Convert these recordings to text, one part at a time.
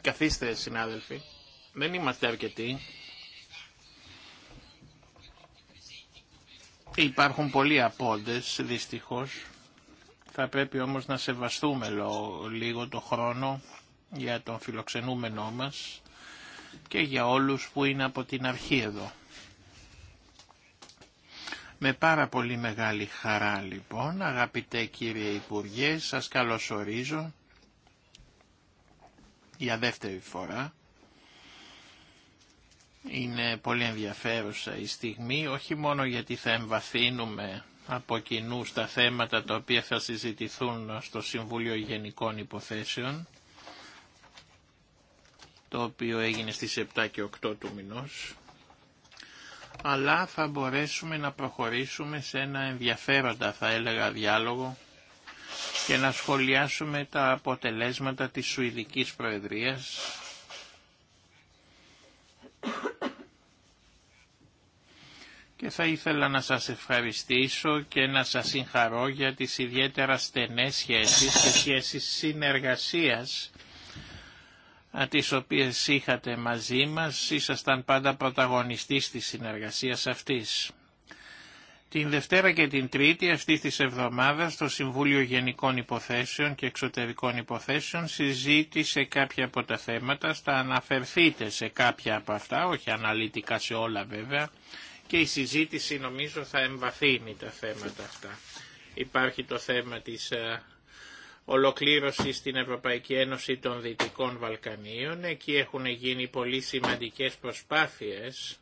Καθίστε συνάδελφοι. Δεν είμαστε αρκετοί. Υπάρχουν πολλοί απόντες δυστυχώς. Θα πρέπει όμως να σεβαστούμε λίγο το χρόνο για τον φιλοξενούμενό μας και για όλους που είναι από την αρχή εδώ. Με πάρα πολύ μεγάλη χαρά λοιπόν, αγαπητέ κύριε Υπουργέ, σας καλωσορίζω για δεύτερη φορά. Είναι πολύ ενδιαφέρουσα η στιγμή, όχι μόνο γιατί θα εμβαθύνουμε από κοινού στα θέματα τα οποία θα συζητηθούν στο Συμβούλιο Γενικών Υποθέσεων, το οποίο έγινε στις 7 και 8 του μηνός, αλλά θα μπορέσουμε να προχωρήσουμε σε ένα ενδιαφέροντα θα έλεγα διάλογο και να σχολιάσουμε τα αποτελέσματα της Σουηδικής Προεδρίας και θα ήθελα να σας ευχαριστήσω και να σας συγχαρώ για τις ιδιαίτερα στενές σχέσεις και σχέσεις συνεργασίας τις οποίες είχατε μαζί μας, ήσασταν πάντα πρωταγωνιστής της συνεργασίας αυτής. Την Δευτέρα και την Τρίτη αυτή της εβδομάδας το Συμβούλιο Γενικών Υποθέσεων και Εξωτερικών Υποθέσεων συζήτησε κάποια από τα θέματα, θα αναφερθείτε σε κάποια από αυτά, όχι αναλυτικά σε όλα βέβαια, και η συζήτηση νομίζω θα εμβαθύνει τα θέματα αυτά. Υπάρχει το θέμα της ε, ολοκλήρωση στην Ευρωπαϊκή Ένωση των Δυτικών Βαλκανίων. Εκεί έχουν γίνει πολύ σημαντικές προσπάθειες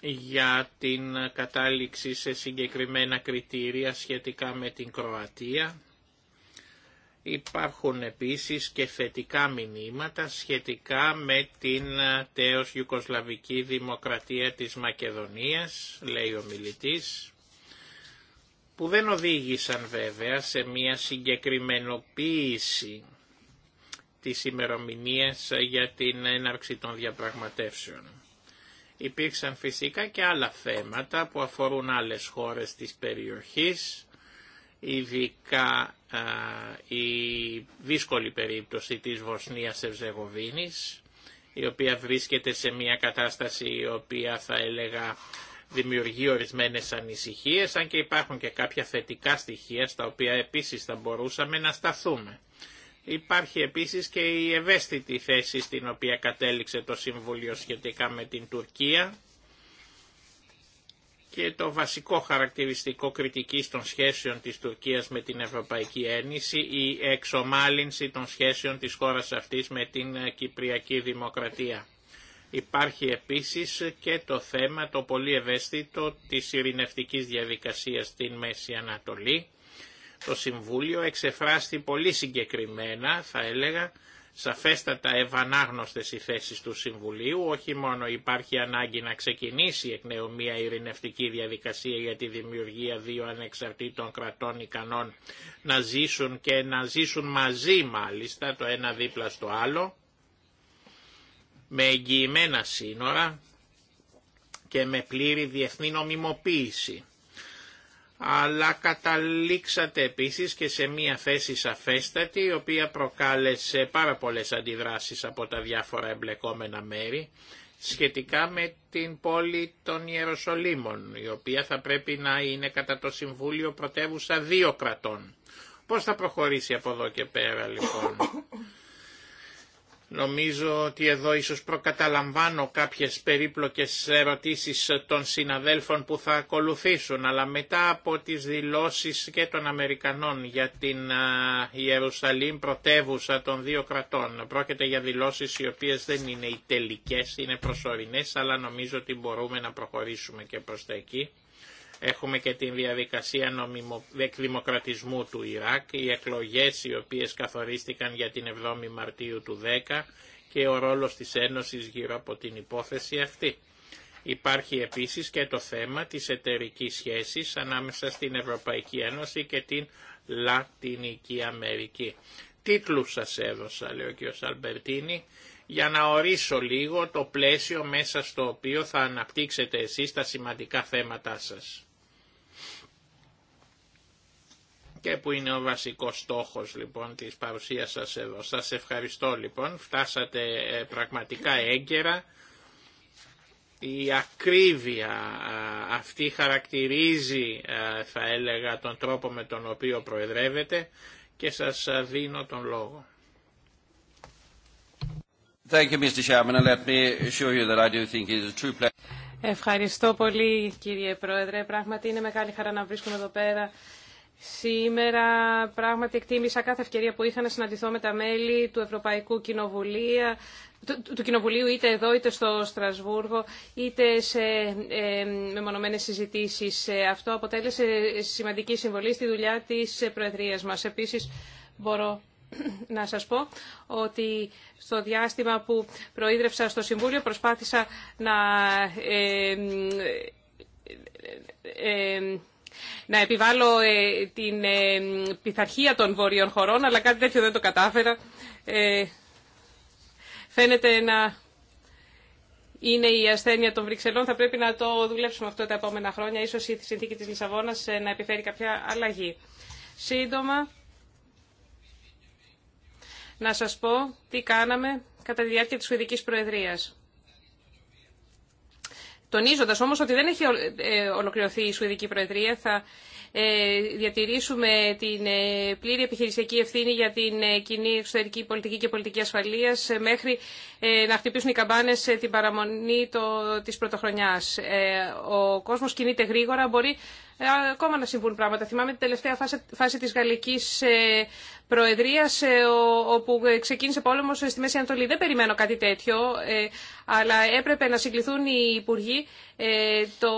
για την κατάληξη σε συγκεκριμένα κριτήρια σχετικά με την Κροατία. Υπάρχουν επίσης και θετικά μηνύματα σχετικά με την τέως Ιουκοσλαβική Δημοκρατία της Μακεδονίας, λέει ο μιλητής που δεν οδήγησαν βέβαια σε μια συγκεκριμενοποίηση της ημερομηνία για την έναρξη των διαπραγματεύσεων. Υπήρξαν φυσικά και άλλα θέματα που αφορούν άλλες χώρες της περιοχής, ειδικά η δύσκολη περίπτωση της Βοσνίας Ευζεγοβίνης, η οποία βρίσκεται σε μια κατάσταση η οποία θα έλεγα δημιουργεί ορισμένες ανησυχίες, αν και υπάρχουν και κάποια θετικά στοιχεία στα οποία επίσης θα μπορούσαμε να σταθούμε. Υπάρχει επίσης και η ευαίσθητη θέση στην οποία κατέληξε το Συμβούλιο σχετικά με την Τουρκία και το βασικό χαρακτηριστικό κριτικής των σχέσεων της Τουρκίας με την Ευρωπαϊκή Ένωση, η εξομάλυνση των σχέσεων της χώρας αυτής με την Κυπριακή Δημοκρατία. Υπάρχει επίσης και το θέμα το πολύ ευαίσθητο της ειρηνευτικής διαδικασίας στην Μέση Ανατολή. Το Συμβούλιο εξεφράστη πολύ συγκεκριμένα, θα έλεγα, σαφέστατα ευανάγνωστες οι θέσεις του Συμβουλίου, όχι μόνο υπάρχει ανάγκη να ξεκινήσει εκ νέου μια ειρηνευτική διαδικασία για τη δημιουργία δύο ανεξαρτήτων κρατών ικανών να ζήσουν και να ζήσουν μαζί μάλιστα το ένα δίπλα στο άλλο, με εγγυημένα σύνορα και με πλήρη διεθνή νομιμοποίηση. Αλλά καταλήξατε επίσης και σε μία θέση σαφέστατη, η οποία προκάλεσε πάρα πολλές αντιδράσεις από τα διάφορα εμπλεκόμενα μέρη, σχετικά με την πόλη των Ιεροσολύμων, η οποία θα πρέπει να είναι κατά το Συμβούλιο πρωτεύουσα δύο κρατών. Πώς θα προχωρήσει από εδώ και πέρα λοιπόν. Νομίζω ότι εδώ ίσως προκαταλαμβάνω κάποιες περίπλοκες ερωτήσεις των συναδέλφων που θα ακολουθήσουν, αλλά μετά από τις δηλώσεις και των Αμερικανών για την Ιερουσαλήμ πρωτεύουσα των δύο κρατών, πρόκειται για δηλώσεις οι οποίες δεν είναι οι τελικές, είναι προσωρινές, αλλά νομίζω ότι μπορούμε να προχωρήσουμε και προς τα εκεί. Έχουμε και την διαδικασία εκδημοκρατισμού του Ιράκ, οι εκλογές οι οποίες καθορίστηκαν για την 7η Μαρτίου του 10 και ο ρόλος της Ένωσης γύρω από την υπόθεση αυτή. Υπάρχει επίσης και το θέμα της εταιρικής σχέσης ανάμεσα στην Ευρωπαϊκή Ένωση και την Λατινική Αμερική. Τίτλους σας έδωσα, λέει ο κ. Αλμπερτίνη, για να ορίσω λίγο το πλαίσιο μέσα στο οποίο θα αναπτύξετε εσείς τα σημαντικά θέματά σας. Και που είναι ο βασικός στόχος λοιπόν της παρουσίας σας εδώ. Σας ευχαριστώ λοιπόν, φτάσατε ε, πραγματικά έγκαιρα. Η ακρίβεια αυτή χαρακτηρίζει θα έλεγα τον τρόπο με τον οποίο προεδρεύετε και σας δίνω τον λόγο. Ευχαριστώ πολύ κύριε Πρόεδρε. Πράγματι είναι μεγάλη χαρά να βρίσκομαι εδώ πέρα σήμερα. Πράγματι εκτίμησα κάθε ευκαιρία που είχα να συναντηθώ με τα μέλη του Ευρωπαϊκού Κοινοβουλίου, του, Κοινοβουλίου είτε εδώ είτε στο Στρασβούργο, είτε σε ε, μεμονωμένες συζητήσεις. Ε, αυτό αποτέλεσε σημαντική συμβολή στη δουλειά της Προεδρίας μας. Επίσης μπορώ να σας πω ότι στο διάστημα που προείδρευσα στο Συμβούλιο προσπάθησα να, ε, ε, ε επιβάλλω ε, την ε, πειθαρχία των βορείων χωρών, αλλά κάτι τέτοιο δεν το κατάφερα. Φαίνεται να είναι η ασθένεια των Βρυξελών. Θα πρέπει να το δουλέψουμε αυτό τα επόμενα χρόνια. Ίσως η συνθήκη της Λισαβόνας να επιφέρει κάποια αλλαγή. Σύντομα να σας πω τι κάναμε κατά τη διάρκεια της Σουηδικής Προεδρίας. Τονίζοντας όμως ότι δεν έχει ε, ολοκληρωθεί η Σουηδική Προεδρία, θα ε, διατηρήσουμε την ε, πλήρη επιχειρησιακή ευθύνη για την ε, κοινή εξωτερική πολιτική και πολιτική ασφαλείας μέχρι να χτυπήσουν οι καμπάνες την παραμονή το, της πρωτοχρονιάς. Ο κόσμος κινείται γρήγορα, μπορεί ακόμα να συμβούν πράγματα. Θυμάμαι την τελευταία φάση της γαλλικής προεδρίας όπου ξεκίνησε πόλεμος στη Μέση Ανατολή. Δεν περιμένω κάτι τέτοιο, αλλά έπρεπε να συγκληθούν οι υπουργοί ε, το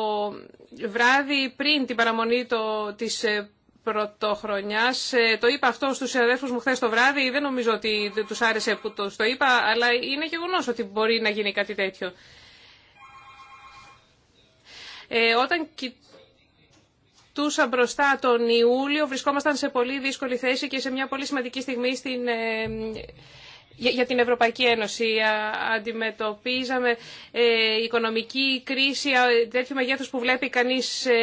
βράδυ πριν την παραμονή το, της ε, πρωτοχρονιάς. Ε, το είπα αυτό στους αδέρφους μου χθε το βράδυ. Δεν νομίζω ότι δεν τους άρεσε που το, το είπα, αλλά είναι γεγονός ότι μπορεί να γίνει κάτι τέτοιο. όταν κοιτούσα μπροστά τον Ιούλιο, βρισκόμασταν σε πολύ δύσκολη θέση και σε μια πολύ σημαντική στιγμή στην για την Ευρωπαϊκή Ένωση. Αντιμετωπίζαμε ε, οικονομική κρίση τέτοιου μεγέθους που βλέπει κανείς ε,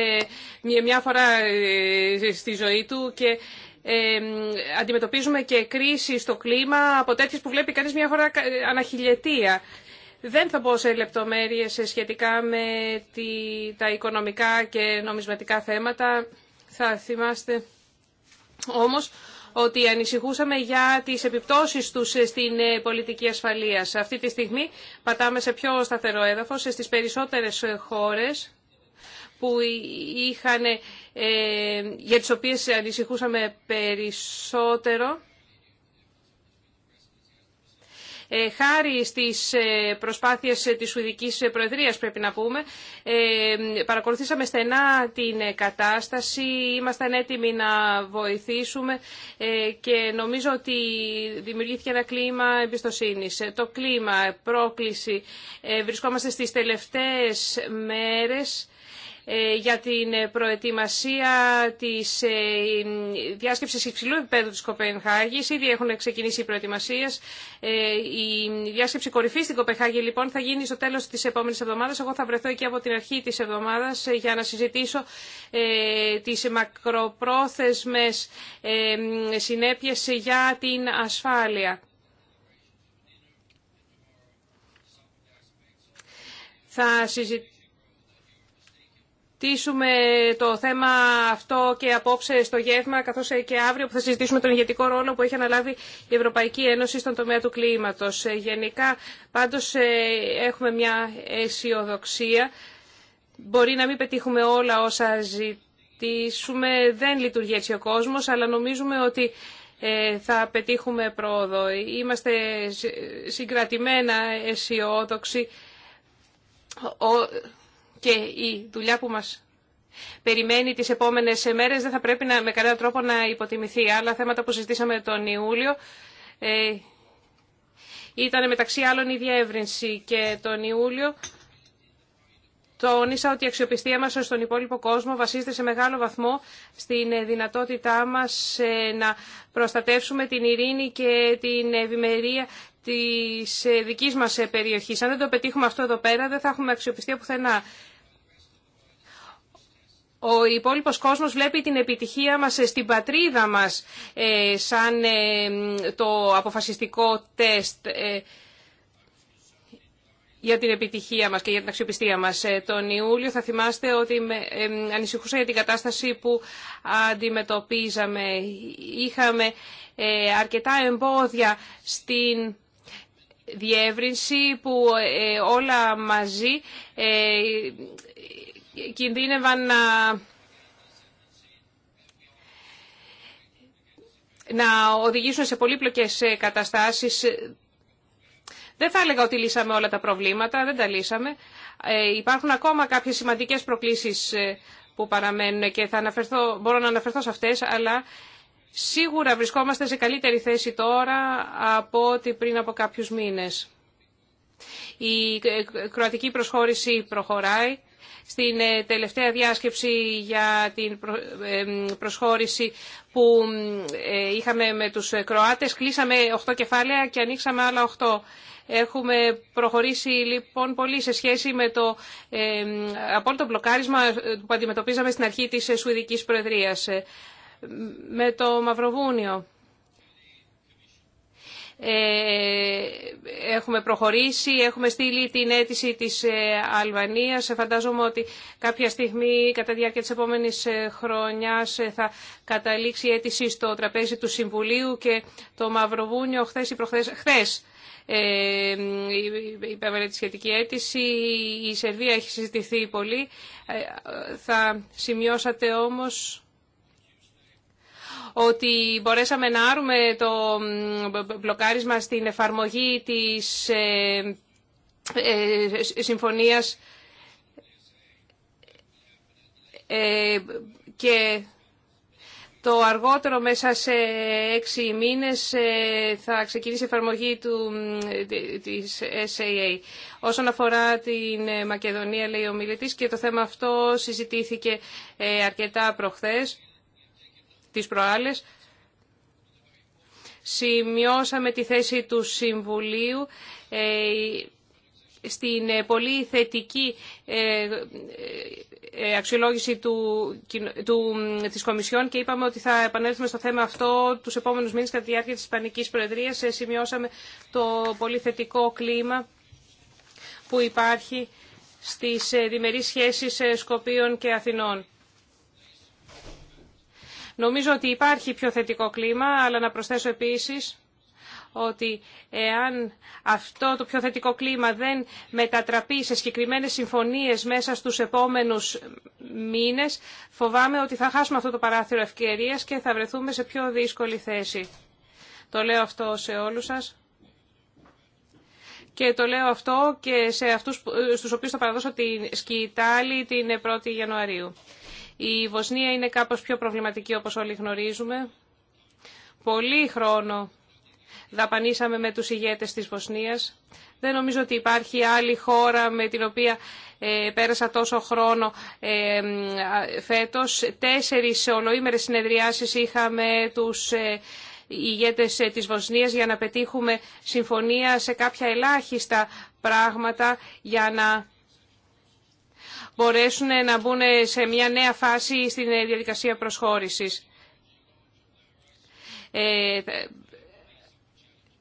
μια φορά ε, στη ζωή του και αντιμετωπίζουμε και κρίση στο κλίμα από τέτοιες που βλέπει κανείς μια φορά αναχιλιετία. Δεν θα πω σε λεπτομέρειες σχετικά με τα οικονομικά και νομισματικά θέματα. Θα θυμάστε όμως ότι ανησυχούσαμε για τις επιπτώσεις τους στην ε, πολιτική ασφαλείας. Αυτή τη στιγμή πατάμε σε πιο σταθερό έδαφος ε, στις περισσότερες ε, χώρες που είχαν, για τις οποίες ανησυχούσαμε περισσότερο. Ε, χάρη στις ε, προσπάθειες ε, της Σουηδικής Προεδρίας πρέπει να πούμε, παρακολουθήσαμε στενά την κατάσταση, ήμασταν έτοιμοι να βοηθήσουμε και νομίζω ότι δημιουργήθηκε ένα κλίμα εμπιστοσύνης. Το κλίμα, πρόκληση, βρισκόμαστε στις τελευταίες μέρες ε, για την ε, προετοιμασία της ε, διάσκεψης υψηλού επίπεδου της Κοπενχάγης. Ήδη έχουν ξεκινήσει οι προετοιμασίες. Η διάσκεψη κορυφή στην Κοπενχάγη λοιπόν θα γίνει στο τέλος της επόμενης εβδομάδας. Εγώ θα βρεθώ εκεί από την αρχή της εβδομάδας για να συζητήσω τις μακροπρόθεσμες συνέπειες για την ασφάλεια. Θα συζητήσω συζητήσουμε το θέμα αυτό και απόψε στο γεύμα, καθώ και αύριο που θα συζητήσουμε τον ηγετικό ρόλο που έχει αναλάβει η Ευρωπαϊκή Ένωση στον τομέα του κλίματο. Ε, γενικά, πάντω ε, έχουμε μια αισιοδοξία. Μπορεί να μην πετύχουμε όλα όσα ζητήσουμε, δεν λειτουργεί έτσι ο κόσμο, αλλά νομίζουμε ότι ε, θα πετύχουμε πρόοδο. Είμαστε συγκρατημένα αισιόδοξοι και η δουλειά που μας περιμένει τις επόμενες μέρες δεν θα πρέπει να, με κανένα τρόπο να υποτιμηθεί. Άλλα θέματα που συζητήσαμε τον Ιούλιο ε, ήταν μεταξύ άλλων η διεύρυνση και τον Ιούλιο τόνισα ότι η αξιοπιστία μας στον υπόλοιπο κόσμο βασίζεται σε μεγάλο βαθμό στην δυνατότητά μας ε, να προστατεύσουμε την ειρήνη και την ευημερία της ε, δικής μας ε, περιοχής. Αν δεν το πετύχουμε αυτό εδώ πέρα δεν θα έχουμε αξιοπιστία πουθενά ο υπόλοιπος κόσμος βλέπει την επιτυχία μας ε, στην πατρίδα μας ε, σαν ε, το αποφασιστικό τεστ για την επιτυχία μας και για την αξιοπιστία μας. Τον Ιούλιο θα θυμάστε ότι ανησυχούσα για την κατάσταση που αντιμετωπίζαμε. Είχαμε αρκετά εμπόδια στην διεύρυνση που όλα μαζί κινδύνευαν να να οδηγήσουν σε πολύπλοκες ε, καταστάσεις. Δεν θα έλεγα ότι λύσαμε όλα τα προβλήματα, δεν τα λύσαμε. Ε, υπάρχουν ακόμα κάποιες σημαντικές προκλήσεις ε, που παραμένουν και θα αναφερθώ, μπορώ να αναφερθώ σε αυτές, αλλά σίγουρα βρισκόμαστε σε καλύτερη θέση τώρα από ό,τι πριν από κάποιους μήνες. Η κροατική προσχώρηση προχωράει στην ε, τελευταία διάσκεψη για την ε, προσχώρηση που ε, είχαμε με τους Κροάτες. Κλείσαμε 8 κεφάλαια και ανοίξαμε άλλα 8. Έχουμε προχωρήσει λοιπόν πολύ σε σχέση με το ε, απόλυτο μπλοκάρισμα που αντιμετωπίζαμε στην αρχή της Σουηδικής Προεδρίας. Με το Μαυροβούνιο. Ε, έχουμε προχωρήσει, έχουμε στείλει την αίτηση της ε, Αλβανίας. Φαντάζομαι ότι κάποια στιγμή κατά τη διάρκεια της επόμενης ε, χρονιάς θα καταλήξει η αίτηση στο τραπέζι του Συμβουλίου και το Μαυροβούνιο χθες ή προχθές, ε, είπαμε τη σχετική αίτηση. Η Σερβία έχει συζητηθεί πολύ. θα σημειώσατε όμως ότι μπορέσαμε να άρουμε το μπλοκάρισμα στην εφαρμογή της ε, ε, συμφωνίας ε, και το αργότερο μέσα σε έξι μήνες θα ξεκινήσει η εφαρμογή του, της SAA. Όσον αφορά την Μακεδονία, λέει ο μιλητής, και το θέμα αυτό συζητήθηκε αρκετά προχθές τις προάλλες σημειώσαμε τη θέση του Συμβουλίου ε, στην ε, πολύ θετική ε, αξιολόγηση του, του, της Κομισιόν και είπαμε ότι θα επανέλθουμε στο θέμα αυτό τους επόμενους μήνες κατά τη διάρκεια της Ισπανικής Προεδρίας. Σημειώσαμε το πολύ θετικό κλίμα που υπάρχει στις διμερείς σχέσεις Σκοπίων και Αθηνών. Νομίζω ότι υπάρχει πιο θετικό κλίμα, αλλά να προσθέσω επίσης ότι εάν αυτό το πιο θετικό κλίμα δεν μετατραπεί σε συγκεκριμένες συμφωνίες μέσα στους επόμενους μήνες, φοβάμαι ότι θα χάσουμε αυτό το παράθυρο ευκαιρίας και θα βρεθούμε σε πιο δύσκολη θέση. Το λέω αυτό σε όλους σας. Και το λέω αυτό και σε αυτούς στους οποίους θα παραδώσω την σκητάλη την 1η Ιανουαρίου. Η Βοσνία είναι κάπως πιο προβληματική όπως όλοι γνωρίζουμε. Πολύ χρόνο δαπανίσαμε με τους ηγέτες της Βοσνίας. Δεν νομίζω ότι υπάρχει άλλη χώρα με την οποία ε, πέρασα τόσο χρόνο ε, φέτος. Τέσσερις ολοήμερες συνεδριάσεις είχαμε τους ε, ηγέτες ε, της Βοσνίας για να πετύχουμε συμφωνία σε κάποια ελάχιστα πράγματα για να μπορέσουν να μπουν σε μια νέα φάση στην ε, διαδικασία προσχώρησης. Ε, ε,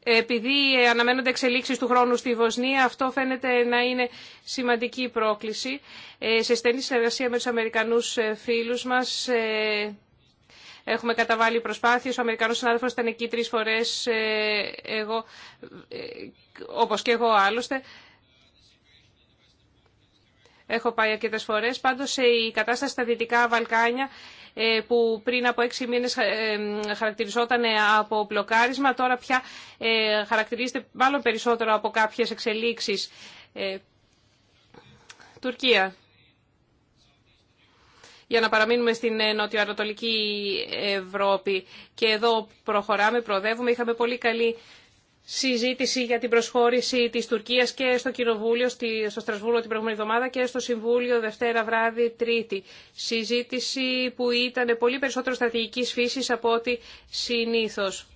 επειδή αναμένονται εξελίξεις του χρόνου στη Βοσνία, αυτό φαίνεται να είναι σημαντική πρόκληση. Σε στενή συνεργασία με τους Αμερικανούς φίλους μας έχουμε καταβάλει προσπάθειες. Ο Αμερικανός συνάδελφος ήταν εκεί τρεις φορές, εγώ, όπως και εγώ άλλωστε. Έχω πάει αρκετέ φορέ. Πάντω ε, η κατάσταση στα Δυτικά Βαλκάνια ε, που πριν από έξι μήνες ε, χαρακτηριζόταν από πλοκάρισμα τώρα πια χαρακτηρίζεται μάλλον περισσότερο από κάποιες εξελίξεις. Τουρκία. Για να παραμείνουμε στην νοτιοανατολική Ευρώπη. Και εδώ προχωράμε, προοδεύουμε. Είχαμε πολύ καλή συζήτηση για την προσχώρηση της Τουρκίας και στο Κοινοβούλιο, στο Στρασβούργο την προηγούμενη εβδομάδα και στο Συμβούλιο Δευτέρα βράδυ Τρίτη. Συζήτηση που ήταν πολύ περισσότερο στρατηγικής φύσης από ό,τι συνήθως.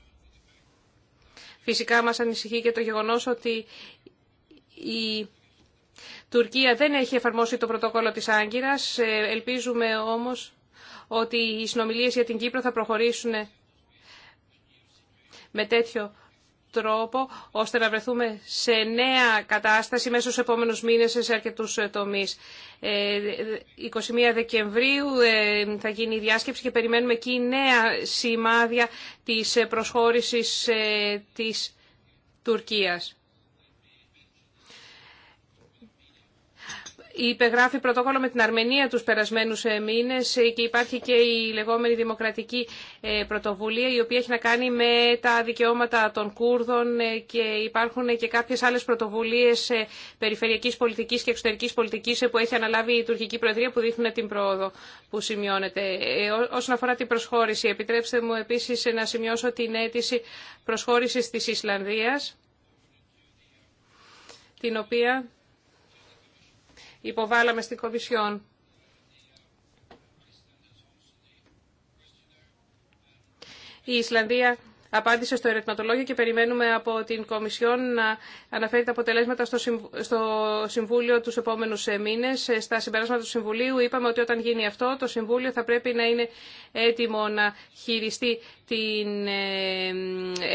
Φυσικά μας ανησυχεί και το γεγονός ότι η Τουρκία δεν έχει εφαρμόσει το πρωτόκολλο της Άγκυρας. Ε, ελπίζουμε όμως ότι οι συνομιλίες για την Κύπρο θα προχωρήσουν με τέτοιο τρόπο ώστε να βρεθούμε σε νέα κατάσταση μέσα στους επόμενους μήνες σε αρκετούς ε, τομείς. 21 ε, Δεκεμβρίου ε, θα γίνει η διάσκεψη και περιμένουμε εκεί νέα σημάδια της προσχώρησης της Τουρκίας. υπεγράφει πρωτόκολλο με την Αρμενία τους περασμένους ε, μήνες και υπάρχει και η λεγόμενη δημοκρατική ε, πρωτοβουλία η οποία έχει να κάνει με τα δικαιώματα των Κούρδων ε, και υπάρχουν και κάποιες άλλες πρωτοβουλίες περιφερειακής πολιτικής και εξωτερικής πολιτικής που έχει αναλάβει η τουρκική προεδρία που δείχνουν την πρόοδο που σημειώνεται. Όσον αφορά την προσχώρηση, επιτρέψτε μου επίσης να σημειώσω την αίτηση προσχώρησης της Ισλανδίας την οποία υποβάλαμε στην Κομισιόν. Η Ισλανδία απάντησε στο ερωτηματολόγιο και περιμένουμε από την Κομισιόν να αναφέρει τα αποτελέσματα στο Συμβούλιο τους επόμενους ε, μήνες. Ε, στα συμπεράσματα του Συμβουλίου είπαμε ότι όταν γίνει αυτό το Συμβούλιο θα πρέπει να είναι έτοιμο να χειριστεί την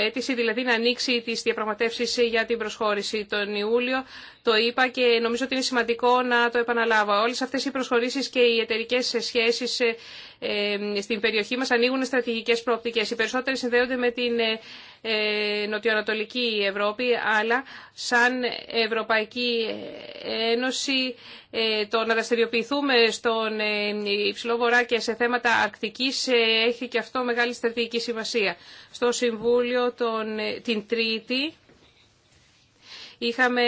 αίτηση, δηλαδή να ανοίξει τις διαπραγματεύσεις για την προσχώρηση τον Ιούλιο. Το είπα και νομίζω ότι είναι σημαντικό να το επαναλάβω. Όλες αυτές οι προσχωρήσεις και οι εταιρικέ σχέσεις ε, ε, στην περιοχή μας ανοίγουν στρατηγικές προοπτικές. Οι περισσότερες συνδέονται με την ε, ε, νοτιοανατολική Ευρώπη, αλλά σαν Ευρωπαϊκή Ένωση ε, το να δραστηριοποιηθούμε στον ε, Υψηλό Βορρά και σε θέματα Αρκτικής έχει και αυτό μεγάλη στρατηγική σημασία. Στο Συμβούλιο τον, την Τρίτη Είχαμε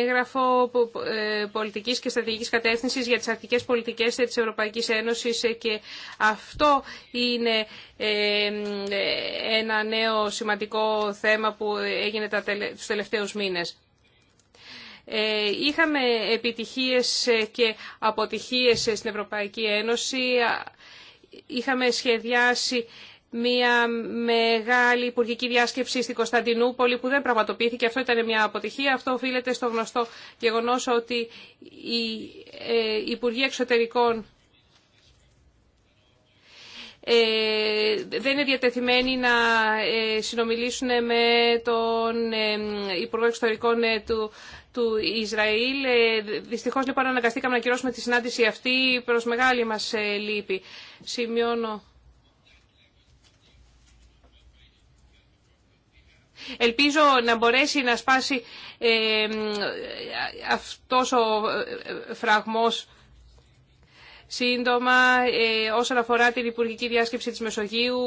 έγγραφο ε, πολιτικής και στρατηγικής κατεύθυνσης για τις αρκτικές πολιτικές της Ευρωπαϊκής Ένωσης ε, και αυτό είναι ε, ένα νέο σημαντικό θέμα που έγινε τους τελευταίους μήνες. Είχαμε επιτυχίες και αποτυχίες στην Ευρωπαϊκή Ένωση. Είχαμε σχεδιάσει μια μεγάλη υπουργική διάσκεψη στην Κωνσταντινούπολη που δεν πραγματοποιήθηκε. Αυτό ήταν μια αποτυχία. Αυτό οφείλεται στο γνωστό γεγονός ότι οι ε, Υπουργοί Εξωτερικών ε, δεν είναι διατεθειμένοι να ε, συνομιλήσουν με τον Υπουργό Εξωτερικών του του Ισραήλ. Δυστυχώς λοιπόν αναγκαστήκαμε να κυρώσουμε τη συνάντηση αυτή προς μεγάλη μας λύπη. Σημειώνω Ελπίζω να μπορέσει να σπάσει ε, αυτός ο ε, φραγμός σύντομα ε, όσον αφορά την Υπουργική Διάσκεψη της Μεσογείου.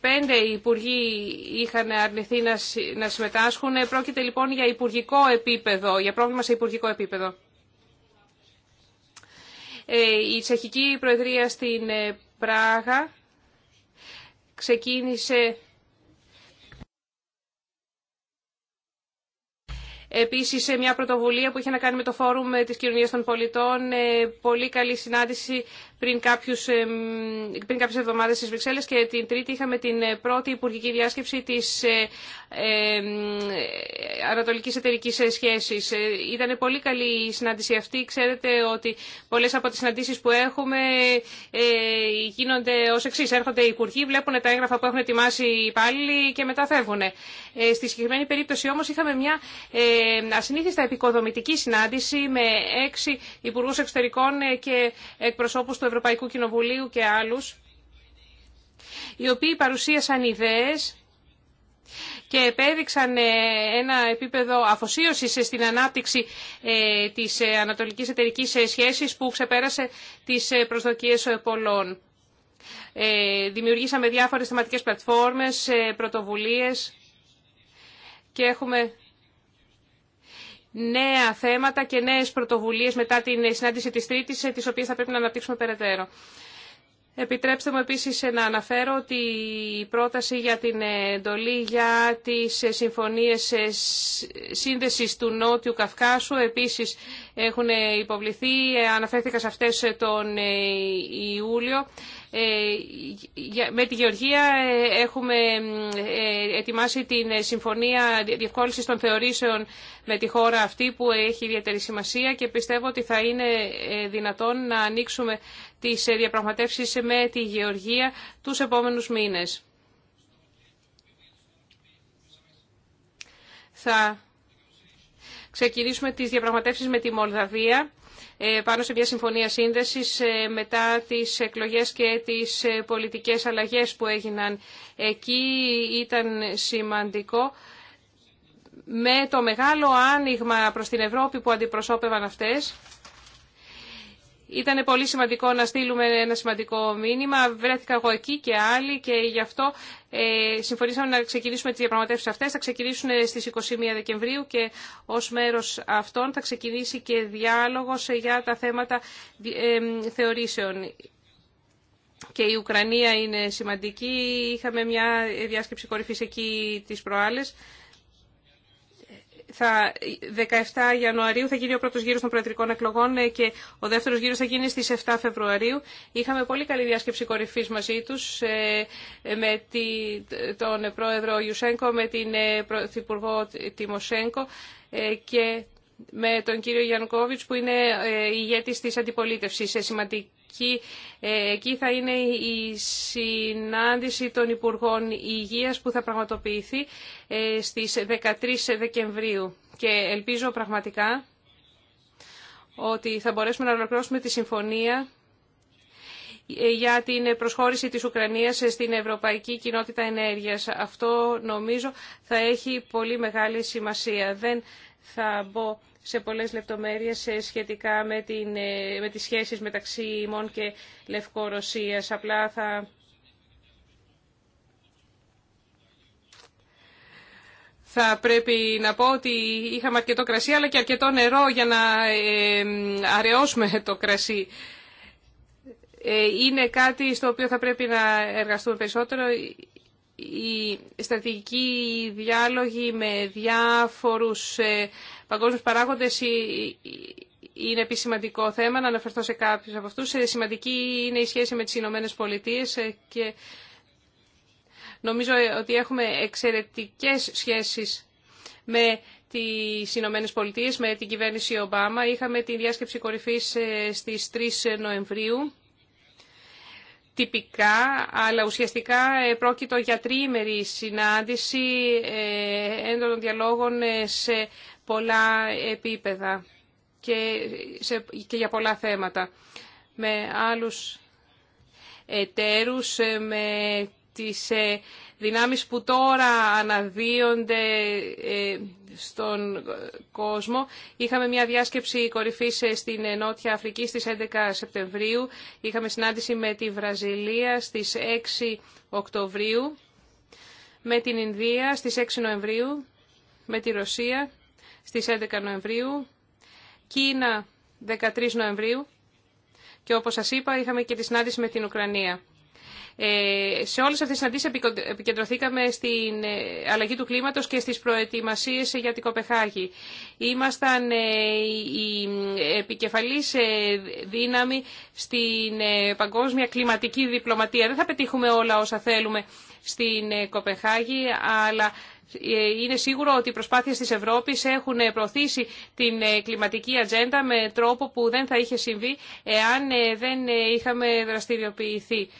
Πέντε υπουργοί είχαν αρνηθεί να συμμετάσχουν. Πρόκειται λοιπόν για υπουργικό επίπεδο, για πρόβλημα σε υπουργικό επίπεδο. Η Τσεχική Προεδρία στην Πράγα ξεκίνησε Επίσης μια πρωτοβουλία που είχε να κάνει με το Φόρουμ της Κοινωνία των Πολιτών, ε, πολύ καλή συνάντηση πριν, κάποιους, πριν κάποιες εβδομάδες στις Βρυξέλλες και την Τρίτη είχαμε την ε, πρώτη υπουργική διάσκεψη της ε, Ανατολικής Εταιρικής ε, Σχέσης. Ήταν πολύ καλή η συνάντηση αυτή. Ξέρετε ότι πολλές από τις συναντήσεις που έχουμε γίνονται ως εξή. Έρχονται οι υπουργοί, βλέπουν τα έγγραφα που έχουν ετοιμάσει οι υπάλληλοι και μετά φεύγουν. Στη συγκεκριμένη περίπτωση όμως είχαμε μια ασυνήθιστα επικοδομητική συνάντηση με έξι υπουργούς εξωτερικών και εκπροσώπους του του Ευρωπαϊκού Κοινοβουλίου και άλλους, οι οποίοι παρουσίασαν ιδέες και επέδειξαν ε, ένα επίπεδο αφοσίωσης στην ανάπτυξη ε, της ε, ανατολικής εταιρικής σχέσης που ξεπέρασε τις προσδοκίες πολλών. Δημιουργήσαμε διάφορες θεματικές πλατφόρμες, πρωτοβουλίες και έχουμε νέα θέματα και νέες πρωτοβουλίε μετά την συνάντηση της Τρίτης, ε, τις οποίες θα πρέπει να αναπτύξουμε περαιτέρω. Επιτρέψτε μου επίσης να αναφέρω ότι η πρόταση για την εντολή για τις συμφωνίες σύνδεσης του Νότιου Καυκάσου επίσης έχουν υποβληθεί. Ε, αναφέρθηκα σε αυτές τον ε, Ιούλιο. Ε, με τη Γεωργία ε, έχουμε ε, ετοιμάσει την Συμφωνία διευκόλυσης των Θεωρήσεων με τη χώρα αυτή που έχει ιδιαίτερη σημασία και πιστεύω ότι θα είναι δυνατόν να ανοίξουμε τις διαπραγματεύσεις με τη Γεωργία τους επόμενους μήνες. Θα ξεκινήσουμε τις διαπραγματεύσεις με τη Μολδαβία ε, πάνω σε μια συμφωνία σύνδεσης ε, μετά τις εκλογές και τις ε, πολιτικές αλλαγές που έγιναν εκεί ήταν σημαντικό με το μεγάλο άνοιγμα προς την Ευρώπη που αντιπροσώπευαν αυτές ήταν πολύ σημαντικό να στείλουμε ένα σημαντικό μήνυμα. Βρέθηκα εγώ εκεί και άλλοι και γι' αυτό ε, συμφωνήσαμε να ξεκινήσουμε τι διαπραγματεύσει αυτές. Θα ξεκινήσουν στις 21 Δεκεμβρίου και ως μέρος αυτών θα ξεκινήσει και διάλογος για τα θέματα ε, θεωρήσεων. Και η Ουκρανία είναι σημαντική. Είχαμε μια διάσκεψη κορυφή εκεί τι προάλλε θα, 17 Ιανουαρίου θα γίνει ο πρώτος γύρος των προεδρικών εκλογών ε, και ο δεύτερος γύρος θα γίνει στις 7 Φεβρουαρίου. Είχαμε πολύ καλή διάσκεψη κορυφής μαζί τους ε, με τον πρόεδρο Ιουσένκο, με την ε, πρωθυπουργό Τιμοσένκο και με τον κύριο Γιανκόβιτς που είναι ηγέτης της αντιπολίτευσης. Σε σημαντική ε, εκεί θα είναι η συνάντηση των Υπουργών Υγείας που θα πραγματοποιηθεί ε, στις 13 Δεκεμβρίου. Και ελπίζω πραγματικά ότι θα μπορέσουμε να ολοκληρώσουμε τη συμφωνία ε, για την προσχώρηση της Ουκρανίας στην Ευρωπαϊκή Κοινότητα Ενέργειας. Αυτό νομίζω θα έχει πολύ μεγάλη σημασία. Δεν θα μπω σε πολλές λεπτομέρειες ε, σχετικά με, την, ε, με τις σχέσεις μεταξύ ημών και Λευκορωσίας. Απλά θα... Θα πρέπει να πω ότι είχαμε αρκετό κρασί αλλά και αρκετό νερό για να ε, αραιώσουμε το κρασί. Είναι κάτι στο οποίο θα πρέπει να εργαστούμε περισσότερο. Οι στρατηγικοί διάλογοι με διάφορους παγκόσμιου παράγοντες είναι επίσημα σημαντικό θέμα, να αναφερθώ σε κάποιου από αυτούς. Ε, σημαντική είναι η σχέση με τις Ηνωμένε Πολιτείε ε, και νομίζω ε, ότι έχουμε εξαιρετικές σχέσεις με τις Ηνωμένε Πολιτείε, με την κυβέρνηση Ομπάμα. Είχαμε τη διάσκεψη κορυφή στις 3 Νοεμβρίου. Τυπικά, αλλά ουσιαστικά πρόκειτο για τρίμερη συνάντηση έντονων διαλόγων σε πολλά επίπεδα και, σε, και για πολλά θέματα. Με άλλους εταίρους, ε, με τις ε, δυνάμεις που τώρα αναδύονται ε, στον κόσμο. Είχαμε μια διάσκεψη κορυφής στην Νότια Αφρική στις 11 Σεπτεμβρίου. Είχαμε συνάντηση με τη Βραζιλία στις 6 Οκτωβρίου, με την Ινδία στις 6 Νοεμβρίου, με τη Ρωσία στις 11 Νοεμβρίου, Κίνα 13 Νοεμβρίου και όπως σας είπα είχαμε και τη συνάντηση με την Ουκρανία. Ε, σε όλες αυτές τις συναντήσεις επικεντρωθήκαμε στην ε, αλλαγή του κλίματος και στις προετοιμασίες για την Κοπεχάγη. Ήμασταν ε, η επικεφαλής ε, δύναμη στην παγκόσμια κλιματική διπλωματία. Δεν θα πετύχουμε όλα όσα θέλουμε στην Κοπεχάγη, αλλά είναι σίγουρο ότι οι προσπάθειες της Ευρώπης έχουν προωθήσει την ε, κλιματική ατζέντα με τρόπο που δεν θα είχε συμβεί εάν ε, δεν ε, είχαμε δραστηριοποιηθεί.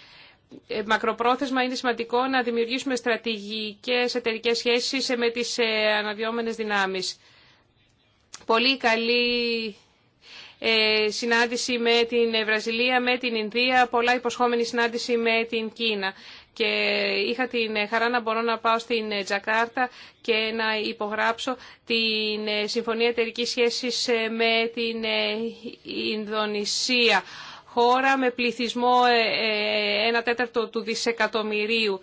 Μακροπρόθεσμα είναι σημαντικό να δημιουργήσουμε στρατηγικές εταιρικέ σχέσεις με τις αναδυόμενες δυνάμεις. Πολύ καλή συνάντηση με την Βραζιλία, με την Ινδία, πολλά υποσχόμενη συνάντηση με την Κίνα και είχα την χαρά να μπορώ να πάω στην Τζακάρτα και να υπογράψω την Συμφωνία εταιρική σχέση με την Ινδονησία χώρα με πληθυσμό 1 ε, ε, τέταρτο του δισεκατομμυρίου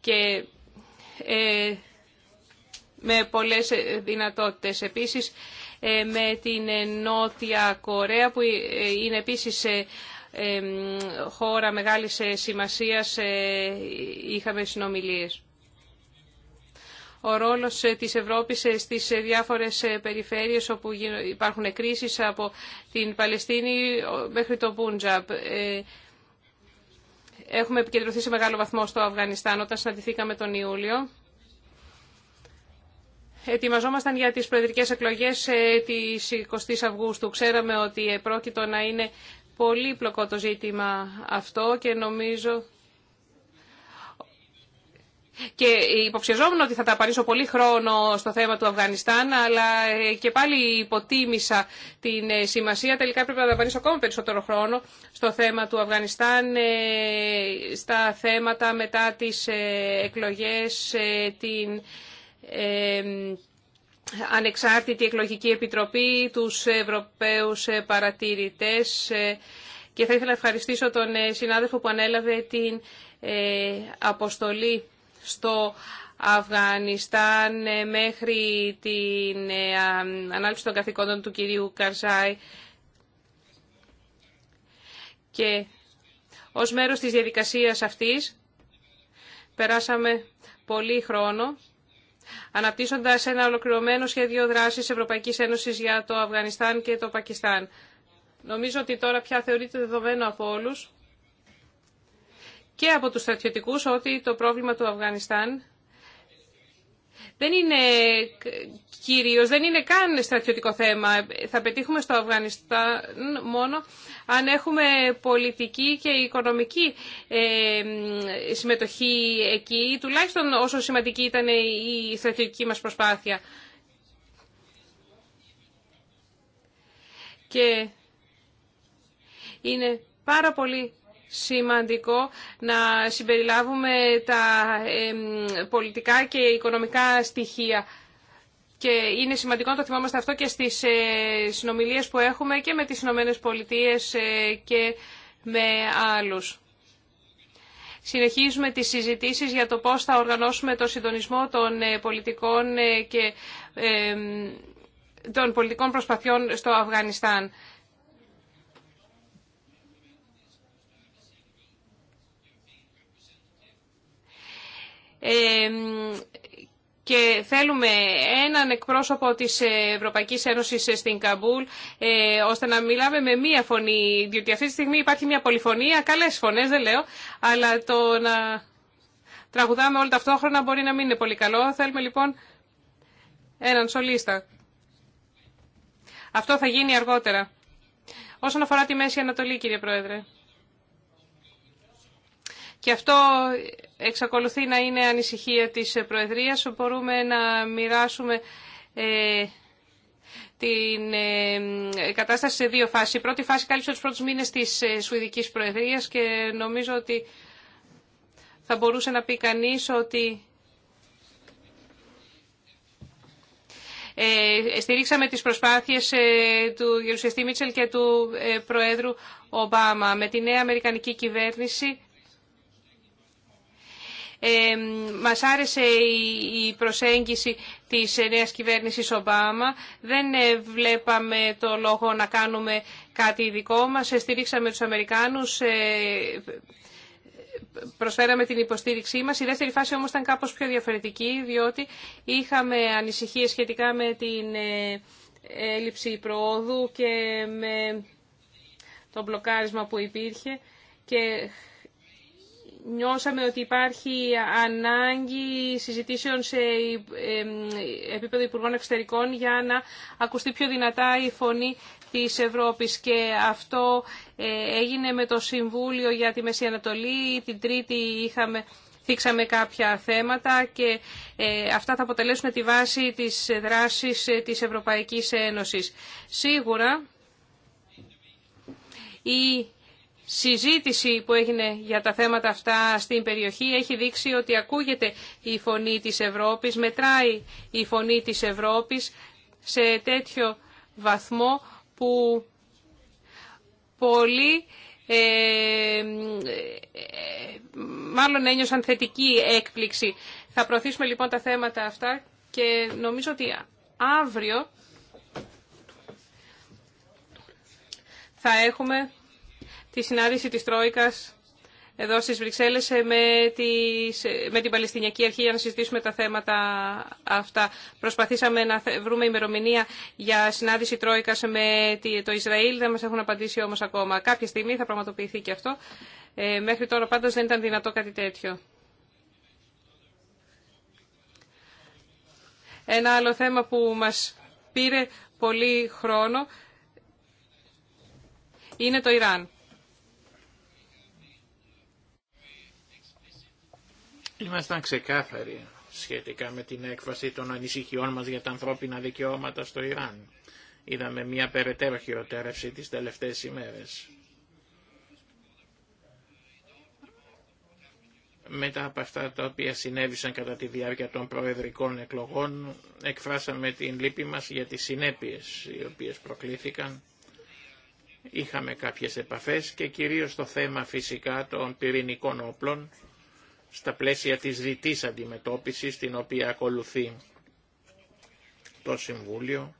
και ε, με πολλές δυνατότητες. Επίσης, με την Νότια Κορέα που είναι επίσης χώρα μεγάλης ε, σημασίας ε, είχαμε συνομιλίες. Ο ρόλος ε, της Ευρώπης στις διάφορες περιφέρειες όπου υπάρχουν κρίσεις από την Παλαιστίνη μέχρι το Πούντζαπ. Έχουμε επικεντρωθεί σε μεγάλο βαθμό στο Αφγανιστάν όταν συναντηθήκαμε τον Ιούλιο. Ετοιμαζόμασταν για τις προεδρικές εκλογές της 20 Αυγούστου. Ξέραμε ότι πρόκειτο να είναι πολύπλοκο το ζήτημα αυτό και νομίζω και υποψιαζόμουν ότι θα τα ταπανίσω πολύ χρόνο στο θέμα του Αφγανιστάν, αλλά ε, και πάλι υποτίμησα την ε, σημασία. Τελικά πρέπει να ταπανίσω ακόμα περισσότερο χρόνο στο θέμα του Αφγανιστάν, ε, στα θέματα μετά τις εκλογές, την ανεξάρτητη εκλογική επιτροπή, τους Ευρωπαίους παρατηρητές και θα ήθελα να ευχαριστήσω τον ε, συνάδελφο που ανέλαβε την ε, αποστολή στο Αφγανιστάν ε, μέχρι την ανάλυση των καθηκόντων του κυρίου Καρζάη και ως μέρος της διαδικασίας αυτής περάσαμε πολύ χρόνο αναπτύσσοντας ένα ολοκληρωμένο σχέδιο δράσης Ευρωπαϊκής Ένωσης για το Αφγανιστάν και το Πακιστάν. Νομίζω ότι τώρα πια θεωρείται δεδομένο από όλους και από τους στρατιωτικούς ότι το πρόβλημα του Αφγανιστάν δεν είναι κυρίω, δεν είναι καν στρατιωτικό θέμα. Θα πετύχουμε στο Αφγανιστάν μόνο αν έχουμε πολιτική και οικονομική ε, συμμετοχή εκεί, τουλάχιστον όσο σημαντική ήταν η στρατιωτική μας προσπάθεια. Και είναι πάρα πολύ σημαντικό να συμπεριλάβουμε τα πολιτικά και οικονομικά στοιχεία. Και είναι σημαντικό να το θυμόμαστε αυτό και στις ε, συνομιλίες που έχουμε και με τις Ηνωμένε Πολιτείες ε, και με άλλους. Συνεχίζουμε τις συζητήσεις για το πώς θα οργανώσουμε το συντονισμό των ε, πολιτικών και των πολιτικών προσπαθειών στο Αφγανιστάν. και θέλουμε έναν εκπρόσωπο της Ευρωπαϊκής Ένωσης στην Καμπούλ ε, ώστε να μιλάμε με μία φωνή, διότι αυτή τη στιγμή υπάρχει μία πολυφωνία, καλές φωνές δεν λέω, αλλά το να τραγουδάμε όλοι ταυτόχρονα μπορεί να μην είναι πολύ καλό. Θέλουμε λοιπόν έναν σολίστα. Αυτό θα γίνει αργότερα. Όσον αφορά τη Μέση Ανατολή, κύριε Πρόεδρε. Και αυτό εξακολουθεί να είναι ανησυχία της Προεδρίας. Μπορούμε να μοιράσουμε ε, την ε, κατάσταση σε δύο φάσεις. Η πρώτη φάση κάλυψε τους πρώτους μήνες της ε, Σουηδικής Προεδρίας και νομίζω ότι θα μπορούσε να πει κανείς ότι στηρίξαμε τις προσπάθειες του Γερουσιαστή Μίτσελ και του Προέδρου Ομπάμα. Με τη νέα Αμερικανική κυβέρνηση μας άρεσε η προσέγγιση της νέας κυβέρνησης Ομπάμα. Δεν ε, βλέπαμε το λόγο να κάνουμε κάτι δικό μας. Στηρίξαμε τους Αμερικάνους, ε, προσφέραμε την υποστήριξή μας. Η δεύτερη φάση όμως ήταν κάπως πιο διαφορετική, διότι είχαμε ανησυχίες σχετικά με την ε, έλλειψη προόδου και με το μπλοκάρισμα που υπήρχε και νιώσαμε ότι υπάρχει ανάγκη συζητήσεων σε επίπεδο Υπουργών Εξωτερικών για να ακουστεί πιο δυνατά η φωνή της Ευρώπης και αυτό ε, έγινε με το Συμβούλιο για τη Μεσή Ανατολή. Την Τρίτη είχαμε θίξαμε κάποια θέματα και ε, αυτά θα αποτελέσουν τη βάση της δράσης ε, της Ευρωπαϊκής Ένωσης. Σίγουρα η συζήτηση που έγινε για τα θέματα αυτά στην περιοχή έχει δείξει ότι ακούγεται η φωνή της Ευρώπης, μετράει η φωνή της Ευρώπης σε τέτοιο βαθμό που πολλοί ε, ε μάλλον ένιωσαν θετική έκπληξη. Θα προωθήσουμε λοιπόν τα θέματα αυτά και νομίζω ότι αύριο θα έχουμε τη συνάντηση της Τρόικας εδώ στις Βρυξέλλες ε, με, τις, ε, με την Παλαιστινιακή Αρχή για να συζητήσουμε τα θέματα αυτά. Προσπαθήσαμε να βρούμε ημερομηνία για συνάντηση Τρόικας με το Ισραήλ, δεν μας έχουν απαντήσει όμως ακόμα. Κάποια στιγμή θα πραγματοποιηθεί και αυτό. Ε, μέχρι τώρα πάντως δεν ήταν δυνατό κάτι τέτοιο. Ένα άλλο θέμα που μας πήρε πολύ χρόνο είναι το Ιράν. Ήμασταν ξεκάθαροι σχετικά με την έκφραση των ανησυχιών μας για τα ανθρώπινα δικαιώματα στο Ιράν. Είδαμε μια περαιτέρω χειροτέρευση τις τελευταίες ημέρες. Μετά από αυτά τα οποία συνέβησαν κατά τη διάρκεια των προεδρικών εκλογών, εκφράσαμε την λύπη μας για τις συνέπειες οι οποίες προκλήθηκαν. Είχαμε κάποιες επαφές και κυρίως το θέμα φυσικά των πυρηνικών όπλων, στα πλαίσια της διτής αντιμετώπισης την οποία ακολουθεί το Συμβούλιο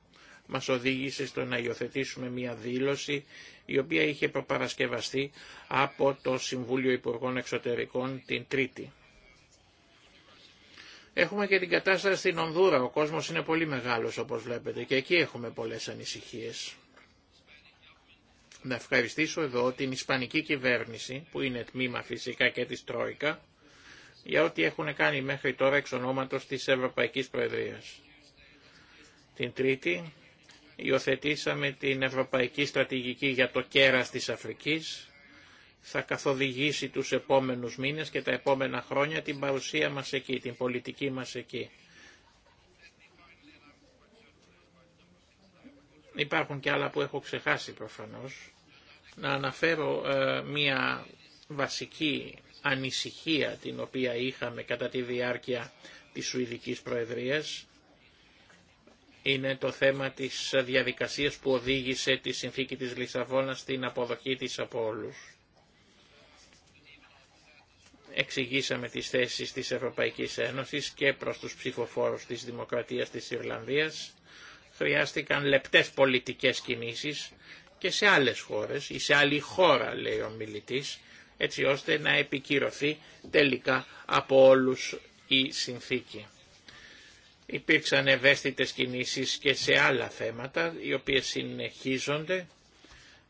μας οδήγησε στο να υιοθετήσουμε μια δήλωση η οποία είχε προπαρασκευαστεί από το Συμβούλιο Υπουργών Εξωτερικών την Τρίτη. Έχουμε και την κατάσταση στην Ονδούρα. Ο κόσμος είναι πολύ μεγάλος όπως βλέπετε και εκεί έχουμε πολλές ανησυχίες. Να ευχαριστήσω εδώ την Ισπανική κυβέρνηση που είναι τμήμα φυσικά και της Τρόικα για ό,τι έχουν κάνει μέχρι τώρα εξ ονόματος της Ευρωπαϊκής Προεδρίας. Την Τρίτη υιοθετήσαμε την Ευρωπαϊκή Στρατηγική για το κέρας της Αφρικής. Θα καθοδηγήσει τους επόμενους μήνες και τα επόμενα χρόνια την παρουσία μας εκεί, την πολιτική μας εκεί. Υπάρχουν και άλλα που έχω ξεχάσει προφανώς. Να αναφέρω ε, μία βασική ανησυχία την οποία είχαμε κατά τη διάρκεια της Σουηδικής Προεδρίας είναι το θέμα της διαδικασίας που οδήγησε τη συνθήκη της Λισαβόνας στην αποδοχή της από όλους. Εξηγήσαμε τις θέσεις της Ευρωπαϊκής Ένωσης και προς τους ψηφοφόρους της Δημοκρατίας της Ιρλανδίας. Χρειάστηκαν λεπτές πολιτικές κινήσεις και σε άλλες χώρες ή σε άλλη χώρα, λέει ο μιλητής, έτσι ώστε να επικυρωθεί τελικά από όλους η συνθήκη. Υπήρξαν ευαίσθητες κινήσεις και σε άλλα θέματα, οι οποίες συνεχίζονται.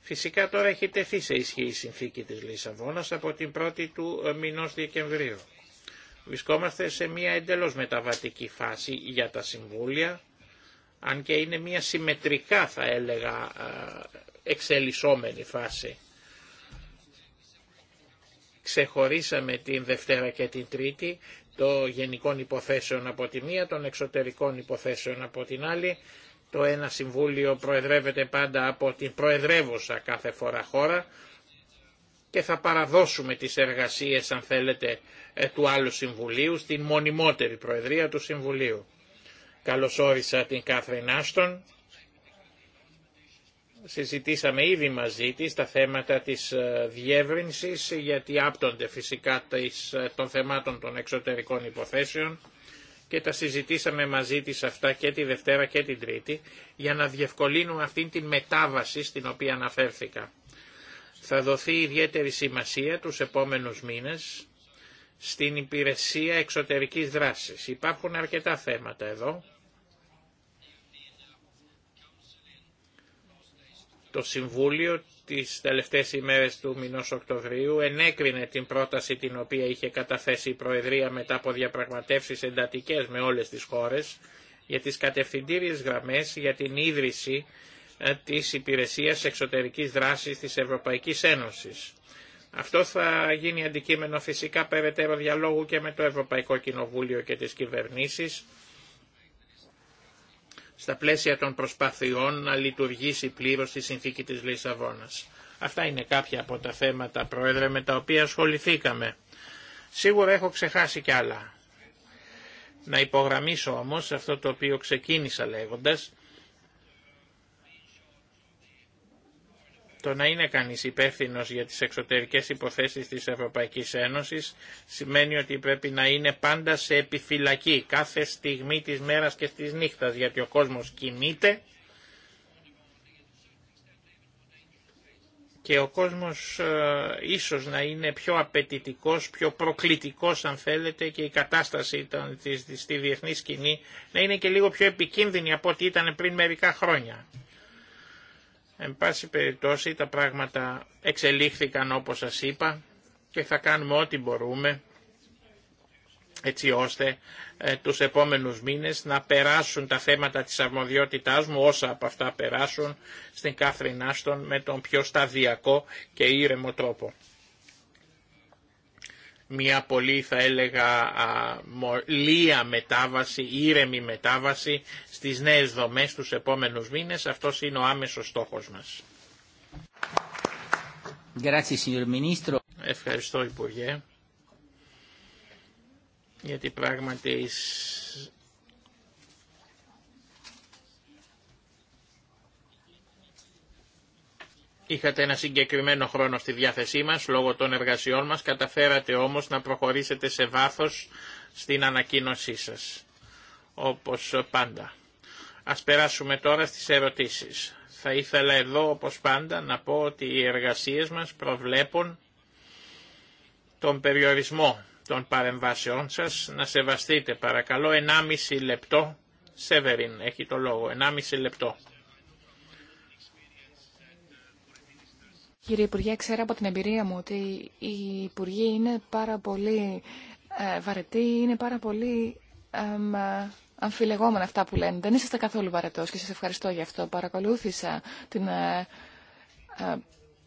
Φυσικά τώρα έχει τεθεί σε ισχύ η συνθήκη της Λισαβόνας από την 1 του ε, μηνός Δεκεμβρίου. Βρισκόμαστε σε μια εντελώς μεταβατική φάση για τα συμβούλια, αν και είναι μια συμμετρικά θα έλεγα ε, εξελισσόμενη φάση. Ξεχωρίσαμε την Δευτέρα και την Τρίτη το γενικών υποθέσεων από τη μία, των εξωτερικών υποθέσεων από την άλλη. Το ένα συμβούλιο προεδρεύεται πάντα από την προεδρεύουσα κάθε φορά χώρα και θα παραδώσουμε τις εργασίες, αν θέλετε, ε, του άλλου συμβουλίου στην μονιμότερη προεδρία του συμβουλίου. Καλωσόρισα την Κάθριν Άστον Συζητήσαμε ήδη μαζί της τα θέματα της ε, διεύρυνσης γιατί άπτονται φυσικά ε, των θεμάτων των εξωτερικών υποθέσεων και τα συζητήσαμε μαζί της αυτά και τη Δευτέρα και την Τρίτη για να διευκολύνουμε αυτήν την μετάβαση στην οποία αναφέρθηκα. Θα δοθεί ιδιαίτερη σημασία τους επόμενους μήνες στην υπηρεσία εξωτερικής δράσης. Υπάρχουν αρκετά θέματα εδώ το Συμβούλιο τις τελευταίες ημέρες του μηνός Οκτωβρίου ενέκρινε την πρόταση την οποία είχε καταθέσει η Προεδρία μετά από διαπραγματεύσεις εντατικές με όλες τις χώρες για τις κατευθυντήριες γραμμές για την ίδρυση ε, της Υπηρεσίας Εξωτερικής Δράσης της Ευρωπαϊκής Ένωσης. Αυτό θα γίνει αντικείμενο φυσικά περαιτέρω διαλόγου και με το Ευρωπαϊκό Κοινοβούλιο και τις κυβερνήσεις στα πλαίσια των προσπαθειών να λειτουργήσει πλήρως στη συνθήκη της Λισαβόνας. Αυτά είναι κάποια από τα θέματα, Πρόεδρε, με τα οποία ασχοληθήκαμε. Σίγουρα έχω ξεχάσει κι άλλα. Να υπογραμμίσω όμως αυτό το οποίο ξεκίνησα λέγοντας, Το να είναι κανείς υπεύθυνο για τις εξωτερικές υποθέσεις της Ευρωπαϊκής Ένωσης σημαίνει ότι πρέπει να είναι πάντα σε επιφυλακή κάθε στιγμή της μέρας και της νύχτας γιατί ο κόσμος κινείται και ο κόσμος ε, ίσως να είναι πιο απαιτητικός, πιο προκλητικός αν θέλετε και η κατάσταση της, στη διεθνή σκηνή να είναι και λίγο πιο επικίνδυνη από ό,τι ήταν πριν μερικά χρόνια. Εν πάση περιπτώσει τα πράγματα εξελίχθηκαν όπως σας είπα και θα κάνουμε ό,τι μπορούμε έτσι ώστε ε, τους επόμενους μήνες να περάσουν τα θέματα της αρμοδιότητάς μου, όσα από αυτά περάσουν, στην Κάθριν Άστον με τον πιο σταδιακό και ήρεμο τρόπο μια πολύ θα έλεγα λία μετάβαση, ήρεμη μετάβαση στις νέες δομές τους επόμενους μήνες. Αυτός είναι ο άμεσος στόχος μας. Ευχαριστώ Υπουργέ, γιατί πράγματι είχατε ένα συγκεκριμένο χρόνο στη διάθεσή μας λόγω των εργασιών μας, καταφέρατε όμως να προχωρήσετε σε βάθος στην ανακοίνωσή σας, όπως πάντα. Ας περάσουμε τώρα στις ερωτήσεις. Θα ήθελα εδώ, όπως πάντα, να πω ότι οι εργασίες μας προβλέπουν τον περιορισμό των παρεμβάσεών σας. Να σεβαστείτε παρακαλώ 1,5 λεπτό. Σεβερίν έχει το λόγο, 1,5 λεπτό. Κύριε Υπουργέ, ξέρω από την εμπειρία μου ότι οι Υπουργοί είναι πάρα πολύ ε, βαρετοί, είναι πάρα πολύ ε, αμφιλεγόμενα αυτά που λένε. Δεν είσαστε καθόλου βαρετός και σας ευχαριστώ για αυτό. Παρακολούθησα την ε, ε,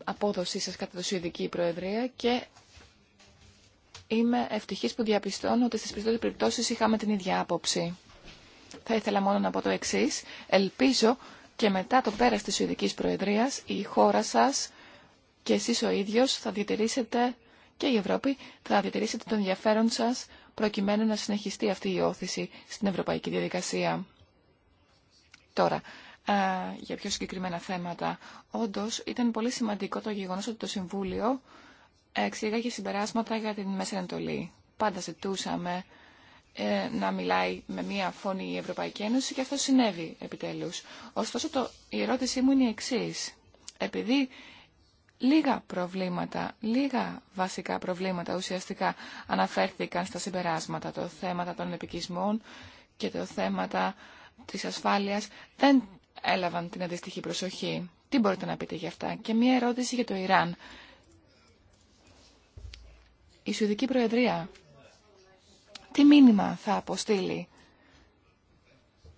απόδοσή σας κατά το Σουηδική Προεδρία και είμαι ευτυχής που διαπιστώνω ότι στις περισσότερες περιπτώσεις είχαμε την ίδια άποψη. Θα ήθελα μόνο να πω το εξής. Ελπίζω και μετά το πέρας της Σουηδικής Προεδρίας η χώρα σας και εσείς ο ίδιος θα διατηρήσετε και η Ευρώπη θα διατηρήσετε τον ενδιαφέρον σας προκειμένου να συνεχιστεί αυτή η όθηση στην ευρωπαϊκή διαδικασία. Τώρα, για πιο συγκεκριμένα θέματα. Όντως, ήταν πολύ σημαντικό το γεγονός ότι το Συμβούλιο εξήγαγε συμπεράσματα για την Μέση Ανατολή. Πάντα ζητούσαμε ε, να μιλάει με μία φωνή η Ευρωπαϊκή Ένωση και αυτό συνέβη επιτέλους. Ωστόσο, το, η ερώτησή μου είναι η εξής. Επειδή Λίγα προβλήματα, λίγα βασικά προβλήματα ουσιαστικά αναφέρθηκαν στα συμπεράσματα. Το θέματα των επικισμών και το θέματα της ασφάλειας δεν έλαβαν την αντιστοιχή προσοχή. Τι μπορείτε να πείτε για αυτά. Και μία ερώτηση για το Ιράν. Η Σουηδική Προεδρία τι μήνυμα θα αποστείλει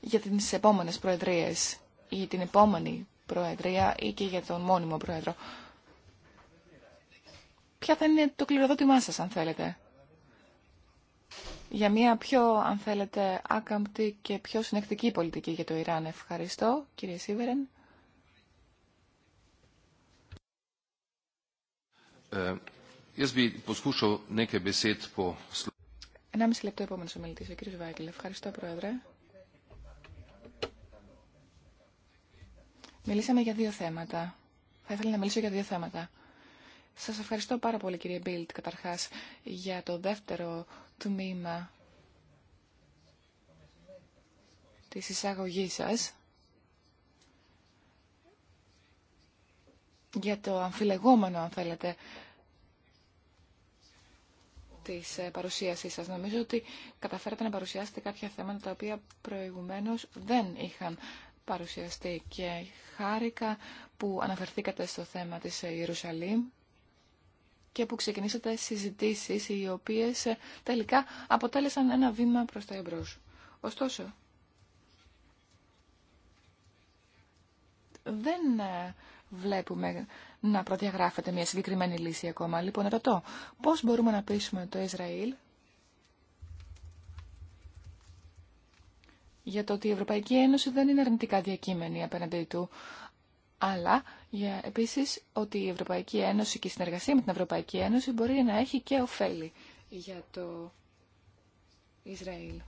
για τις επόμενες προεδρίες ή την επόμενη προεδρία ή και για τον μόνιμο πρόεδρο ποια θα είναι το κληροδότημά σας, αν θέλετε. Για μια πιο, αν θέλετε, άκαμπτη και πιο συνεκτική πολιτική για το Ιράν. Ευχαριστώ, κύριε Σίβερεν. Ε, Ένα μισή λεπτό επόμενος ο μιλητής, ο κύριος Βάγκελ. Ευχαριστώ, Πρόεδρε. Μιλήσαμε για δύο θέματα. Θα ήθελα να μιλήσω για δύο θέματα. Σας ευχαριστώ πάρα πολύ κύριε Μπίλτ καταρχάς για το δεύτερο τμήμα της εισαγωγής σας για το αμφιλεγόμενο αν θέλετε της ε, παρουσίασής σας. Νομίζω ότι καταφέρατε να παρουσιάσετε κάποια θέματα τα οποία προηγουμένως δεν είχαν παρουσιαστεί και χάρηκα που αναφερθήκατε στο θέμα της Ιερουσαλήμ και που ξεκινήσατε συζητήσεις οι οποίες ε, τελικά αποτέλεσαν ένα βήμα προς τα εμπρός. Ωστόσο, δεν ε, βλέπουμε να προδιαγράφεται μια συγκεκριμένη λύση ακόμα. Λοιπόν, ρωτώ, πώς μπορούμε να πείσουμε το Ισραήλ για το ότι η Ευρωπαϊκή Ένωση δεν είναι αρνητικά διακείμενη απέναντι του, αλλά για, επίσης ότι η Ευρωπαϊκή Ένωση και η συνεργασία με την Ευρωπαϊκή Ένωση μπορεί να έχει και ωφέλη για το Ισραήλ.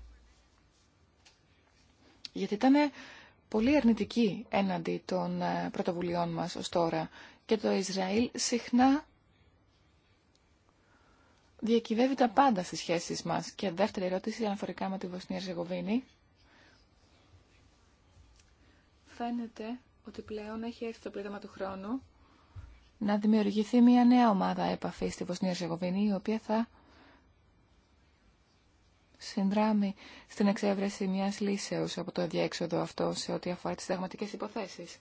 Γιατί ήταν πολύ αρνητική έναντι των ε, πρωτοβουλειών μας ως τώρα και το Ισραήλ συχνά διακυβεύει τα πάντα στις σχέσεις μας. Και δεύτερη ερώτηση αναφορικά με τη Βοσνία Ζεγοβίνη. Φαίνεται ότι πλέον έχει έρθει το πλήρωμα του χρόνου να δημιουργηθεί μια νέα ομάδα επαφή στη Βοσνία Ζεγοβίνη, η οποία θα συνδράμει στην εξέβρεση μιας λύσεως από το διέξοδο αυτό σε ό,τι αφορά τις δραματικέ υποθέσεις.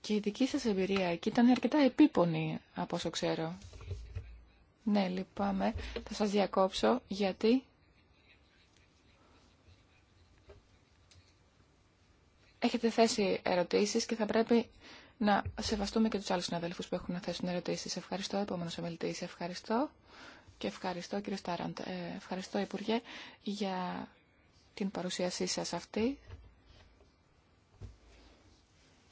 Και η δική σας εμπειρία εκεί ήταν αρκετά επίπονη, από όσο ξέρω. Ναι, λυπάμαι. Θα σας διακόψω, γιατί έχετε θέσει ερωτήσει και θα πρέπει να σεβαστούμε και τους άλλους συναδέλφου που έχουν να θέσουν ερωτήσεις. Ευχαριστώ, επόμενος ομιλητή. Ευχαριστώ και ευχαριστώ κύριο Στάραντ. Ε, ευχαριστώ Υπουργέ για την παρουσίασή σας αυτή.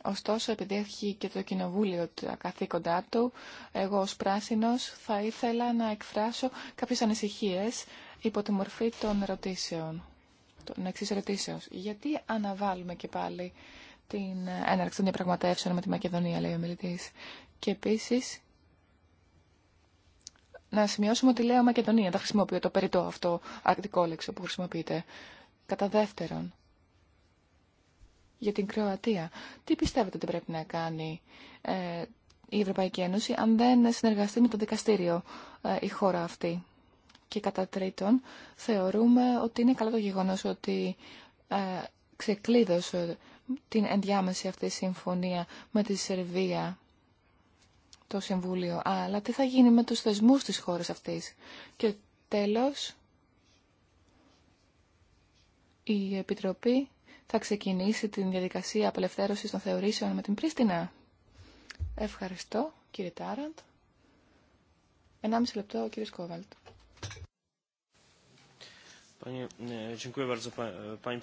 Ωστόσο, επειδή έχει και το Κοινοβούλιο τα καθήκοντά του, εγώ ως πράσινος θα ήθελα να εκφράσω κάποιες ανησυχίες υπό τη μορφή των ερωτήσεων. Να εξή ερωτήσεω. Γιατί αναβάλουμε και πάλι την έναρξη των διαπραγματεύσεων με τη Μακεδονία, λέει ο μιλητή. Και επίση, να σημειώσουμε ότι λέω Μακεδονία. Δεν χρησιμοποιώ το περιττό αυτό αρκτικό λέξο που χρησιμοποιείτε. Κατά δεύτερον, για την Κροατία. Τι πιστεύετε ότι πρέπει να κάνει ε, η Ευρωπαϊκή Ένωση αν δεν συνεργαστεί με το δικαστήριο ε, η χώρα αυτή. Και κατά τρίτον, θεωρούμε ότι είναι καλό το γεγονός ότι ε, ξεκλείδωσε την ενδιάμεση αυτή συμφωνία με τη Σερβία το Συμβούλιο. Αλλά τι θα γίνει με τους θεσμούς της χώρας αυτής. Και τέλος, η Επιτροπή θα ξεκινήσει την διαδικασία απελευθέρωσης των θεωρήσεων με την Πρίστινα. Ευχαριστώ, κύριε Τάραντ. Ενάμιση λεπτό, κύριε Σκόβαλτ. E, e,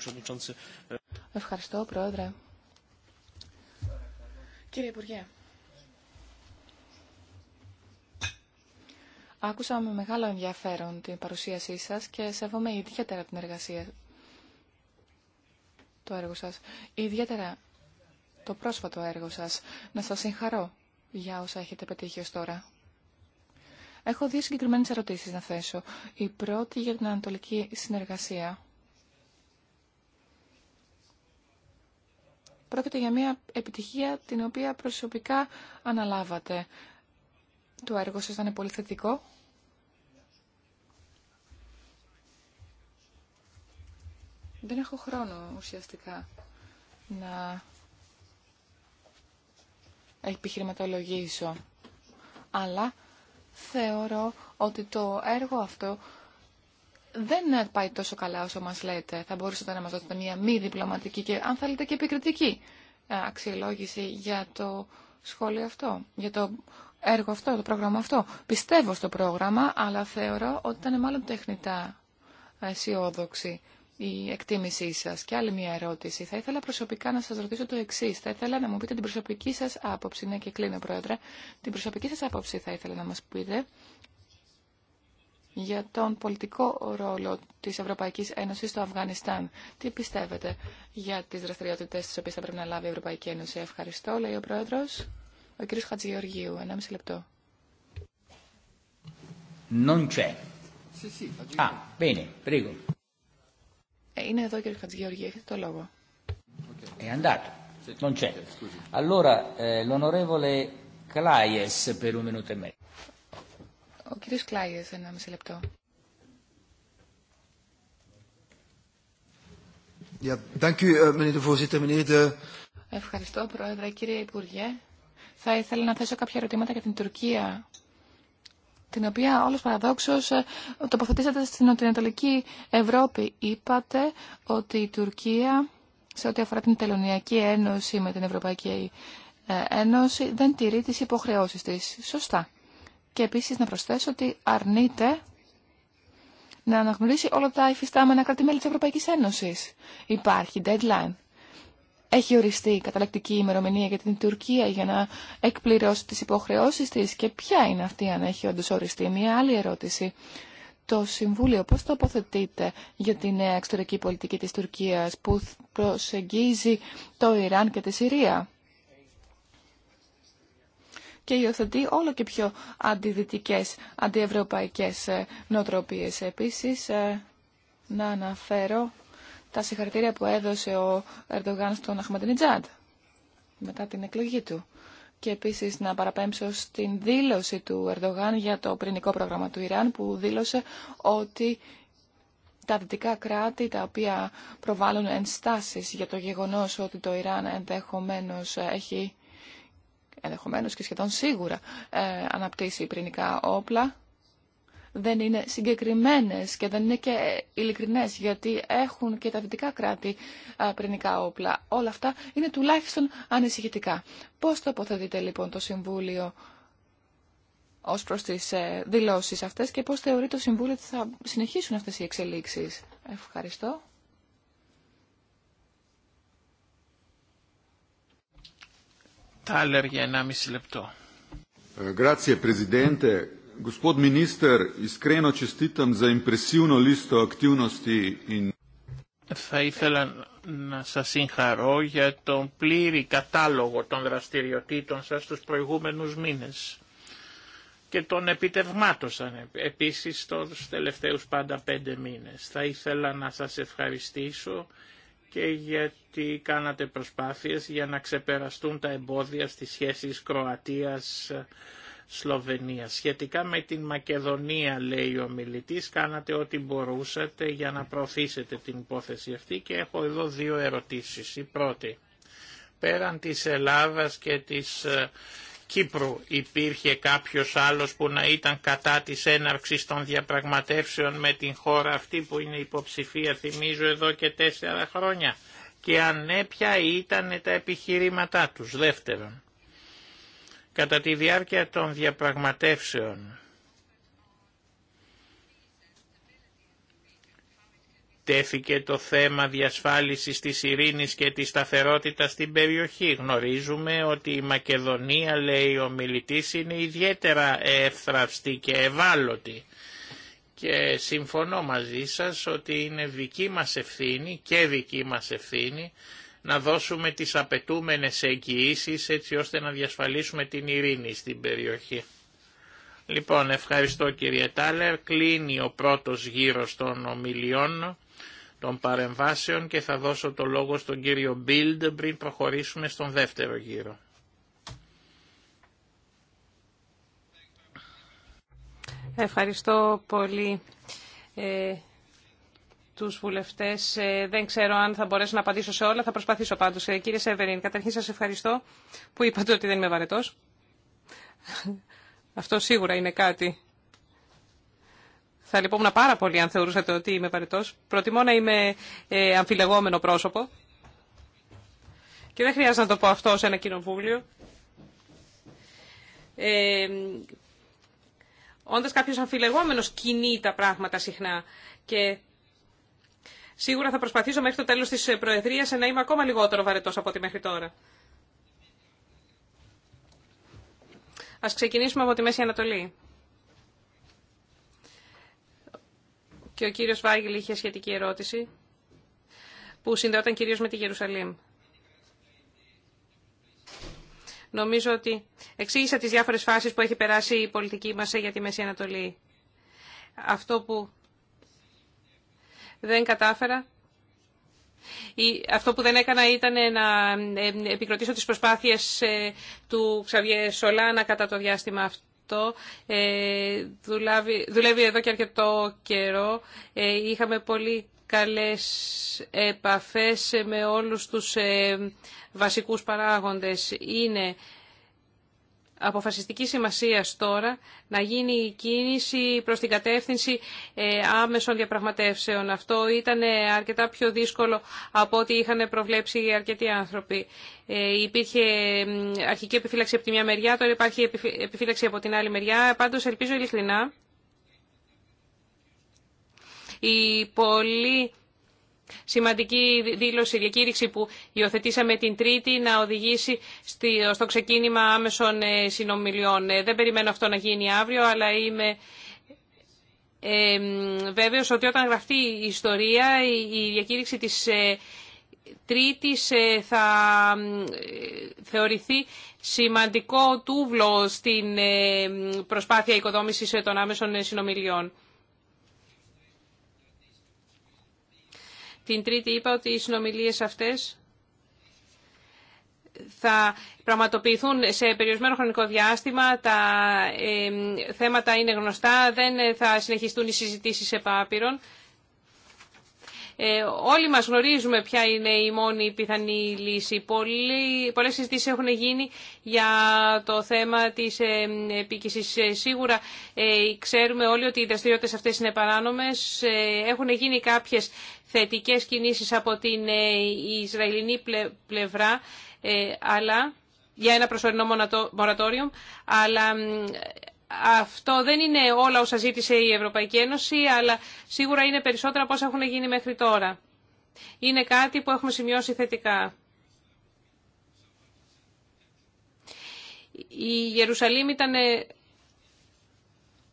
Ευχαριστώ, Πρόεδρε. Κύριε Υπουργέ, άκουσα με μεγάλο ενδιαφέρον την παρουσίασή σας και σέβομαι ιδιαίτερα την εργασία, το έργο σας, ιδιαίτερα το πρόσφατο έργο σας. Να σας συγχαρώ για όσα έχετε πετύχει ως τώρα. Έχω δύο συγκεκριμένε ερωτήσει να θέσω. Η πρώτη για την ανατολική συνεργασία. Πρόκειται για μια επιτυχία την οποία προσωπικά αναλάβατε. Το έργο σας ήταν πολύ θετικό. Δεν έχω χρόνο ουσιαστικά να επιχειρηματολογήσω. Αλλά θεωρώ ότι το έργο αυτό δεν πάει τόσο καλά όσο μας λέτε. Θα μπορούσατε να μας δώσετε μια μη διπλωματική και αν θέλετε και επικριτική ε, αξιολόγηση για το σχόλιο αυτό, για το έργο αυτό, το πρόγραμμα αυτό. Πιστεύω στο πρόγραμμα, αλλά θεωρώ ότι ήταν μάλλον τεχνητά ε, αισιόδοξη η εκτίμησή σας. Και άλλη μια ερώτηση. Θα ήθελα προσωπικά να σας ρωτήσω το εξή. Θα ήθελα να μου πείτε την προσωπική σας άποψη. Ναι και κλείνω πρόεδρε. Την προσωπική σας άποψη θα ήθελα να μας πείτε για τον πολιτικό ρόλο της Ευρωπαϊκής Ένωσης στο Αφγανιστάν. Τι πιστεύετε για τις δραστηριότητες τις οποίες θα πρέπει να λάβει η Ευρωπαϊκή Ένωση. Ευχαριστώ, λέει ο Πρόεδρος. Ο κ. Χατζηγεωργίου, 1,5 λεπτό. Ah, ε, είναι εδώ κύριε Χατζηγεωργή, έχετε το λόγο. È andato, non c'è. Allora, eh, l'onorevole per e Ο κύριος Κλάιες, ένα μισή λεπτό. Eh, Ευχαριστώ, Πρόεδρε. Κύριε Υπουργέ, θα ήθελα να θέσω κάποια ερωτήματα για την Τουρκία την οποία όλος παραδόξως ε, τοποθετήσατε στην νοτιοανατολική Ευρώπη. Είπατε ότι η Τουρκία σε ό,τι αφορά την Τελωνιακή Ένωση με την Ευρωπαϊκή ε, Ένωση δεν τηρεί τις υποχρεώσεις της. Σωστά. Και επίσης να προσθέσω ότι αρνείται να αναγνωρίσει όλα τα υφιστάμενα κράτη-μέλη της Ευρωπαϊκής Ένωσης. Υπάρχει deadline έχει οριστεί η καταλεκτική ημερομηνία για την Τουρκία για να εκπληρώσει τις υποχρεώσεις της και ποια είναι αυτή αν έχει όντως οριστεί. Μία άλλη ερώτηση. Το Συμβούλιο πώς αποθετείτε για τη νέα εξωτερική πολιτική της Τουρκίας που προσεγγίζει το Ιράν και τη Συρία και υιοθετεί όλο και πιο αντιδυτικές, αντιευρωπαϊκές ε, νοοτροπίες. Επίσης, ε, να αναφέρω τα συγχαρητήρια που έδωσε ο Ερντογάν στον Αχμαντινιτζάντ μετά την εκλογή του. Και επίσης να παραπέμψω στην δήλωση του Ερντογάν για το πρινικό πρόγραμμα του Ιράν που δήλωσε ότι τα δυτικά κράτη τα οποία προβάλλουν ενστάσεις για το γεγονός ότι το Ιράν ενδεχομένως έχει ενδεχομένως και σχεδόν σίγουρα ε, αναπτύσσει όπλα δεν είναι συγκεκριμένες και δεν είναι και ειλικρινές γιατί έχουν και τα δυτικά κράτη πυρηνικά όπλα. Όλα αυτά είναι τουλάχιστον ανησυχητικά. Πώς τοποθετείτε λοιπόν το Συμβούλιο ως προς τις ε, δηλώσεις αυτές και πώς θεωρεί το Συμβούλιο ότι θα συνεχίσουν αυτές οι εξελίξεις. Ευχαριστώ. Τάλερ για 1,5 λεπτό. Ε, θα ήθελα να σας συγχαρώ για τον πλήρη κατάλογο των δραστηριοτήτων σας τους προηγούμενους μήνες και των επιτευγμάτωσαν επίσης τους τελευταίους πάντα πέντε μήνες. Θα ήθελα να σας ευχαριστήσω και γιατί κάνατε προσπάθειες για να ξεπεραστούν τα εμπόδια στις σχέσεις Κροατίας Σλοβενία. Σχετικά με την Μακεδονία, λέει ο μιλητής, κάνατε ό,τι μπορούσατε για να προωθήσετε την υπόθεση αυτή και έχω εδώ δύο ερωτήσεις. Η πρώτη, πέραν της Ελλάδας και της ε, Κύπρου υπήρχε κάποιος άλλος που να ήταν κατά της έναρξης των διαπραγματεύσεων με την χώρα αυτή που είναι υποψηφία, θυμίζω, εδώ και τέσσερα χρόνια. Και αν ναι, ήταν τα επιχειρήματά τους. Δεύτερον, Κατά τη διάρκεια των διαπραγματεύσεων τέθηκε το θέμα διασφάλισης της ειρήνης και της σταθερότητας στην περιοχή. Γνωρίζουμε ότι η Μακεδονία, λέει ο μιλητής, είναι ιδιαίτερα εύθραυστη και ευάλωτη. Και συμφωνώ μαζί σας ότι είναι δική μας ευθύνη και δική μας ευθύνη να δώσουμε τις απαιτούμενες εγγυήσει έτσι ώστε να διασφαλίσουμε την ειρήνη στην περιοχή. Λοιπόν, ευχαριστώ κύριε Τάλερ. Κλείνει ο πρώτος γύρος των ομιλιών, των παρεμβάσεων και θα δώσω το λόγο στον κύριο Μπίλντ πριν προχωρήσουμε στον δεύτερο γύρο. Ευχαριστώ πολύ ε, τους βουλευτές. Ε, δεν ξέρω αν θα μπορέσω να απαντήσω σε όλα, θα προσπαθήσω πάντως. Ε, κύριε Σεβερίν, καταρχήν σας ευχαριστώ που είπατε ότι δεν είμαι βαρετός. Αυτό σίγουρα είναι κάτι. Θα λυπόμουν πάρα πολύ αν θεωρούσατε ότι είμαι βαρετός. Προτιμώ να είμαι ε, αμφιλεγόμενο πρόσωπο. Και δεν χρειάζεται να το πω αυτό σε ένα κοινοβούλιο. Ε, όντας κάποιος αμφιλεγόμενος κινεί τα πράγματα συχνά και Σίγουρα θα προσπαθήσω μέχρι το τέλος της Προεδρίας να είμαι ακόμα λιγότερο βαρετός από ό,τι μέχρι τώρα. Ας ξεκινήσουμε από τη Μέση Ανατολή. Και ο κύριος Βάγγελ είχε σχετική ερώτηση που συνδεόταν κυρίως με τη Γερουσαλήμ. Νομίζω ότι εξήγησα τις διάφορες φάσεις που έχει περάσει η πολιτική μας για τη Μέση Ανατολή. Αυτό που δεν κατάφερα. Αυτό που δεν έκανα ήταν να ε, επικροτήσω τις προσπάθειες ε, του Ξαβιέ Σολάνα κατά το διάστημα αυτό. Ε, δουλεύει, δουλεύει εδώ και αρκετό καιρό. Είχαμε πολύ καλές επαφές με όλους τους βασικούς παράγοντες. Είναι αποφασιστική σημασία τώρα να γίνει η κίνηση προς την κατεύθυνση ε, άμεσων διαπραγματεύσεων. Αυτό ήταν ε, αρκετά πιο δύσκολο από ό,τι είχαν προβλέψει αρκετοί άνθρωποι. Ε, υπήρχε αρχική επιφύλαξη από τη μια μεριά, τώρα υπάρχει επιφύλαξη από την άλλη μεριά. Πάντως ελπίζω ειλικρινά οι πολλοί σημαντική δήλωση, διακήρυξη που υιοθετήσαμε την Τρίτη να οδηγήσει στο ξεκίνημα άμεσων ε, συνομιλιών. Ε, δεν περιμένω αυτό να γίνει αύριο, αλλά είμαι ε, βέβαιος ότι όταν γραφτεί η ιστορία, η διακήρυξη της Τρίτης θα θεωρηθεί σημαντικό τούβλο στην προσπάθεια οικοδόμησης των άμεσων συνομιλιών. Την Τρίτη είπα ότι οι συνομιλίες αυτές θα πραγματοποιηθούν σε περιορισμένο χρονικό διάστημα. Τα ε, θέματα είναι γνωστά, δεν θα συνεχιστούν οι συζητήσεις επάπειρων. Ε, όλοι μας γνωρίζουμε ποια είναι η μόνη πιθανή λύση. Πολύ, πολλές συζητήσεις έχουν γίνει για το θέμα της ε, ε Σίγουρα ε, ξέρουμε όλοι ότι οι δραστηριότητες αυτές είναι παράνομες. έχουν γίνει κάποιες θετικές κινήσεις από την Ισραηλινή πλευρά, αλλά για ένα προσωρινό μορατόριο, αλλά αυτό δεν είναι όλα όσα ζήτησε η Ευρωπαϊκή Ένωση, αλλά σίγουρα είναι περισσότερα από όσα έχουν γίνει μέχρι τώρα. Είναι κάτι που έχουμε σημειώσει θετικά. Η Ιερουσαλήμ ήταν ε,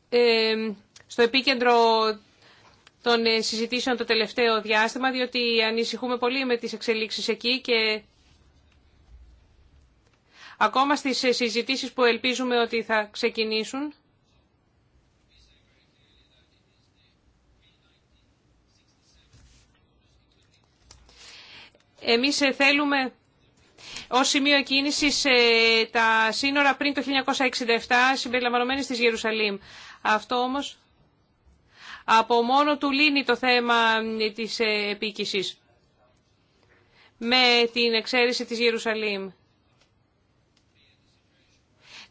ε, στο επίκεντρο των ε, συζητήσεων το τελευταίο διάστημα, διότι ανησυχούμε πολύ με τις εξελίξεις εκεί και Ακόμα στις συζητήσεις που ελπίζουμε ότι θα ξεκινήσουν, εμείς ε, θέλουμε ως σημείο κίνησης ε, τα σύνορα πριν το 1967 συμπεριλαμβανομένες της Ιερουσαλήμ. Αυτό όμως από μόνο του λύνει το θέμα ε, της επίκησης με την εξαίρεση της Ιερουσαλήμ.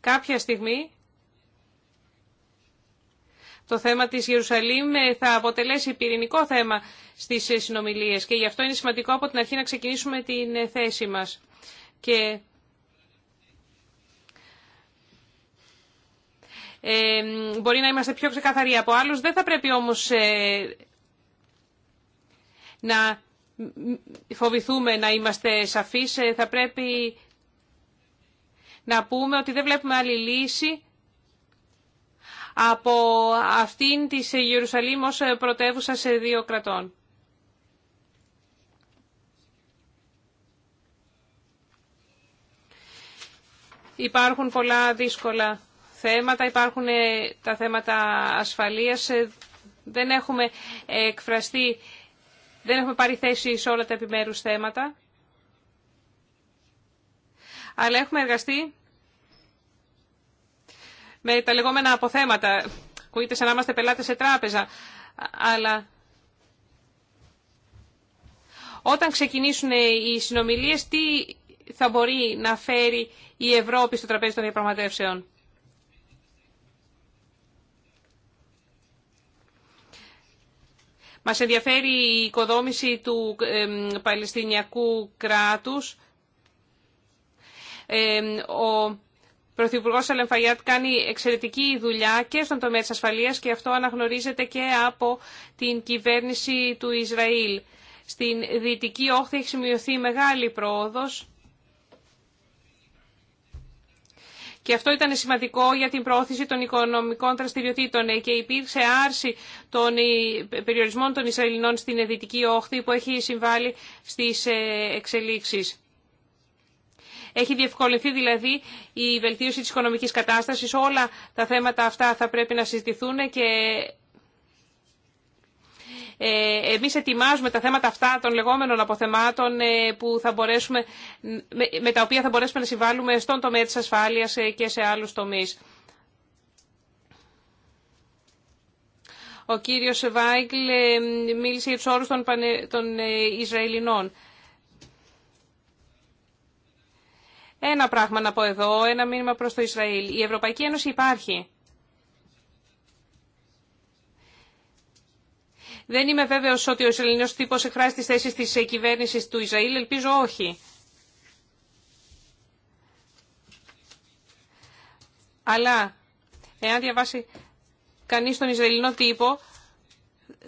Κάποια στιγμή το θέμα της Ιερουσαλήμ ε, θα αποτελέσει πυρηνικό θέμα στις ε, συνομιλίες και γι' αυτό είναι σημαντικό από την αρχή να ξεκινήσουμε την ε, θέση μας. Και μπορεί να είμαστε πιο ξεκαθαροί από άλλους, δεν θα πρέπει όμως να φοβηθούμε να είμαστε σαφείς, θα πρέπει να πούμε ότι δεν βλέπουμε άλλη λύση από αυτήν της Ιερουσαλήμ ως πρωτεύουσα σε δύο κρατών. Υπάρχουν πολλά δύσκολα θέματα, υπάρχουν ε, τα θέματα ασφαλείας. Ε, δεν έχουμε εκφραστεί, δεν έχουμε πάρει θέση σε όλα τα επιμέρους θέματα αλλά έχουμε εργαστεί με τα λεγόμενα αποθέματα. Ακούγεται σαν να είμαστε πελάτες σε τράπεζα, αλλά όταν ξεκινήσουν οι συνομιλίες, τι θα μπορεί να φέρει η Ευρώπη στο τραπέζι των διαπραγματεύσεων. Μας ενδιαφέρει η οικοδόμηση του Παλαιστινιακού κράτους ο Πρωθυπουργό Αλεμφαγιάτ κάνει εξαιρετική δουλειά και στον τομέα τη ασφαλεία και αυτό αναγνωρίζεται και από την κυβέρνηση του Ισραήλ. Στην δυτική όχθη έχει σημειωθεί μεγάλη πρόοδο. Και αυτό ήταν σημαντικό για την προώθηση των οικονομικών δραστηριοτήτων ε, και υπήρξε άρση των ε, περιορισμών των Ισραηλινών στην δυτική όχθη που έχει συμβάλει στις ε, εξελίξεις. Έχει διευκολυνθεί δηλαδή η βελτίωση της οικονομικής κατάστασης. Όλα τα θέματα αυτά θα πρέπει να συζητηθούν και ε, εμείς ετοιμάζουμε τα θέματα αυτά των λεγόμενων αποθεμάτων ε, που θα μπορέσουμε, με τα οποία θα μπορέσουμε να συμβάλλουμε στον τομέα της ασφάλειας ε, και σε άλλους τομείς. Ο κύριος ε, μίλησε για τους όρους των Ισραηλινών. Ένα πράγμα να πω εδώ, ένα μήνυμα προς το Ισραήλ. Η Ευρωπαϊκή Ένωση υπάρχει. Δεν είμαι βέβαιο ότι ο Ισραηλινός τύπος εκφράζει τις θέσεις της ε, κυβέρνηση του Ισραήλ. Ελπίζω όχι. Αλλά, εάν διαβάσει κανείς τον Ισραηλινό τύπο,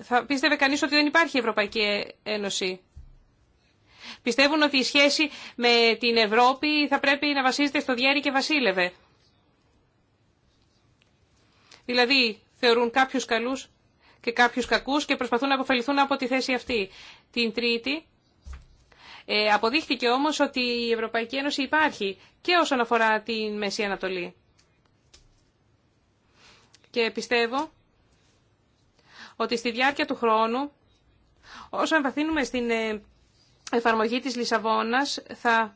θα πίστευε κανείς ότι δεν υπάρχει η Ευρωπαϊκή Ένωση πιστεύουν ότι η σχέση με την Ευρώπη θα πρέπει να βασίζεται στο διέρη και βασίλευε. Δηλαδή, θεωρούν κάποιους καλούς και κάποιους κακούς και προσπαθούν να αποφεληθούν από τη θέση αυτή. Την Τρίτη, ε, αποδείχθηκε όμως ότι η Ευρωπαϊκή Ένωση υπάρχει και όσον αφορά τη Μέση Ανατολή. Και πιστεύω ότι στη διάρκεια του χρόνου, όσο εμβαθύνουμε στην ε, εφαρμογή της Λισαβόνας θα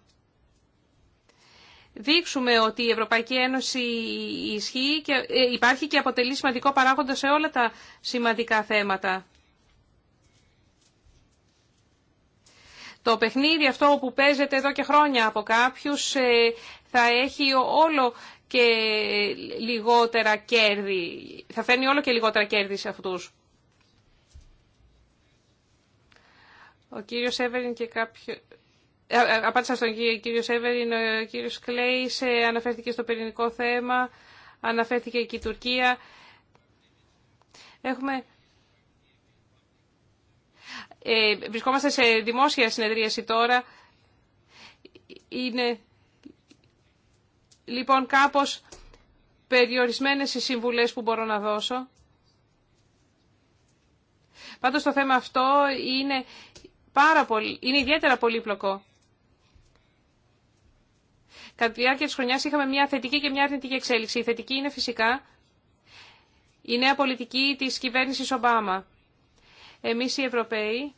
δείξουμε ότι η Ευρωπαϊκή Ένωση ισχύει και ε, υπάρχει και αποτελεί σημαντικό παράγοντα σε όλα τα σημαντικά θέματα. Το παιχνίδι αυτό που παίζεται εδώ και χρόνια από κάποιους ε, θα έχει όλο και λιγότερα κέρδη. Θα φέρνει όλο και λιγότερα κέρδη σε αυτούς. Ο κύριος Σέβεριν και κάποιο... Ε, ε, απάντησα στον κύριο Σέβεριν, ο κύριος Κλέης αναφέρθηκε στο πυρηνικό θέμα, αναφέρθηκε και η Τουρκία. Έχουμε... Ε, βρισκόμαστε σε δημόσια συνεδρίαση τώρα. Είναι λοιπόν κάπως περιορισμένες οι συμβουλές που μπορώ να δώσω. Πάντως το θέμα αυτό είναι πάρα πολύ, είναι ιδιαίτερα πολύπλοκο. Κατά τη διάρκεια τη χρονιά είχαμε μια θετική και μια αρνητική εξέλιξη. Η θετική είναι φυσικά η νέα πολιτική της κυβέρνηση Ομπάμα. Εμείς οι Ευρωπαίοι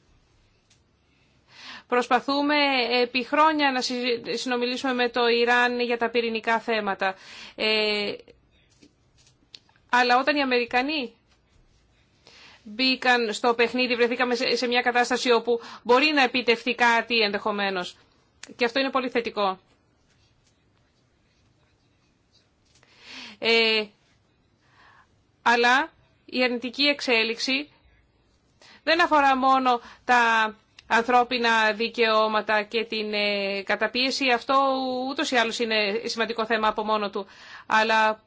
Προσπαθούμε επί χρόνια να συνομιλήσουμε με το Ιράν για τα πυρηνικά θέματα. Ε, αλλά όταν οι Αμερικανοί μπήκαν στο παιχνίδι, βρεθήκαμε σε μια κατάσταση όπου μπορεί να επιτευχθεί κάτι ενδεχομένως. Και αυτό είναι πολύ θετικό. Ε, αλλά η αρνητική εξέλιξη δεν αφορά μόνο τα ανθρώπινα δικαιώματα και την ε, καταπίεση. Αυτό ούτως ή άλλως είναι σημαντικό θέμα από μόνο του. Αλλά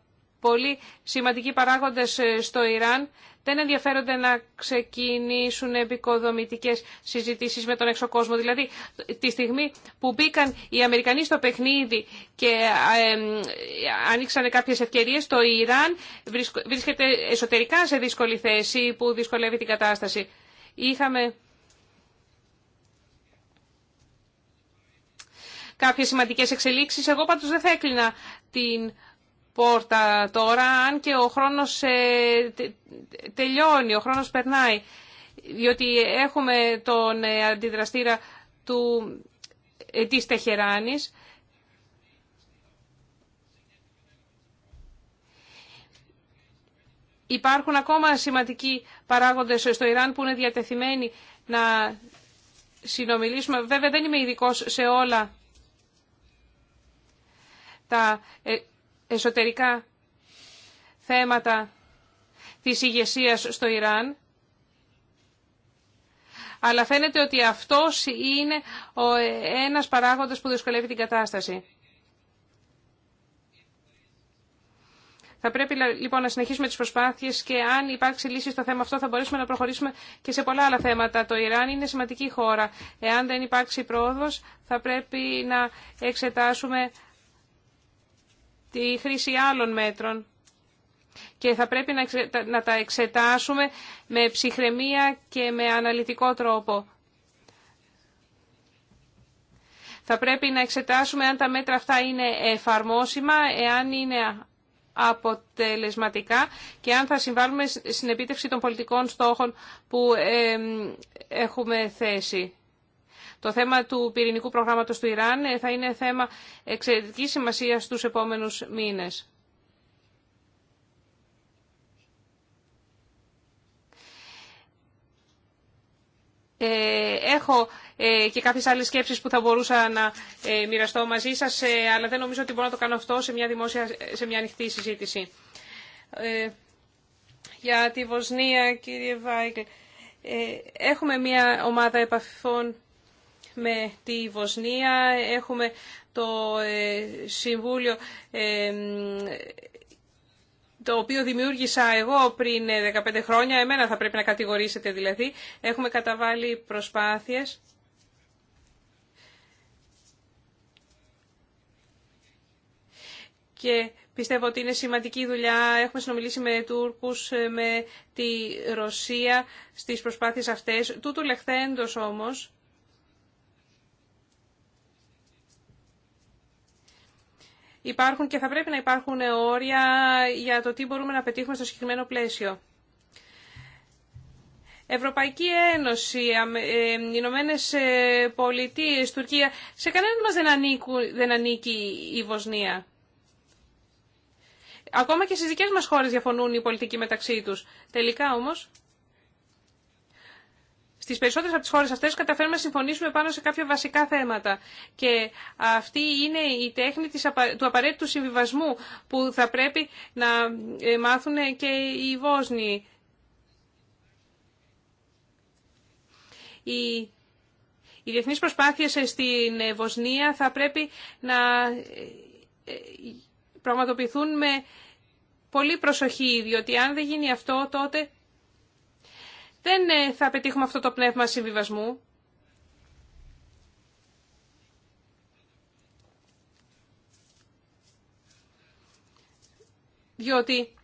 Πολύ σημαντικοί παράγοντες ε, στο Ιράν δεν ενδιαφέρονται να ξεκινήσουν επικοδομητικές συζητήσεις με τον εξωκόσμο. Δηλαδή, τη στιγμή που μπήκαν οι Αμερικανοί στο παιχνίδι και ε, ε, άνοιξαν κάποιες ευκαιρίες, το Ιράν βρίσκεται εσωτερικά σε δύσκολη θέση που δυσκολεύει την κατάσταση. Είχαμε... Κάποιες σημαντικές εξελίξεις. Εγώ πάντως δεν θα έκλεινα την πόρτα τώρα, αν και ο χρόνος ε, τελειώνει, ο χρόνος περνάει, διότι έχουμε τον ε, αντιδραστήρα του, ε, της Τεχεράνης, Υπάρχουν ακόμα σημαντικοί παράγοντες στο Ιράν που είναι διατεθειμένοι να συνομιλήσουμε. Βέβαια δεν είμαι ειδικό σε όλα τα εσωτερικά θέματα της ηγεσία στο Ιράν. Αλλά φαίνεται ότι αυτός είναι ο ένας παράγοντας που δυσκολεύει την κατάσταση. Θα πρέπει λοιπόν να συνεχίσουμε τις προσπάθειες και αν υπάρξει λύση στο θέμα αυτό θα μπορέσουμε να προχωρήσουμε και σε πολλά άλλα θέματα. Το Ιράν είναι σημαντική χώρα. Εάν δεν υπάρξει πρόοδος θα πρέπει να εξετάσουμε τη χρήση άλλων μέτρων και θα πρέπει να τα εξετάσουμε με ψυχραιμία και με αναλυτικό τρόπο. Θα πρέπει να εξετάσουμε αν τα μέτρα αυτά είναι εφαρμόσιμα, εάν είναι αποτελεσματικά και αν θα συμβάλλουμε στην επίτευξη των πολιτικών στόχων που έχουμε θέσει. Το θέμα του πυρηνικού προγράμματος του Ιράν ε, θα είναι θέμα εξαιρετικής σημασίας στους επόμενους μήνες. Ε, έχω ε, και κάποιες άλλες σκέψεις που θα μπορούσα να μοιραστώ μαζί σας, αλλά δεν νομίζω ότι μπορώ να το κάνω αυτό σε μια, δημόσια, σε μια ανοιχτή συζήτηση. Για τη Βοσνία, κύριε Βάικλ, έχουμε μια ομάδα επαφών με τη Βοσνία, έχουμε το ε, Συμβούλιο ε, το οποίο δημιούργησα εγώ πριν 15 ε, χρόνια, εμένα θα πρέπει να κατηγορήσετε δηλαδή, έχουμε καταβάλει προσπάθειες. Και πιστεύω ότι είναι σημαντική δουλειά. Έχουμε συνομιλήσει με Τούρκους, με τη Ρωσία στις προσπάθειες αυτές. Τούτου λεχθέντος όμως, υπάρχουν και θα πρέπει να υπάρχουν όρια για το τι μπορούμε να πετύχουμε στο συγκεκριμένο πλαίσιο. Ευρωπαϊκή Ένωση, ε, Ηνωμένε Πολιτείε, Τουρκία, σε κανέναν μας δεν, δεν ανήκει η Βοσνία. Ακόμα και στις δικές μας χώρες διαφωνούν οι πολιτικοί μεταξύ τους. Τελικά όμως, στις περισσότερες από τις χώρες αυτές καταφέρουμε να συμφωνήσουμε πάνω σε κάποια βασικά θέματα. Και αυτή είναι η τέχνη του απαραίτητου συμβιβασμού που θα πρέπει να ε, μάθουν και οι Βόσνοι. Οι, οι διεθνείς προσπάθειες ε, στην ε, Βοσνία θα πρέπει να πραγματοποιηθούν με πολύ προσοχή, διότι αν δεν γίνει αυτό τότε δεν ε, θα πετύχουμε αυτό το πνεύμα συμβιβασμού. Διότι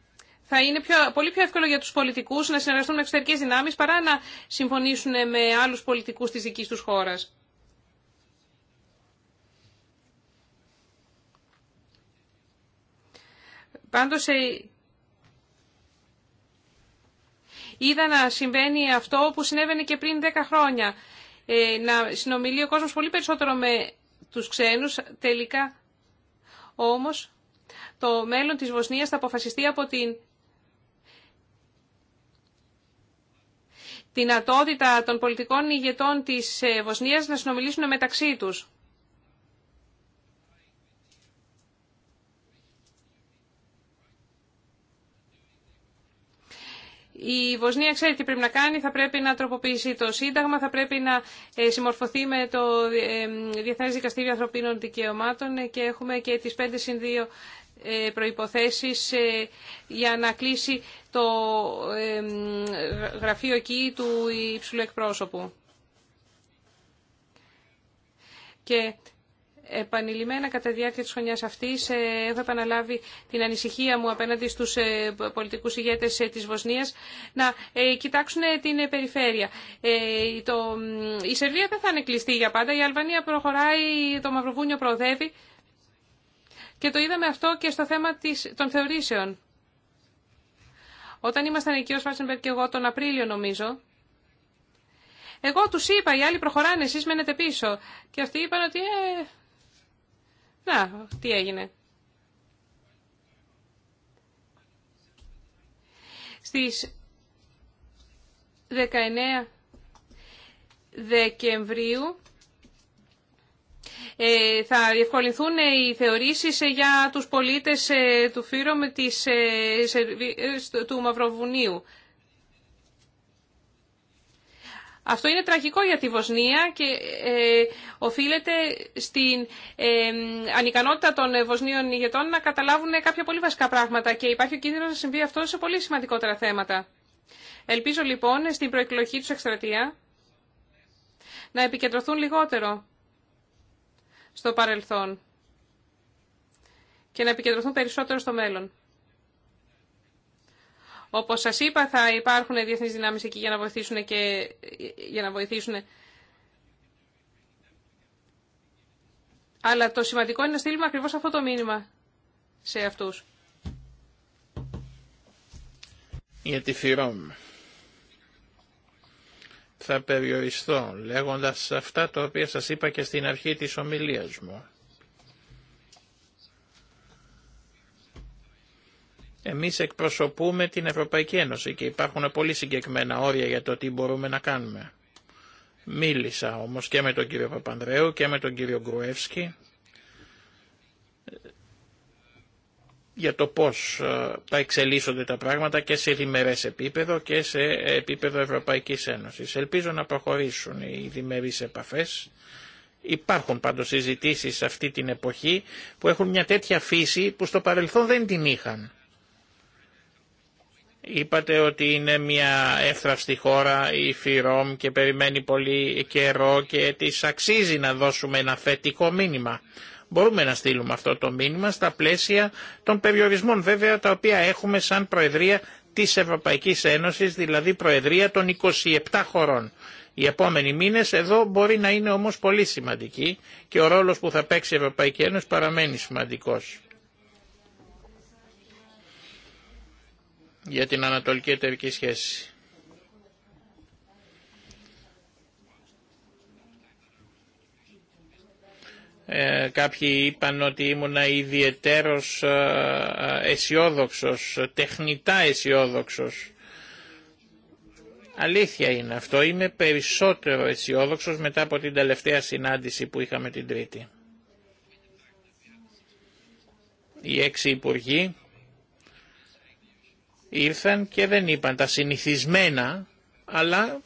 θα είναι πιο, πολύ πιο εύκολο για τους πολιτικούς να συνεργαστούν με εξωτερικές δυνάμεις παρά να συμφωνήσουν με άλλους πολιτικούς της δικής τους χώρας. Πάντως ε, Είδα να συμβαίνει αυτό που συνέβαινε και πριν 10 χρόνια. Ε, να συνομιλεί ο κόσμος πολύ περισσότερο με τους ξένους τελικά. Όμως το μέλλον της Βοσνίας θα αποφασιστεί από την δυνατότητα των πολιτικών ηγετών της ε, Βοσνίας να συνομιλήσουν μεταξύ τους. Η Βοσνία ξέρει τι πρέπει να κάνει, θα πρέπει να τροποποιήσει το Σύνταγμα, θα πρέπει να ε, συμμορφωθεί με το ε, Διεθνές Δικαστήριο Ανθρωπίνων Δικαιωμάτων ε, και έχουμε και τις 5 συν 2 προϋποθέσεις για να κλείσει το γραφείο εκεί του υψηλού εκπρόσωπου. Και επανειλημμένα κατά τη διάρκεια της χρονιάς αυτής ε, έχω επαναλάβει την ανησυχία μου απέναντι στους ε, πολιτικούς ηγέτες ε, της Βοσνίας να κοιτάξουν την περιφέρεια. το, η Σερβία δεν θα είναι κλειστή για πάντα, η Αλβανία προχωράει, το Μαυροβούνιο προοδεύει και το είδαμε αυτό και στο θέμα της, των θεωρήσεων. Όταν ήμασταν εκεί ο Σφάτσενμπερ και εγώ τον Απρίλιο νομίζω, εγώ τους είπα, οι άλλοι προχωράνε, εσείς μένετε πίσω. Και αυτοί είπαν ότι ε, τι έγινε. Στις 19 Δεκεμβρίου ε, θα διευκολυνθούν ε, οι θεωρήσεις ε, για τους πολίτες του Φύρομ του Μαυροβουνίου. Αυτό είναι τραγικό για τη Βοσνία και ε, οφείλεται στην ε, ανικανότητα των Βοσνίων ηγετών να καταλάβουν κάποια πολύ βασικά πράγματα και υπάρχει ο κίνδυνος να συμβεί αυτό σε πολύ σημαντικότερα θέματα. Ελπίζω λοιπόν στην προεκλογή τους εκστρατεία να επικεντρωθούν λιγότερο στο παρελθόν και να επικεντρωθούν περισσότερο στο μέλλον. Όπω σα είπα, θα υπάρχουν διεθνεί δυνάμει εκεί για να βοηθήσουν και για να βοηθήσουν. Αλλά το σημαντικό είναι να στείλουμε ακριβώ αυτό το μήνυμα σε αυτούς. Γιατί φυρώμαι. Θα περιοριστώ λέγοντας αυτά τα οποία σας είπα και στην αρχή της ομιλίας μου. Εμείς εκπροσωπούμε την Ευρωπαϊκή Ένωση και υπάρχουν πολύ συγκεκριμένα όρια για το τι μπορούμε να κάνουμε. Μίλησα όμως και με τον κύριο Παπανδρέου και με τον κύριο Γκρουεύσκη ε, για το πώς ε, θα εξελίσσονται τα πράγματα και σε διμερές επίπεδο και σε επίπεδο Ευρωπαϊκής Ένωσης. Ελπίζω να προχωρήσουν οι διμερείς επαφές. Υπάρχουν πάντως συζητήσεις αυτή την εποχή που έχουν μια τέτοια φύση που στο παρελθόν δεν την είχαν. Είπατε ότι είναι μια εύθραυστη χώρα η Φιρόμ και περιμένει πολύ καιρό και της αξίζει να δώσουμε ένα θετικό μήνυμα. Μπορούμε να στείλουμε αυτό το μήνυμα στα πλαίσια των περιορισμών βέβαια τα οποία έχουμε σαν Προεδρία της Ευρωπαϊκής Ένωσης, δηλαδή Προεδρία των 27 χωρών. Οι επόμενοι μήνες εδώ μπορεί να είναι όμως πολύ σημαντικοί και ο ρόλος που θα παίξει η Ευρωπαϊκή Ένωση παραμένει σημαντικός. για την Ανατολική Εταιρική Σχέση. Ε, κάποιοι είπαν ότι ήμουν ιδιαιτέρως ε, ε, αισιόδοξο, τεχνητά αισιόδοξο. Αλήθεια είναι αυτό, είμαι περισσότερο αισιόδοξο μετά από την τελευταία συνάντηση που είχαμε την Τρίτη. Οι έξι υπουργοί ήρθαν και δεν είπαν τα συνηθισμένα, αλλά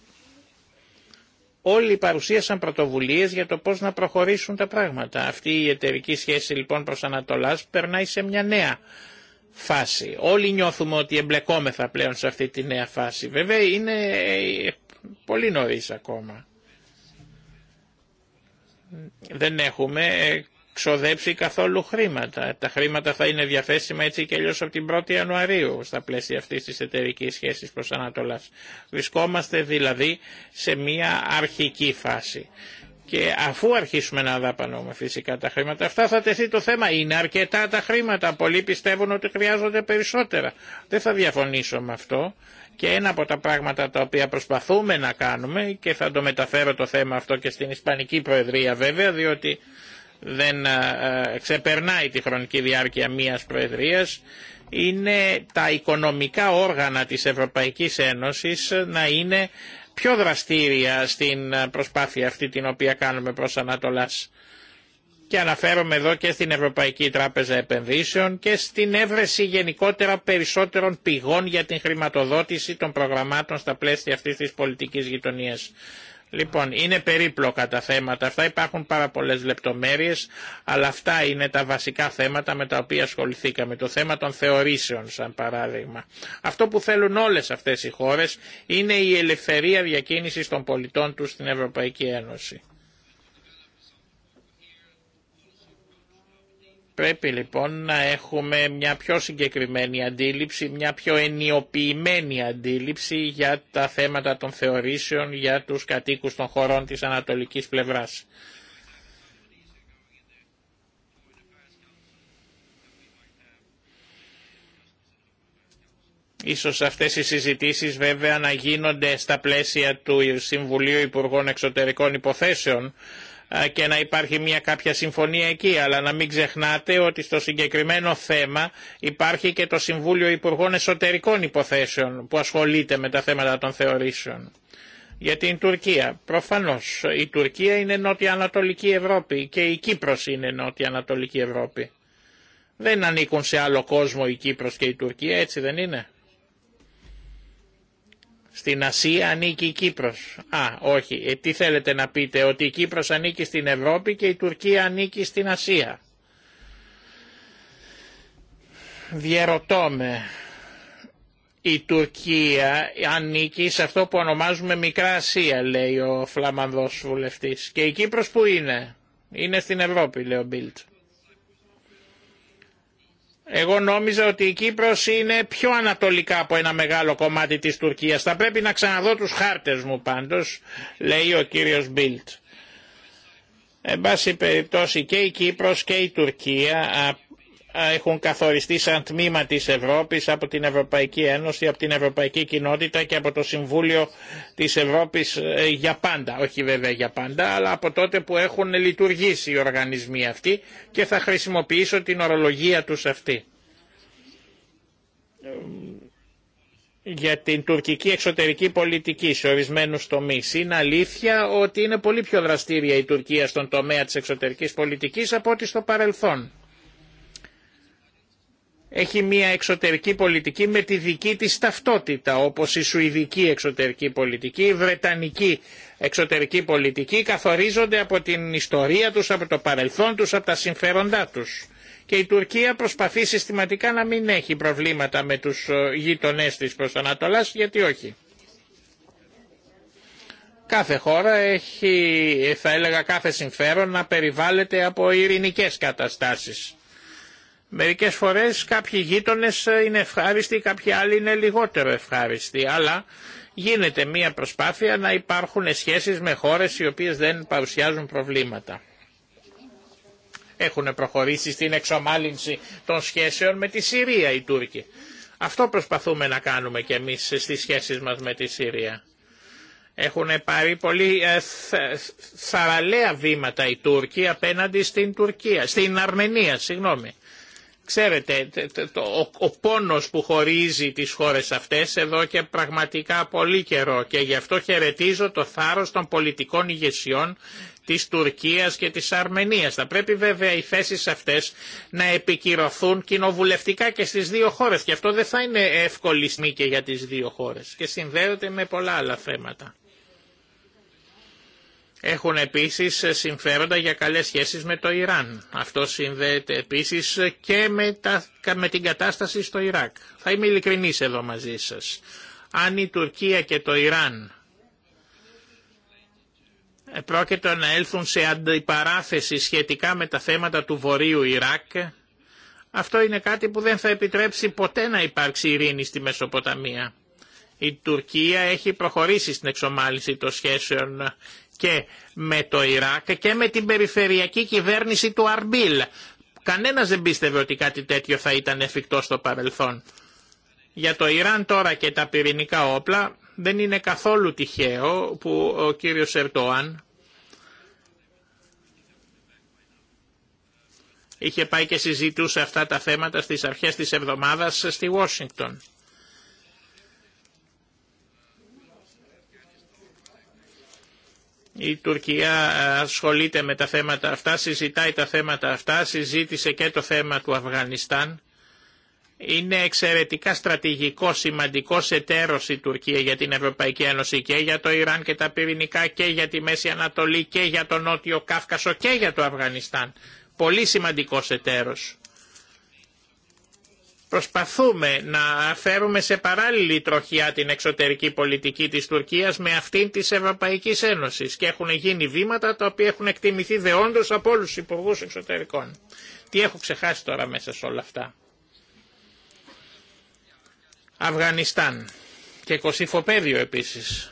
όλοι παρουσίασαν πρωτοβουλίες για το πώς να προχωρήσουν τα πράγματα. Αυτή η εταιρική σχέση λοιπόν προς Ανατολάς περνάει σε μια νέα φάση. Όλοι νιώθουμε ότι εμπλεκόμεθα πλέον σε αυτή τη νέα φάση. Βέβαια είναι ε, πολύ νωρίς ακόμα. Δεν έχουμε ξοδέψει καθόλου χρήματα. Τα χρήματα θα είναι διαθέσιμα έτσι και αλλιώς από την 1η Ιανουαρίου στα πλαίσια αυτή της εταιρική σχέσης προς Ανατολάς. Βρισκόμαστε δηλαδή σε μια αρχική φάση. Και αφού αρχίσουμε να δαπανούμε φυσικά τα χρήματα αυτά θα τεθεί το θέμα. Είναι αρκετά τα χρήματα. Πολλοί πιστεύουν ότι χρειάζονται περισσότερα. Δεν θα διαφωνήσω με αυτό. Και ένα από τα πράγματα τα οποία προσπαθούμε να κάνουμε και θα το μεταφέρω το θέμα αυτό και στην Ισπανική Προεδρία βέβαια διότι δεν ε, ε, ξεπερνάει τη χρονική διάρκεια μίας προεδρίας είναι τα οικονομικά όργανα της Ευρωπαϊκής Ένωσης να είναι πιο δραστήρια στην προσπάθεια αυτή την οποία κάνουμε προς Ανατολάς. Και αναφέρομαι εδώ και στην Ευρωπαϊκή Τράπεζα Επενδύσεων και στην έβρεση γενικότερα περισσότερων πηγών για την χρηματοδότηση των προγραμμάτων στα πλαίσια αυτής της πολιτικής γειτονίας. Λοιπόν, είναι περίπλοκα τα θέματα αυτά, υπάρχουν πάρα πολλές λεπτομέρειες, αλλά αυτά είναι τα βασικά θέματα με τα οποία ασχοληθήκαμε. Το θέμα των θεωρήσεων, σαν παράδειγμα. Αυτό που θέλουν όλες αυτές οι χώρες είναι η ελευθερία διακίνησης των πολιτών τους στην Ευρωπαϊκή Ένωση. Πρέπει λοιπόν να έχουμε μια πιο συγκεκριμένη αντίληψη, μια πιο ενιοποιημένη αντίληψη για τα θέματα των θεωρήσεων για τους κατοίκους των χωρών της ανατολικής πλευράς. Ίσως αυτές οι συζητήσεις βέβαια να γίνονται στα πλαίσια του Συμβουλίου Υπουργών Εξωτερικών Υποθέσεων και να υπάρχει μια κάποια συμφωνία εκεί, αλλά να μην ξεχνάτε ότι στο συγκεκριμένο θέμα υπάρχει και το Συμβούλιο Υπουργών Εσωτερικών Υποθέσεων που ασχολείται με τα θέματα των θεωρήσεων. Για την Τουρκία. Προφανώ. η Τουρκία είναι Νότια Ανατολική Ευρώπη και η Κύπρος είναι Νότια Ανατολική Ευρώπη. Δεν ανήκουν σε άλλο κόσμο η Κύπρος και η Τουρκία, έτσι δεν είναι. Στην Ασία ανήκει η Κύπρος. Α, όχι. Ε, τι θέλετε να πείτε, ότι η Κύπρος ανήκει στην Ευρώπη και η Τουρκία ανήκει στην Ασία. Διαρωτώ Η Τουρκία ανήκει σε αυτό που ονομάζουμε Μικρά Ασία, λέει ο Φλαμανδός βουλευτής. Και η Κύπρος που είναι. Είναι στην Ευρώπη, λέει ο Μπίλτ. Εγώ νόμιζα ότι η Κύπρος είναι πιο ανατολικά από ένα μεγάλο κομμάτι της Τουρκίας. Θα πρέπει να ξαναδώ τους χάρτες μου πάντως, λέει ο κύριος Μπίλτ. Εν πάση περιπτώσει και η Κύπρος και η Τουρκία έχουν καθοριστεί σαν τμήμα της Ευρώπης από την Ευρωπαϊκή Ένωση, από την Ευρωπαϊκή Κοινότητα και από το Συμβούλιο της Ευρώπης ε, για πάντα. Όχι βέβαια για πάντα, αλλά από τότε που έχουν λειτουργήσει οι οργανισμοί αυτοί και θα χρησιμοποιήσω την ορολογία τους αυτή. Ε, για την τουρκική εξωτερική πολιτική σε ορισμένου τομεί. Είναι αλήθεια ότι είναι πολύ πιο δραστήρια η Τουρκία στον τομέα τη εξωτερική πολιτική από ό,τι στο παρελθόν έχει μια εξωτερική πολιτική με τη δική της ταυτότητα, όπως η σουηδική εξωτερική πολιτική, η βρετανική εξωτερική πολιτική, καθορίζονται από την ιστορία τους, από το παρελθόν τους, από τα συμφέροντά τους. Και η Τουρκία προσπαθεί συστηματικά να μην έχει προβλήματα με τους ε, γείτονές της προς Ανατολάς, γιατί όχι. Κάθε χώρα έχει, θα έλεγα κάθε συμφέρον, να περιβάλλεται από ειρηνικές καταστάσεις Μερικές φορές κάποιοι γείτονες είναι ευχάριστοι, κάποιοι άλλοι είναι λιγότερο ευχάριστοι, αλλά γίνεται μια προσπάθεια να υπάρχουν σχέσεις με χώρες οι οποίες δεν παρουσιάζουν προβλήματα. Έχουν προχωρήσει στην εξομάλυνση των σχέσεων με τη Συρία οι Τούρκοι. Αυτό προσπαθούμε να κάνουμε και εμείς στις σχέσεις μας με τη Συρία. Έχουν πάρει πολύ ε, θαραλέα βήματα οι Τούρκοι απέναντι στην Τουρκία, στην Αρμενία, συγγνώμη. Ξέρετε, ο, πόνος που χωρίζει τις χώρες αυτές εδώ και πραγματικά πολύ καιρό και γι' αυτό χαιρετίζω το θάρρος των πολιτικών ηγεσιών της Τουρκίας και της Αρμενίας. Θα πρέπει βέβαια οι θέσεις αυτές να επικυρωθούν κοινοβουλευτικά και στις δύο χώρες και αυτό δεν θα είναι εύκολη στιγμή και για τις δύο χώρες και συνδέονται με πολλά άλλα θέματα. Έχουν επίσης συμφέροντα για καλές σχέσεις με το Ιράν. Αυτό συνδέεται επίσης και με, την κατάσταση στο Ιράκ. Θα είμαι ειλικρινής εδώ μαζί σας. Αν η Τουρκία και το Ιράν πρόκειται να έλθουν σε αντιπαράθεση σχετικά με τα θέματα του Βορείου Ιράκ, αυτό είναι κάτι που δεν θα επιτρέψει ποτέ να υπάρξει ειρήνη στη Μεσοποταμία. Η Τουρκία έχει προχωρήσει στην εξομάλυση των σχέσεων και με το Ιράκ και με την περιφερειακή κυβέρνηση του Αρμπίλ. Κανένας δεν πίστευε ότι κάτι τέτοιο θα ήταν εφικτό στο παρελθόν. Για το Ιράν τώρα και τα πυρηνικά όπλα δεν είναι καθόλου τυχαίο που ο κύριος Ερτοάν είχε πάει και συζητούσε αυτά τα θέματα στις αρχές της εβδομάδας στη Washington. Η Τουρκία ε, ασχολείται με τα θέματα αυτά, συζητάει τα θέματα αυτά, συζήτησε και το θέμα του Αφγανιστάν. Είναι εξαιρετικά στρατηγικό, σημαντικό εταίρος η Τουρκία για την Ευρωπαϊκή Ένωση και για το Ιράν και τα πυρηνικά και για τη Μέση Ανατολή και για τον Νότιο Κάφκασο και για το Αφγανιστάν. Πολύ σημαντικός εταίρος. Προσπαθούμε να φέρουμε σε παράλληλη τροχιά την εξωτερική πολιτική της Τουρκίας με αυτήν της Ευρωπαϊκής Ένωσης και έχουν γίνει βήματα τα οποία έχουν εκτιμηθεί δεόντως από όλους τους υπουργούς εξωτερικών. Τι έχω ξεχάσει τώρα μέσα σε όλα αυτά. Αφγανιστάν και Κωσυφοπέδιο επίσης.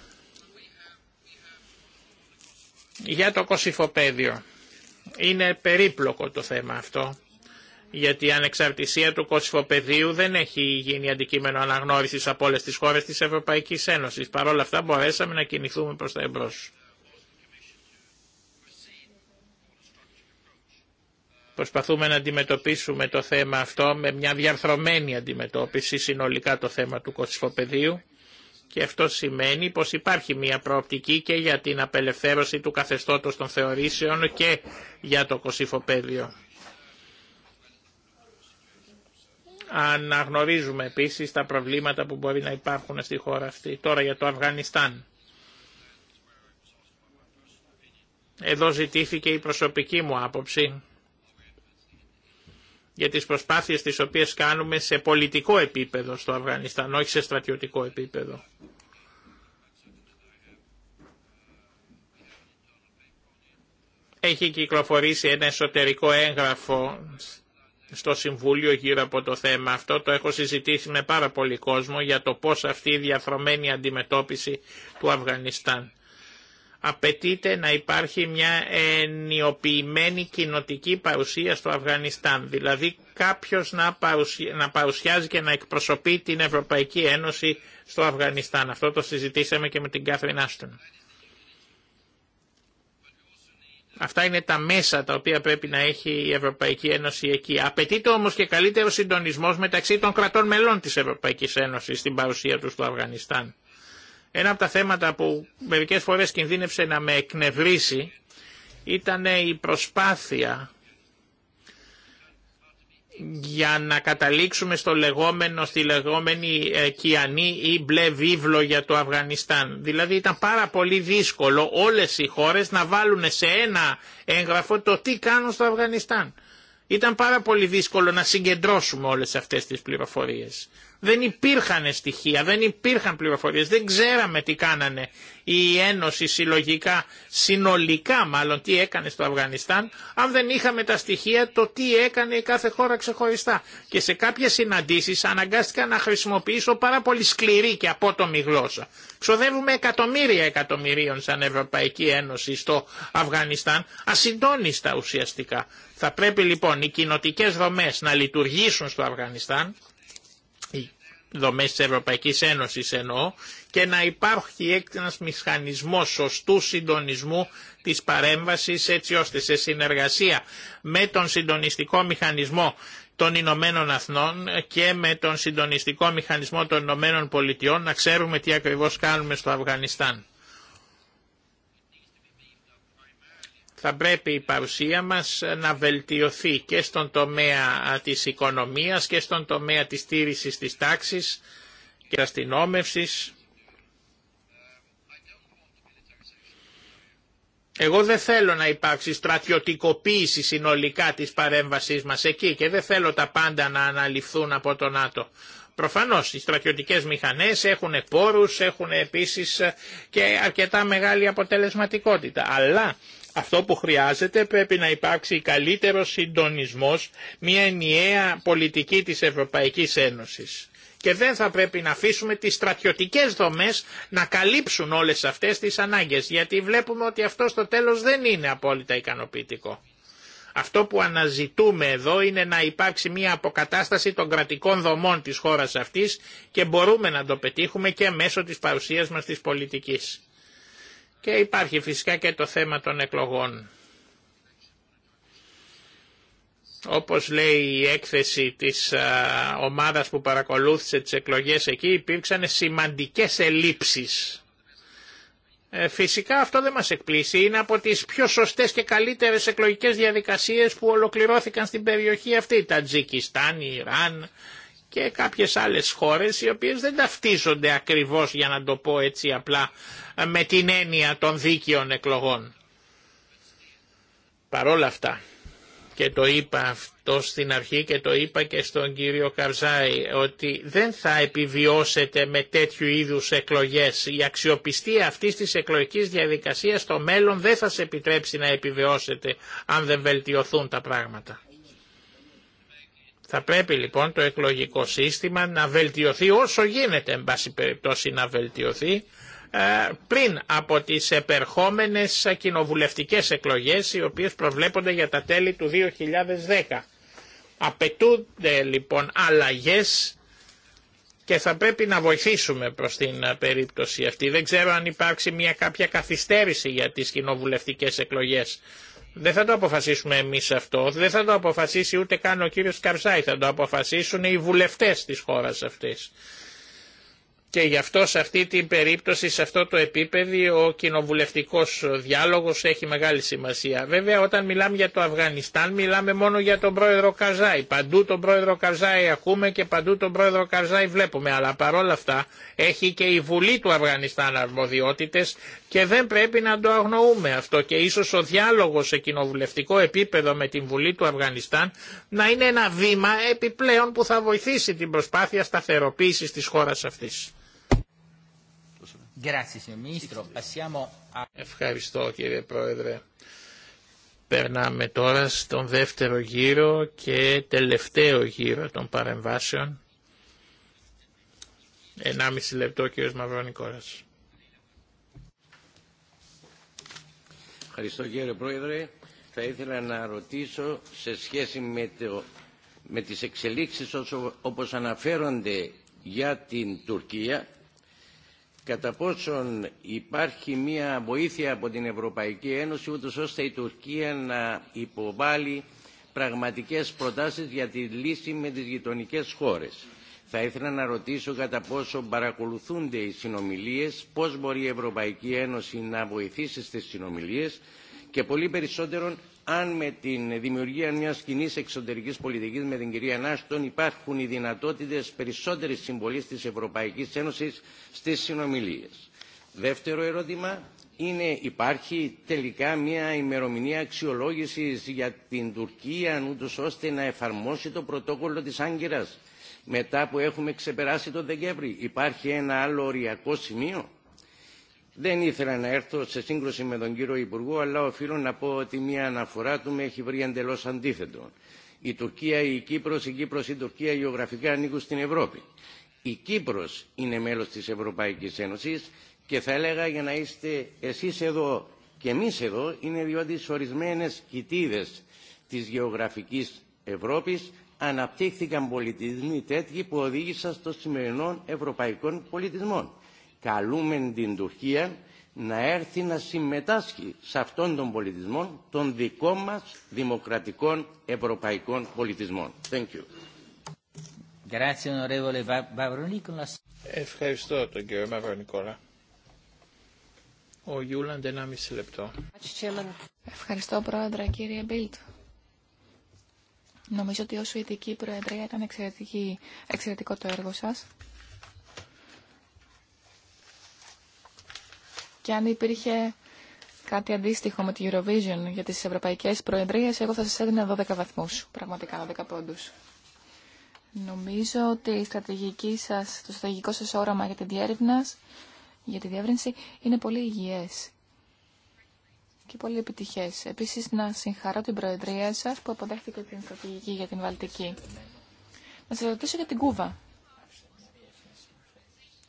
Για το Κωσυφοπέδιο. Είναι περίπλοκο το θέμα αυτό γιατί η ανεξαρτησία του κοσφοπεδίου δεν έχει γίνει αντικείμενο αναγνώριση από όλε τι χώρε της Ευρωπαϊκής Ένωση. Παρ' όλα αυτά μπορέσαμε να κινηθούμε προς τα εμπρός. Προσπαθούμε να αντιμετωπίσουμε το θέμα αυτό με μια διαρθρωμένη αντιμετώπιση συνολικά το θέμα του κοσφοπεδίου και αυτό σημαίνει πως υπάρχει μια προοπτική και για την απελευθέρωση του καθεστώτος των θεωρήσεων και για το κοσυφοπέδιο. Αναγνωρίζουμε επίσης τα προβλήματα που μπορεί να υπάρχουν στη χώρα αυτή. Τώρα για το Αφγανιστάν. Εδώ ζητήθηκε η προσωπική μου άποψη για τις προσπάθειες τις οποίες κάνουμε σε πολιτικό επίπεδο στο Αφγανιστάν, όχι σε στρατιωτικό επίπεδο. Έχει κυκλοφορήσει ένα εσωτερικό έγγραφο στο Συμβούλιο γύρω από το θέμα αυτό. Το έχω συζητήσει με πάρα πολύ κόσμο για το πώς αυτή η διαθρωμένη αντιμετώπιση του Αφγανιστάν. Απαιτείται να υπάρχει μια ενιοποιημένη κοινοτική παρουσία στο Αφγανιστάν, δηλαδή κάποιος να, να παρουσιάζει και να εκπροσωπεί την Ευρωπαϊκή Ένωση στο Αφγανιστάν. Αυτό το συζητήσαμε και με την Κάθριν Άστον. Αυτά είναι τα μέσα τα οποία πρέπει να έχει η Ευρωπαϊκή Ένωση εκεί. Απαιτείται όμως και καλύτερο συντονισμός μεταξύ των κρατών μελών της Ευρωπαϊκής Ένωσης στην παρουσία του στο Αφγανιστάν. Ένα από τα θέματα που μερικές φορές κινδύνευσε να με εκνευρίσει ήταν η προσπάθεια για να καταλήξουμε στο λεγόμενο, στη λεγόμενη ε, κιανή ή μπλε βίβλο για το Αφγανιστάν. Δηλαδή ήταν πάρα πολύ δύσκολο όλες οι χώρες να βάλουν σε ένα έγγραφο το τι κάνουν στο Αφγανιστάν. Ήταν πάρα πολύ δύσκολο να συγκεντρώσουμε όλες αυτές τις πληροφορίες. Δεν υπήρχαν στοιχεία, δεν υπήρχαν πληροφορίες, δεν ξέραμε τι κάνανε η Ένωση συλλογικά, συνολικά μάλλον τι έκανε στο Αφγανιστάν, αν δεν είχαμε τα στοιχεία το τι έκανε η κάθε χώρα ξεχωριστά. Και σε κάποιες συναντήσεις αναγκάστηκα να χρησιμοποιήσω πάρα πολύ σκληρή και απότομη γλώσσα. Ξοδεύουμε εκατομμύρια εκατομμυρίων σαν Ευρωπαϊκή Ένωση στο Αφγανιστάν, ασυντόνιστα ουσιαστικά. Θα πρέπει λοιπόν οι κοινοτικέ δομές να λειτουργήσουν στο Αφγανιστάν, δομές της Ευρωπαϊκής Ένωσης εννοώ και να υπάρχει ένας μηχανισμός σωστού συντονισμού της παρέμβασης έτσι ώστε σε συνεργασία με τον συντονιστικό μηχανισμό των Ηνωμένων Αθνών και με τον συντονιστικό μηχανισμό των Ηνωμένων Πολιτειών να ξέρουμε τι ακριβώς κάνουμε στο Αφγανιστάν. θα πρέπει η παρουσία μας να βελτιωθεί και στον τομέα της οικονομίας και στον τομέα της στήριξης της τάξης και αστυνόμευσης. Εγώ δεν θέλω να υπάρξει στρατιωτικοποίηση συνολικά της παρέμβασής μας εκεί και δεν θέλω τα πάντα να αναλυφθούν από τον ΝΑΤΟ. Προφανώς οι στρατιωτικές μηχανές έχουν πόρους, έχουν επίσης ε, και αρκετά μεγάλη αποτελεσματικότητα. Αλλά αυτό που χρειάζεται πρέπει να υπάρξει καλύτερος συντονισμός, μια ενιαία πολιτική της Ευρωπαϊκής Ένωσης. Και δεν θα πρέπει να αφήσουμε τις στρατιωτικές δομές να καλύψουν όλες αυτές τις ανάγκες, γιατί βλέπουμε ότι αυτό στο τέλος δεν είναι απόλυτα ικανοποιητικό. Αυτό που αναζητούμε εδώ είναι να υπάρξει μια αποκατάσταση των κρατικών δομών της χώρας αυτής και μπορούμε να το πετύχουμε και μέσω της παρουσίας μας της πολιτικής. Και υπάρχει φυσικά και το θέμα των εκλογών. Όπως λέει η έκθεση της ομάδας που παρακολούθησε τις εκλογές εκεί, υπήρξαν σημαντικές ελλείψεις. Ε, φυσικά αυτό δεν μας εκπλήσει, είναι από τις πιο σωστές και καλύτερες εκλογικές διαδικασίες που ολοκληρώθηκαν στην περιοχή αυτή, Τατζικιστάν, Ιράν, και κάποιες άλλες χώρες οι οποίες δεν ταυτίζονται ακριβώς για να το πω έτσι απλά με την έννοια των δίκαιων εκλογών. Παρόλα αυτά και το είπα αυτό στην αρχή και το είπα και στον κύριο Καρζάη ότι δεν θα επιβιώσετε με τέτοιου είδους εκλογές. Η αξιοπιστία αυτής της εκλογικής διαδικασίας στο μέλλον δεν θα σε επιτρέψει να επιβιώσετε αν δεν βελτιωθούν τα πράγματα. Θα πρέπει λοιπόν το εκλογικό σύστημα να βελτιωθεί όσο γίνεται, εν πάση περιπτώσει να βελτιωθεί, ε, πριν από τις επερχόμενες κοινοβουλευτικές εκλογές οι οποίες προβλέπονται για τα τέλη του 2010. Απαιτούνται λοιπόν αλλαγές και θα πρέπει να βοηθήσουμε προς την ε, περίπτωση αυτή. Δεν ξέρω αν υπάρξει μια κάποια καθυστέρηση για τις κοινοβουλευτικές εκλογές. Δεν θα το αποφασίσουμε εμείς αυτό, δεν θα το αποφασίσει ούτε καν ο κύριος Καρσάη, θα το αποφασίσουν οι βουλευτές της χώρας αυτής. Και γι' αυτό σε αυτή την περίπτωση, σε αυτό το επίπεδο, ο κοινοβουλευτικό διάλογο έχει μεγάλη σημασία. Βέβαια, όταν μιλάμε για το Αφγανιστάν, μιλάμε μόνο για τον πρόεδρο Καζάη. Παντού τον πρόεδρο Καζάη ακούμε και παντού τον πρόεδρο Καζάη βλέπουμε. Αλλά παρόλα αυτά έχει και η Βουλή του Αφγανιστάν αρμοδιότητε, και δεν πρέπει να το αγνοούμε αυτό. Και ίσω ο διάλογο σε κοινοβουλευτικό επίπεδο με την Βουλή του Αφγανιστάν να είναι ένα βήμα επιπλέον που θα βοηθήσει την προσπάθεια σταθεροποίηση τη χώρα αυτή. Ευχαριστώ κύριε Πρόεδρε. Περνάμε τώρα στον δεύτερο γύρο και τελευταίο γύρο των παρεμβάσεων. Ενάμιση λεπτό κύριος Μαυρονικόρας. Ευχαριστώ κύριε Πρόεδρε. Θα ήθελα να ρωτήσω σε σχέση με, το, με τις εξελίξεις όπως αναφέρονται για την Τουρκία κατά πόσον υπάρχει μια βοήθεια από την Ευρωπαϊκή Ένωση ούτως ώστε η Τουρκία να υποβάλει πραγματικές προτάσεις για τη λύση με τις γειτονικέ χώρες. Θα ήθελα να ρωτήσω κατά πόσο παρακολουθούνται οι συνομιλίες, πώς μπορεί η Ευρωπαϊκή Ένωση να βοηθήσει στις συνομιλίες και πολύ περισσότερον αν με τη δημιουργία μιας κοινή εξωτερικής πολιτικής με την κυρία Νάστον υπάρχουν οι δυνατότητες περισσότερης συμβολής της Ευρωπαϊκής Ένωσης στις συνομιλίες. Δεύτερο ερώτημα είναι υπάρχει τελικά μια ημερομηνία αξιολόγησης για την Τουρκία ούτως ώστε να εφαρμόσει το πρωτόκολλο της Άγκυρας μετά που έχουμε ξεπεράσει τον Δεκέμβρη. Υπάρχει ένα άλλο οριακό σημείο. Δεν ήθελα να έρθω σε σύγκρουση με τον κύριο Υπουργό, αλλά οφείλω να πω ότι μια αναφορά του με έχει βρει εντελώ αντίθετο. Η Τουρκία, η Κύπρος, η Κύπρος, η η Τουρκία γεωγραφικά ανήκουν στην Ευρώπη. Η Κύπρος είναι μέλος της Ευρωπαϊκής Ένωσης και θα έλεγα για να είστε εσείς εδώ και εμείς εδώ είναι διότι σε ορισμένες κοιτίδες της γεωγραφικής Ευρώπης αναπτύχθηκαν πολιτισμοί τέτοιοι που οδήγησαν στο σημερινό ευρωπαϊκό πολιτισμό καλούμε την Τουρκία να έρθει να συμμετάσχει σε αυτόν τον πολιτισμό των δικών μας δημοκρατικών ευρωπαϊκών πολιτισμών. Thank Ευχαριστώ τον κύριο Μαυρονικόλα. Ο Γιούλαντ 1,5 λεπτό. Ευχαριστώ πρόεδρε κύριε Μπίλτ. Νομίζω ότι ως ειδική Προεδρία ήταν εξαιρετική, εξαιρετικό το έργο σας. Και αν υπήρχε κάτι αντίστοιχο με τη Eurovision για τις ευρωπαϊκές προεδρίες, εγώ θα σας έδινα 12 βαθμούς, πραγματικά 12 πόντους. Νομίζω ότι η στρατηγική σας, το στρατηγικό σας όραμα για τη διέρευνα, για τη διεύρυνση, είναι πολύ υγιές και πολύ επιτυχές. Επίσης, να συγχαρώ την Προεδρία σας που αποδέχτηκε την στρατηγική για την Βαλτική. Να σας ρωτήσω για την Κούβα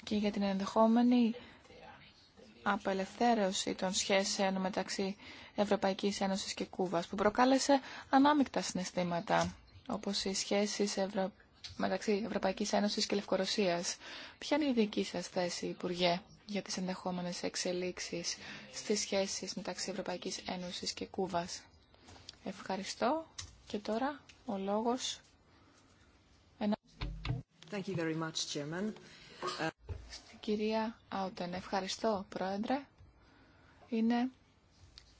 και για την ενδεχόμενη απελευθέρωση των σχέσεων μεταξύ Ευρωπαϊκής Ένωσης και Κούβας που προκάλεσε ανάμεικτα συναισθήματα όπως οι σχέσεις μεταξύ Ευρωπαϊκής Ένωσης και Λευκορωσίας. Ποια είναι η δική σας θέση, Υπουργέ, για τις ενδεχόμενες εξελίξεις στις σχέσεις μεταξύ Ευρωπαϊκής Ένωσης και Κούβας. Ευχαριστώ και τώρα ο λόγος. Thank you very much, Κυρία Άουτεν, ευχαριστώ Πρόεδρε. Είναι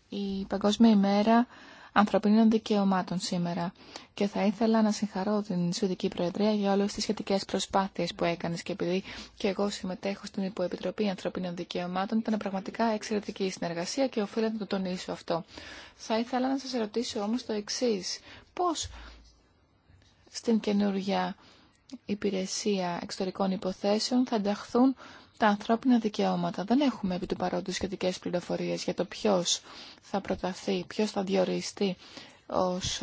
η Παγκόσμια ημέρα ανθρωπίνων δικαιωμάτων σήμερα και θα ήθελα να συγχαρώ την Σουηδική Προεδρία για όλες τις σχετικές προσπάθειες που έκανες και επειδή και εγώ συμμετέχω στην Υποεπιτροπή Ανθρωπίνων Δικαιωμάτων ήταν πραγματικά εξαιρετική η συνεργασία και οφείλω να το τονίσω αυτό. Θα ήθελα να σας ρωτήσω όμως το εξής. Πώς στην καινούργια Υπηρεσία Εξωτερικών Υποθέσεων θα ενταχθούν τα ανθρώπινα δικαιώματα. Δεν έχουμε επί του παρόντος σχετικές πληροφορίες για το ποιος θα προταθεί, ποιος θα διοριστεί ως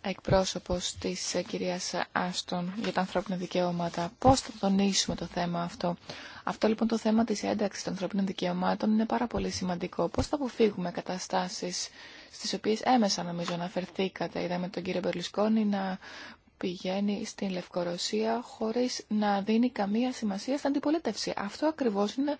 εκπρόσωπος της κυρίας Άστον για τα ανθρώπινα δικαιώματα. Πώς θα τονίσουμε το θέμα αυτό. Αυτό λοιπόν το θέμα της ένταξης των ανθρώπινων δικαιωμάτων είναι πάρα πολύ σημαντικό. Πώς θα αποφύγουμε καταστάσεις στις οποίες έμεσα νομίζω αναφερθήκατε. Είδαμε τον κύριο Μπερλουσκόνη να πηγαίνει στην Λευκορωσία χωρίς να δίνει καμία σημασία στην αντιπολίτευση. Αυτό ακριβώς είναι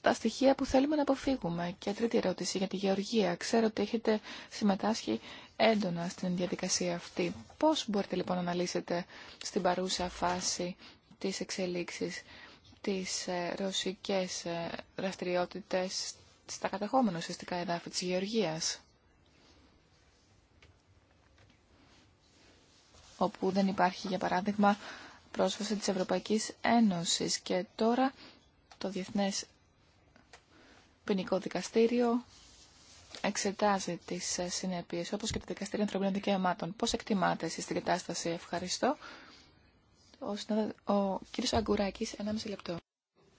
τα στοιχεία που θέλουμε να αποφύγουμε. Και τρίτη ερώτηση για τη Γεωργία. Ξέρω ότι έχετε συμμετάσχει έντονα στην διαδικασία αυτή. Πώς μπορείτε λοιπόν να αναλύσετε στην παρούσα φάση της εξελίξεις τις ε, ρωσικές ε, δραστηριότητες στα κατεχόμενα ουσιαστικά εδάφη της Γεωργίας. όπου δεν υπάρχει, για παράδειγμα, πρόσβαση της Ευρωπαϊκής Ένωσης. Και τώρα το Διεθνές Ποινικό Δικαστήριο εξετάζει τις ε, συνέπειες, όπως και το Δικαστήριο Ανθρωπίνων Δικαιωμάτων. Πώς εκτιμάτε εσείς την κατάσταση, ευχαριστώ. Ο, ο κύριος Αγκουράκης, μισή λεπτό.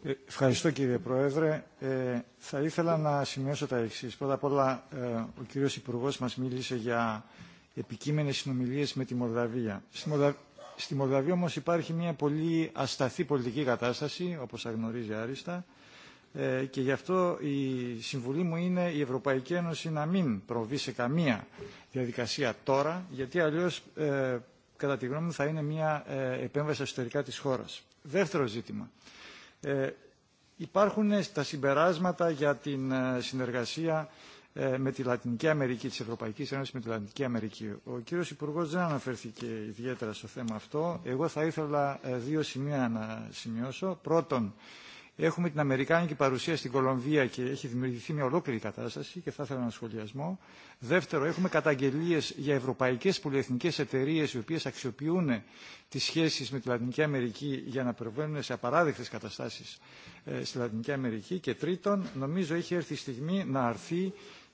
Ε, ευχαριστώ κύριε Πρόεδρε. Ε, θα ήθελα να σημειώσω τα εξή. Πρώτα απ' όλα ο κύριος Υπουργός μας μίλησε για επικείμενες συνομιλίες με τη Μολδαβία. Στη Μολδαβία όμως υπάρχει μια πολύ ασταθή πολιτική κατάσταση, όπως αγνωρίζει άριστα, ε, και γι' αυτό η συμβουλή μου είναι η Ευρωπαϊκή Ένωση να μην προβεί σε καμία διαδικασία τώρα, γιατί αλλιώς, ε, κατά τη γνώμη μου, θα είναι μια ε, επέμβαση εσωτερικά της χώρας. Δεύτερο ζήτημα. Υπάρχουν τα συμπεράσματα για την συνεργασία ε, με τη Λατινική Αμερική, τη Ευρωπαϊκή Ένωση με τη Λατινική Αμερική. Ο κύριο Υπουργό δεν αναφέρθηκε ιδιαίτερα στο θέμα αυτό. Εγώ θα ήθελα ε, δύο σημεία να σημειώσω. Πρώτον, έχουμε την Αμερικάνικη παρουσία στην Κολομβία και έχει δημιουργηθεί μια ολόκληρη κατάσταση και θα ήθελα ένα σχολιασμό. Δεύτερο, έχουμε καταγγελίε για ευρωπαϊκέ πολυεθνικέ εταιρείε οι οποίε αξιοποιούν τι σχέσει με τη Λατινική Αμερική για να προβαίνουν σε απαράδεκτε καταστάσει ε, στη Λατινική Αμερική. Και τρίτον, νομίζω έχει έρθει η στιγμή να αρθεί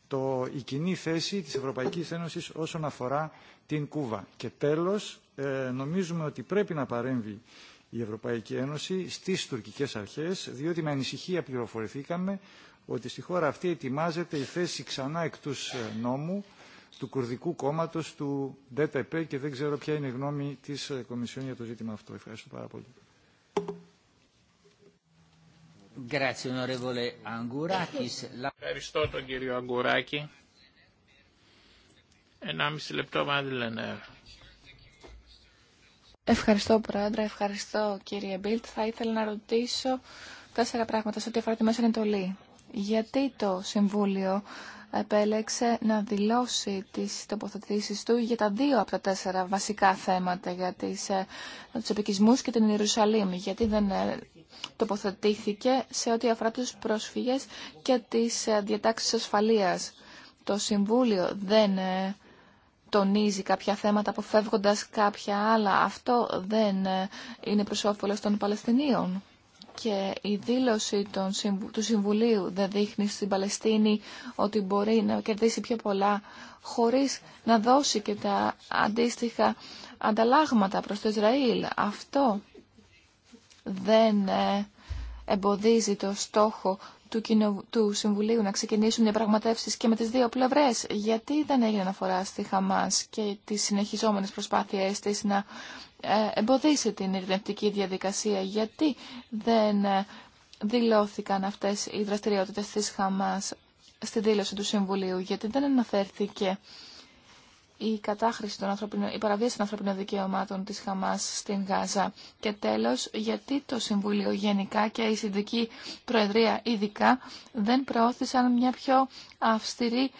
το, η κοινή θέση της Ευρωπαϊκής Ένωσης όσον αφορά την Κούβα. Και τέλος, ε, νομίζουμε ότι πρέπει να παρέμβει η Ευρωπαϊκή Ένωση στις τουρκικές αρχές, διότι με ανησυχία πληροφορηθήκαμε ότι στη χώρα αυτή ετοιμάζεται η θέση ξανά εκ ε, νόμου του Κουρδικού Κόμματος, του ΔΤΠ και δεν ξέρω ποια είναι η γνώμη της ε, Κομισιόν για το ζήτημα αυτό. Ευχαριστώ πάρα πολύ. Ευχαριστώ τον κύριο Αγκουράκη. μισή λεπτό Ευχαριστώ Πρόεδρε, ευχαριστώ κύριε Μπίλτ. Θα ήθελα να ρωτήσω τέσσερα πράγματα σε ό,τι αφορά τη Μέση Ανατολή. Γιατί το Συμβούλιο επέλεξε να δηλώσει τις τοποθετήσεις του για τα δύο από τα τέσσερα βασικά θέματα, για τις, ε, τους επικισμούς και την Ιερουσαλήμ. Γιατί δεν ε, τοποθετήθηκε σε ό,τι αφορά τις πρόσφυγες και τις ε, διατάξεις ασφαλείας. Το Συμβούλιο δεν ε, τονίζει κάποια θέματα αποφεύγοντας κάποια άλλα. Αυτό δεν ε, είναι προς όφελος των Παλαιστινίων. Και η δήλωση του Συμβουλίου δεν δείχνει στην Παλαιστίνη ότι μπορεί να κερδίσει πιο πολλά χωρίς να δώσει και τα αντίστοιχα ανταλλάγματα προς το Ισραήλ. Αυτό δεν ε, εμποδίζει το στόχο του, του Συμβουλίου να ξεκινήσουν οι πραγματεύσεις και με τις δύο πλευρές. Γιατί δεν έγινε αναφορά στη Χαμάς και τις συνεχιζόμενες προσπάθειές της να ε, εμποδίσει την ειρηνευτική διαδικασία. Γιατί δεν ε, δηλώθηκαν αυτές οι δραστηριότητες της Χαμάς στη δήλωση του Συμβουλίου. Γιατί δεν αναφέρθηκε η κατάχρηση των ανθρωπινων, η παραβίαση των ανθρωπινών δικαιωμάτων της Χαμάς στην Γάζα. Και τέλος, γιατί το Συμβούλιο γενικά και η Συνδική Προεδρία ειδικά δεν προώθησαν μια πιο αυστηρή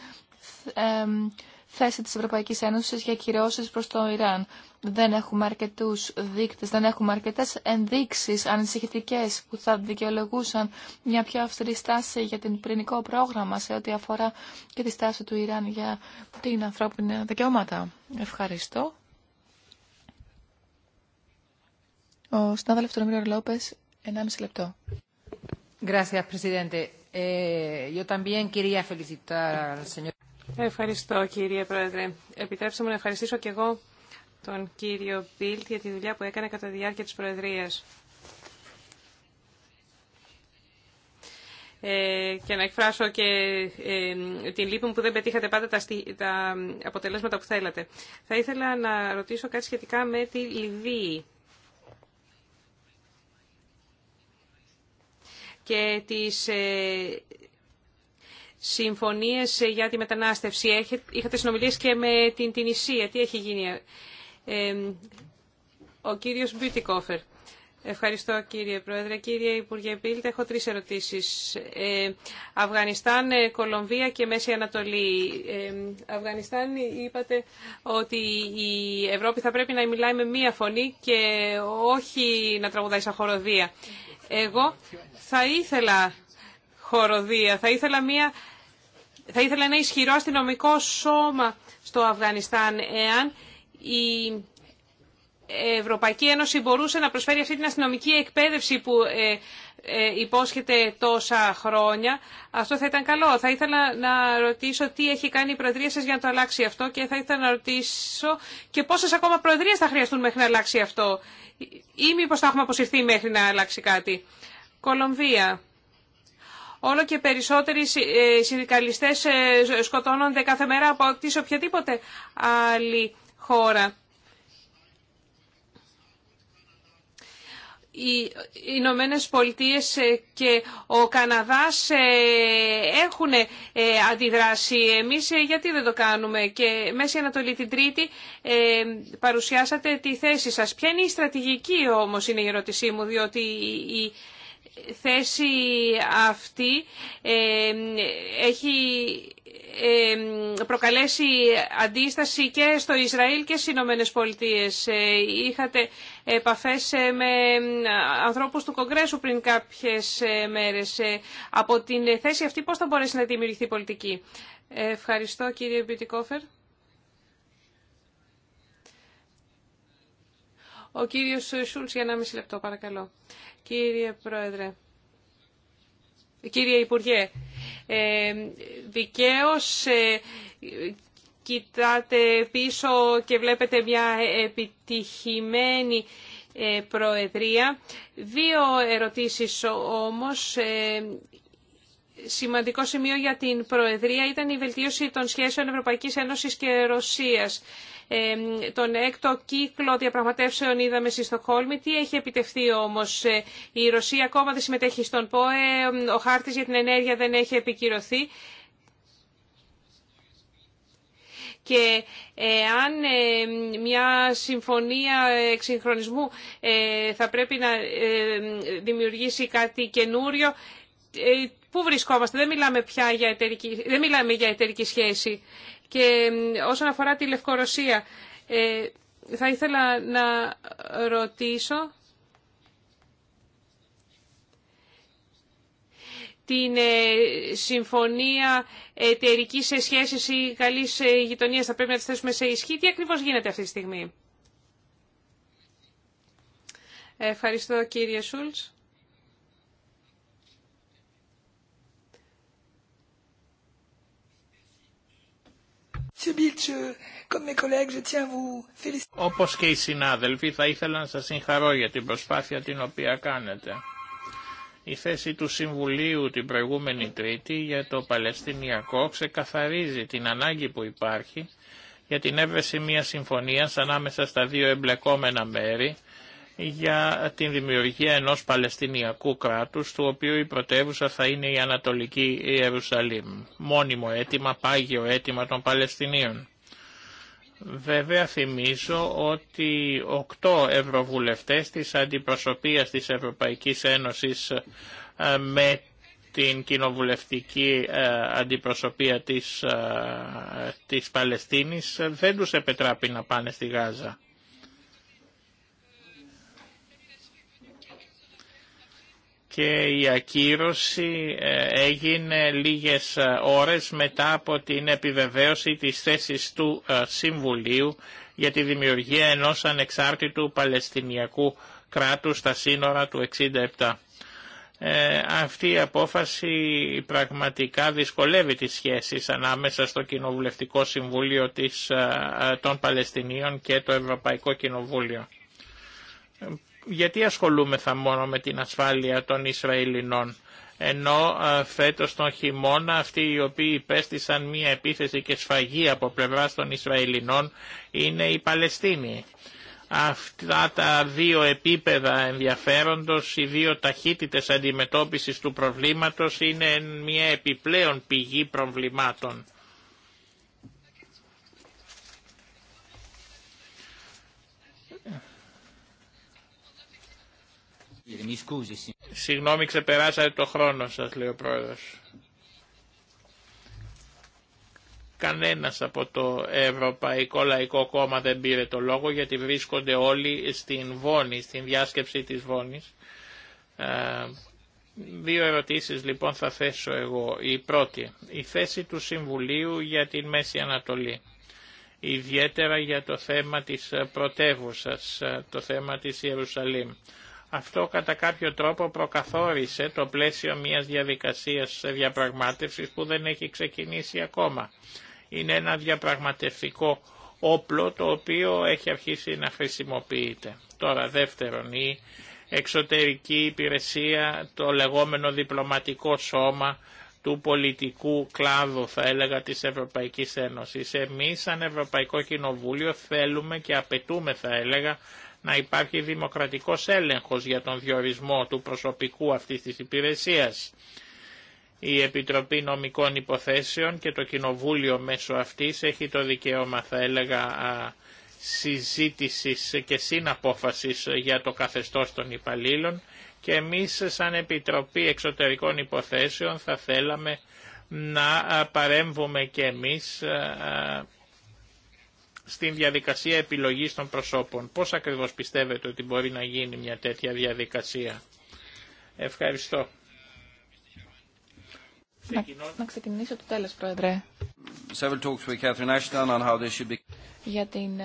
θέση της Ευρωπαϊκής Ένωσης για κυρώσεις προς το Ιράν δεν έχουμε αρκετού δείκτες, δεν έχουμε αρκετέ ενδείξει ανησυχητικέ που θα δικαιολογούσαν μια πιο αυστηρή στάση για την πυρηνικό πρόγραμμα σε ό,τι αφορά και τη στάση του Ιράν για την ανθρώπινα δικαιώματα. Ευχαριστώ. Ο συνάδελφο του Λόπες, 1,5 λεπτό. Ε, Ευχαριστώ κύριε Πρόεδρε. Επιτρέψτε μου να ευχαριστήσω και εγώ τον κύριο Πίλτ για τη δουλειά που έκανε κατά τη διάρκεια της Προεδρίας. Ε, και να εκφράσω και ε, την λύπη μου που δεν πετύχατε πάντα τα, αποτελέσματα που θέλατε. Θα ήθελα να ρωτήσω κάτι σχετικά με τη Λιβύη και τις ε, συμφωνίες για τη μετανάστευση. Είχατε συνομιλίες και με την Τινησία. Τι έχει γίνει ο κύριος Μπιουτικόφερ. Ευχαριστώ κύριε Πρόεδρε. Κύριε Υπουργέ Πίλτ, έχω τρεις ερωτήσεις. Αφγανιστάν, ε, Κολομβία και Μέση Ανατολή. Ε, Αφγανιστάν είπατε ότι η Ευρώπη θα πρέπει να μιλάει με μία φωνή και όχι να τραγουδάει σαν χοροδία. Εγώ θα ήθελα χοροδία, θα ήθελα, μία, θα ήθελα ένα ισχυρό αστυνομικό σώμα στο Αφγανιστάν εάν η Ευρωπαϊκή Ένωση μπορούσε να προσφέρει αυτή την αστυνομική εκπαίδευση που ε, ε, υπόσχεται τόσα χρόνια. Αυτό θα ήταν καλό. Θα ήθελα να ρωτήσω τι έχει κάνει η Προεδρία σας για να το αλλάξει αυτό και θα ήθελα να ρωτήσω και πόσες ακόμα Προεδρίες θα χρειαστούν μέχρι να αλλάξει αυτό ή μήπω θα έχουμε αποσυρθεί μέχρι να αλλάξει κάτι. Κολομβία. Όλο και περισσότεροι ε, συνδικαλιστές σκοτώνονται κάθε μέρα από τις οποιαδήποτε άλλη χώρα. οι Ηνωμένε Πολιτείε και ο Καναδάς ε, έχουν ε, αντιδράσει εμείς, ε, γιατί δεν το κάνουμε. Και Μέση Ανατολή την Τρίτη παρουσιάσατε τη θέση σας. Ποια είναι η στρατηγική όμως είναι η ερώτησή μου, διότι η θέση αυτή έχει προκαλέσει αντίσταση και στο Ισραήλ και στι Ηνωμένε Πολιτείε. Ε, είχατε επαφές ε, με ανθρώπους του Κογκρέσου πριν κάποιες ε, μέρες. Από την θέση αυτή πώς θα μπορέσει να δημιουργηθεί πολιτική. Ευχαριστώ κύριε Μπιουτικόφερ. Ο κύριος Σούλτς για ένα μισή λεπτό παρακαλώ. Κύριε Πρόεδρε, κύριε Υπουργέ, ε, δικαίως ε, κοιτάτε πίσω και βλέπετε μια επιτυχημένη ε, Προεδρία. Δύο ερωτήσεις όμως σημαντικό σημείο για την Προεδρία ήταν η βελτίωση των σχέσεων Ευρωπαϊκής Ένωσης και Ρωσίας. Ε, τον έκτο κύκλο διαπραγματεύσεων είδαμε στη Στοχόλμη. Τι έχει επιτευχθεί όμως. Ε, η Ρωσία ακόμα δεν συμμετέχει στον ΠΟΕ, ο χάρτης για την ενέργεια δεν έχει επικυρωθεί. Και αν ε, μια συμφωνία εξυγχρονισμού ε, θα πρέπει να δημιουργήσει κάτι καινούριο, ε, πού βρισκόμαστε. Δεν μιλάμε πια για εταιρική, δεν μιλάμε για εταιρική σχέση. Και όσον αφορά τη Λευκορωσία, ε, θα ήθελα να ρωτήσω την ε, συμφωνία σε σχέσης ή καλής γειτονίας θα πρέπει να τη θέσουμε σε ισχύ. Τι ακριβώς γίνεται αυτή τη στιγμή. Ευχαριστώ κύριε Σούλτς. Όπως και οι συνάδελφοι θα ήθελα να σας συγχαρώ για την προσπάθεια την οποία κάνετε. Η θέση του Συμβουλίου την προηγούμενη Τρίτη για το Παλαιστινιακό ξεκαθαρίζει την ανάγκη που υπάρχει για την έβρεση μια συμφωνίας ανάμεσα στα δύο εμπλεκόμενα μέρη για την δημιουργία ενός Παλαιστινιακού κράτους, του οποίου η πρωτεύουσα θα είναι η Ανατολική Ιερουσαλήμ. Μόνιμο αίτημα, πάγιο αίτημα των Παλαιστινίων. Βέβαια θυμίζω ότι οκτώ ευρωβουλευτές της αντιπροσωπείας της Ευρωπαϊκής Ένωσης ε, με την κοινοβουλευτική ε, αντιπροσωπεία της, ε, της Παλαιστίνης δεν τους να πάνε στη Γάζα. και η ακύρωση ε, έγινε λίγες ε, ώρες μετά από την επιβεβαίωση της θέσης του ε, Συμβουλίου για τη δημιουργία ενός ανεξάρτητου Παλαιστινιακού κράτους στα σύνορα του 67. αυτή η απόφαση πραγματικά δυσκολεύει τις σχέσεις ανάμεσα στο Κοινοβουλευτικό Συμβούλιο της, των Παλαιστινίων και το Ευρωπαϊκό Κοινοβούλιο γιατί ασχολούμεθα μόνο με την ασφάλεια των Ισραηλινών ενώ ε, φέτος τον χειμώνα αυτοί οι οποίοι υπέστησαν μία επίθεση και σφαγή από πλευράς των Ισραηλινών είναι οι Παλαιστίνοι. Αυτά τα δύο επίπεδα ενδιαφέροντος, οι δύο ταχύτητες αντιμετώπισης του προβλήματος είναι μία επιπλέον πηγή προβλημάτων. Συγγνώμη, ξεπεράσατε το χρόνο σας, λέει ο Πρόεδρος. Κανένας από το Ευρωπαϊκό Λαϊκό Κόμμα δεν πήρε το λόγο γιατί βρίσκονται όλοι στην Βόνη, στην διάσκεψη της Βόνης. Ε, δύο ερωτήσεις λοιπόν θα θέσω εγώ. Η πρώτη, η θέση του Συμβουλίου για την Μέση Ανατολή. Ιδιαίτερα για το θέμα της πρωτεύουσα, το θέμα της Ιερουσαλήμ. Αυτό κατά κάποιο τρόπο προκαθόρισε το πλαίσιο μιας διαδικασίας διαπραγμάτευσης που δεν έχει ξεκινήσει ακόμα. Είναι ένα διαπραγματευτικό όπλο το οποίο έχει αρχίσει να χρησιμοποιείται. Τώρα δεύτερον, η εξωτερική υπηρεσία, το λεγόμενο διπλωματικό σώμα του πολιτικού κλάδου θα έλεγα της Ευρωπαϊκής Ένωσης. Εμείς σαν Ευρωπαϊκό Κοινοβούλιο θέλουμε και απαιτούμε θα έλεγα να υπάρχει δημοκρατικός έλεγχος για τον διορισμό του προσωπικού αυτής της υπηρεσίας. Η Επιτροπή Νομικών Υποθέσεων και το Κοινοβούλιο μέσω αυτής έχει το δικαίωμα, θα έλεγα, συζήτησης και συναπόφασης για το καθεστώς των υπαλλήλων και εμείς σαν Επιτροπή Εξωτερικών Υποθέσεων θα θέλαμε να παρέμβουμε και εμείς στην διαδικασία επιλογής των προσώπων. Πώς ακριβώς πιστεύετε ότι μπορεί να γίνει μια τέτοια διαδικασία. Ευχαριστώ. Να, ξεκινήσω το τέλος, Πρόεδρε. Για την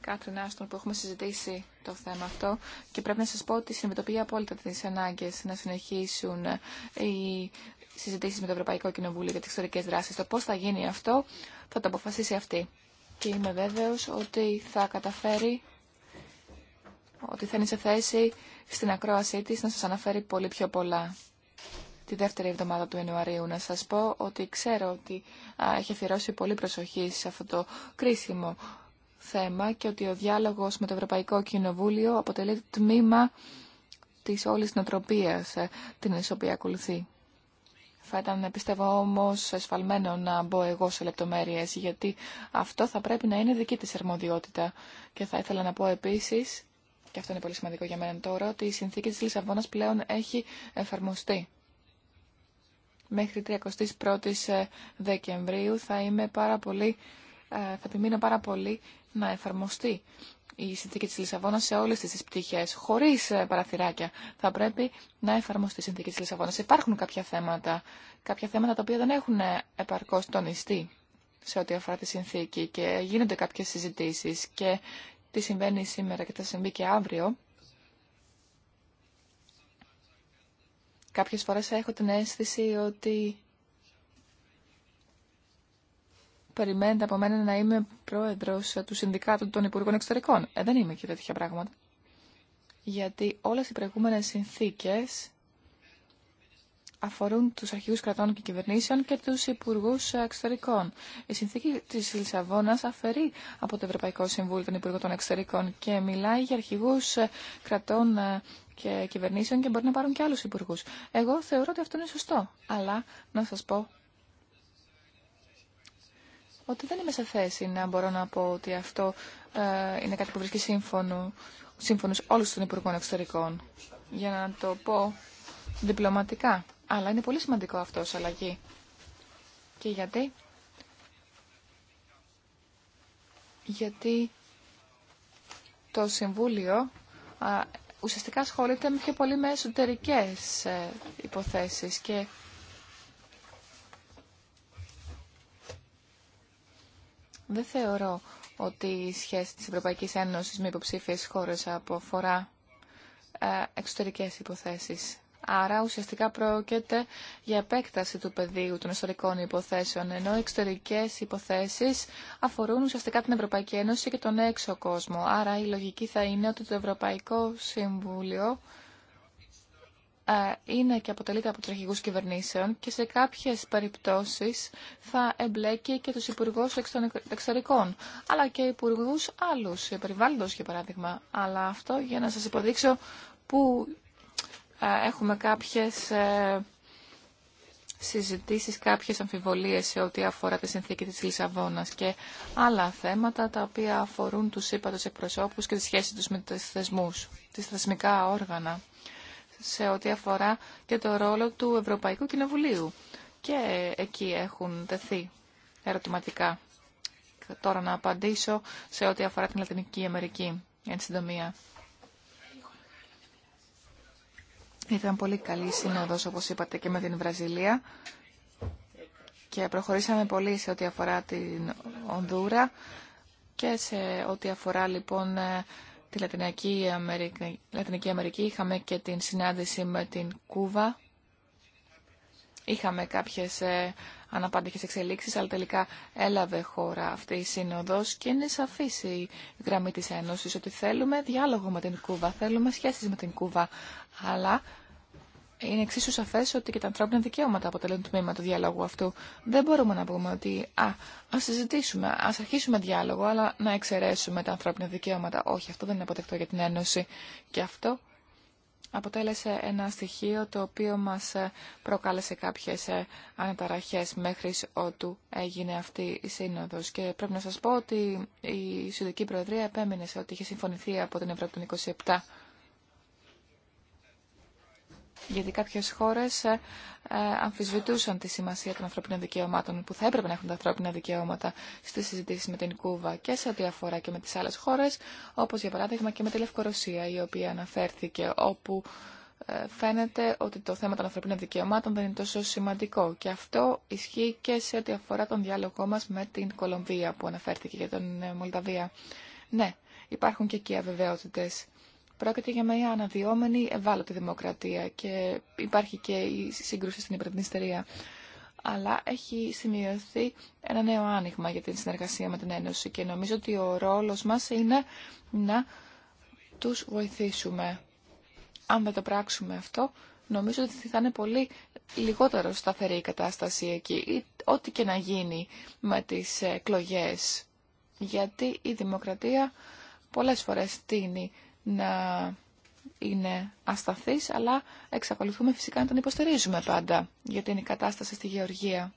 Κάτριν ε, Άστον που έχουμε συζητήσει το θέμα αυτό και πρέπει να σας πω ότι συμμετοποιεί απόλυτα τις ανάγκες να συνεχίσουν ε, οι συζητήσεις με το Ευρωπαϊκό Κοινοβούλιο για τις ιστορικές δράσεις. Το πώς θα γίνει αυτό θα το αποφασίσει αυτή και είμαι βέβαιος ότι θα καταφέρει, ότι θα είναι σε θέση στην ακρόασή της να σας αναφέρει πολύ πιο πολλά. Τη δεύτερη εβδομάδα του Ιανουαρίου να σας πω ότι ξέρω ότι έχει αφιερώσει πολύ προσοχή σε αυτό το κρίσιμο θέμα και ότι ο διάλογος με το Ευρωπαϊκό Κοινοβούλιο αποτελεί τμήμα της όλης νοτροπίας ε, την οποία ακολουθεί. Θα ήταν, πιστεύω, όμω, εσφαλμένο να μπω εγώ σε λεπτομέρειες, γιατί αυτό θα πρέπει να είναι δική της αρμοδιότητα. Και θα ήθελα να πω επίσης, και αυτό είναι πολύ σημαντικό για μένα τώρα, ότι η συνθήκη της Λισαβόνας πλέον έχει εφαρμοστεί. Μέχρι 31 ε, Δεκεμβρίου θα είμαι πάρα πολύ, ε, θα επιμείνω πάρα πολύ να εφαρμοστεί η συνθήκη της Λισαβόνα σε όλες τις πτυχές, χωρίς ε, παραθυράκια. Θα πρέπει να εφαρμοστεί η συνθήκη της Λισαβόνα. Υπάρχουν κάποια θέματα, κάποια θέματα τα οποία δεν έχουν ε, επαρκώς τονιστεί σε ό,τι αφορά τη συνθήκη και γίνονται κάποιες συζητήσεις και τι συμβαίνει σήμερα και θα συμβεί και αύριο. Κάποιες φορές έχω την αίσθηση ότι περιμένετε από μένα να είμαι πρόεδρο του Συνδικάτου των Υπουργών Εξωτερικών. Ε, δεν είμαι και τέτοια πράγματα. Γιατί όλε οι προηγούμενε συνθήκε αφορούν του αρχήγου κρατών και κυβερνήσεων και του υπουργού εξωτερικών. Η συνθήκη τη Λισαβόνα αφαιρεί από το Ευρωπαϊκό Συμβούλιο των Υπουργών των Εξωτερικών και μιλάει για αρχηγού κρατών και κυβερνήσεων και μπορεί να πάρουν και άλλου υπουργού. Εγώ θεωρώ ότι αυτό είναι σωστό, αλλά να σα πω ότι δεν είμαι σε θέση να μπορώ να πω ότι αυτό ε, είναι κάτι που βρίσκει σύμφωνο, σύμφωνος όλους των Υπουργών Εξωτερικών. Για να το πω διπλωματικά. Αλλά είναι πολύ σημαντικό αυτό ως αλλαγή. Και γιατί? Γιατί το Συμβούλιο ουσιαστικά ασχολείται με πιο πολύ με εσωτερικές ε, υποθέσεις και Δεν θεωρώ ότι η σχέση της Ευρωπαϊκής Ένωσης με υποψήφιες χώρες αποφορά ε, εξωτερικές υποθέσεις. Άρα ουσιαστικά πρόκειται για επέκταση του πεδίου των ιστορικών υποθέσεων, ενώ οι εξωτερικές υποθέσεις αφορούν ουσιαστικά την Ευρωπαϊκή Ένωση και τον έξω κόσμο. Άρα η λογική θα είναι ότι το Ευρωπαϊκό Συμβούλιο ε, είναι και αποτελείται από τραχηγούς κυβερνήσεων και σε κάποιες περιπτώσεις θα εμπλέκει και τους υπουργού εξωτερικών, αλλά και υπουργού άλλους, ε, περιβάλλοντος για παράδειγμα. Αλλά αυτό για να σας υποδείξω που ε, έχουμε κάποιες συζητήσεις, κάποιες αμφιβολίες σε ό,τι αφορά τη συνθήκη της Λισαβόνας και άλλα θέματα τα οποία αφορούν τους ύπατους εκπροσώπους και τη σχέση τους με τους θεσμούς, τις θεσμικά όργανα σε ό,τι αφορά και το ρόλο του Ευρωπαϊκού Κοινοβουλίου. Και εκεί έχουν τεθεί ερωτηματικά. Τώρα να απαντήσω σε ό,τι αφορά την Λατινική Αμερική, εν συντομία. Ήταν πολύ καλή σύνοδος, όπως είπατε, και με την Βραζιλία και προχωρήσαμε πολύ σε ό,τι αφορά την Ονδούρα και σε ό,τι αφορά λοιπόν ε, τη Λατινική Αμερική, Λατινική Αμερική. Είχαμε και την συνάντηση με την Κούβα. Είχαμε κάποιες ε, αναπάντηχες εξελίξεις, αλλά τελικά έλαβε χώρα αυτή η σύνοδος και είναι σαφής η γραμμή της Ένωσης ότι θέλουμε διάλογο με την Κούβα, θέλουμε σχέσεις με την Κούβα, αλλά είναι εξίσου σαφέ ότι και τα ανθρώπινα δικαιώματα αποτελούν τμήμα του διαλόγου αυτού. Δεν μπορούμε να πούμε ότι α, α συζητήσουμε, α αρχίσουμε διάλογο, αλλά να εξαιρέσουμε τα ανθρώπινα δικαιώματα. Όχι, αυτό δεν είναι αποτεκτό για την Ένωση. Και αυτό αποτέλεσε ένα στοιχείο το οποίο μας ε, προκάλεσε κάποιες ε, αναταραχές μέχρι ότου έγινε αυτή η σύνοδος. Και πρέπει να σας πω ότι η Συνδική Προεδρία επέμεινε σε ότι είχε συμφωνηθεί από την Ευρώπη των 27 γιατί κάποιες χώρες ε, ε, αμφισβητούσαν τη σημασία των ανθρωπίνων δικαιωμάτων που θα έπρεπε να έχουν τα ανθρώπινα δικαιώματα στις συζητήσεις με την Κούβα και σε ό,τι αφορά και με τις άλλες χώρες, όπως για παράδειγμα και με τη Λευκορωσία η οποία αναφέρθηκε, όπου ε, φαίνεται ότι το θέμα των ανθρωπίνων δικαιωμάτων δεν είναι τόσο σημαντικό και αυτό ισχύει και σε ό,τι αφορά τον διάλογό μας με την Κολομβία που αναφέρθηκε για τον Μολδαβία. Ναι, υπάρχουν και εκεί αβεβαιότητες Πρόκειται για μια αναδυόμενη ευάλωτη δημοκρατία και υπάρχει και η σύγκρουση στην υπερδυνιστερία. Αλλά έχει σημειωθεί ένα νέο άνοιγμα για την συνεργασία με την Ένωση και νομίζω ότι ο ρόλος μας είναι να τους βοηθήσουμε. Αν δεν το πράξουμε αυτό, νομίζω ότι θα είναι πολύ λιγότερο σταθερή η κατάσταση εκεί, ό,τι και να γίνει με τις εκλογές. Γιατί η δημοκρατία πολλές φορές τίνει να είναι ασταθείς αλλά εξακολουθούμε φυσικά να τον υποστηρίζουμε πάντα είναι η κατάσταση στη γεωργία.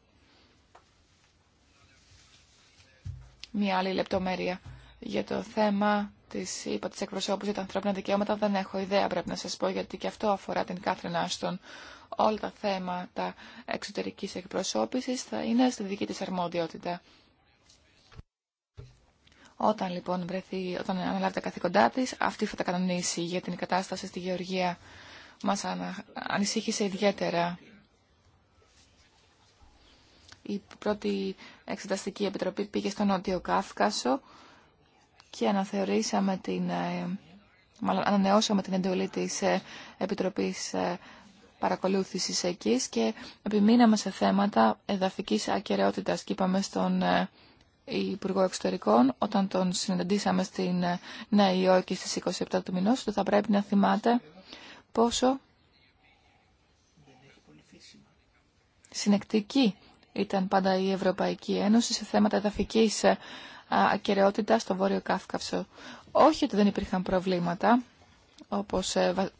Μία άλλη λεπτομέρεια για το θέμα της, είπα, της εκπροσώπους για τα ανθρώπινα δικαιώματα δεν έχω ιδέα πρέπει να σας πω γιατί και αυτό αφορά την Κάθριν Άστον. Όλα τα θέματα εξωτερικής εκπροσώπησης θα είναι στη δική της αρμόδιότητα. Όταν λοιπόν βρεθεί, όταν αναλάβει τα καθήκοντά τη, αυτή θα τα κανονίσει για την κατάσταση στη Γεωργία. Μας ανα... ανησύχησε ιδιαίτερα η πρώτη εξεταστική επιτροπή πήγε στο Νότιο Κάφκασο και αναθεωρήσαμε την, ε, μάλλον ανανεώσαμε την εντολή τη ε, Επιτροπής ε, Παρακολούθησης εκεί και επιμείναμε σε θέματα εδαφική ακαιρεότητα. και είπαμε στον Υπουργό Εξωτερικών, όταν τον συναντήσαμε στην Νέα Υόρκη στις 27 του μηνός, το θα πρέπει να θυμάται πόσο συνεκτική ήταν πάντα η Ευρωπαϊκή Ένωση σε θέματα εδαφικής ε, ακαιρεότητας στο Βόρειο Κάφκαυσο. Όχι ότι δεν υπήρχαν προβλήματα, όπως ε,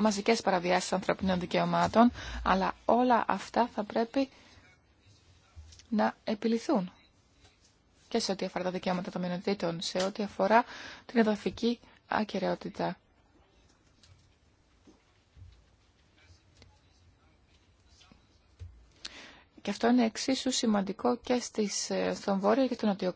μαζικές παραβιάσεις ανθρωπινών δικαιωμάτων, αλλά όλα αυτά θα πρέπει να επιληθούν και σε ό,τι αφορά τα δικαιώματα των μειονοτήτων, σε ό,τι αφορά την εδαφική ακαιρεότητα. Και αυτό είναι εξίσου σημαντικό και στις, ε, στον Βόρειο και τον Νοτιό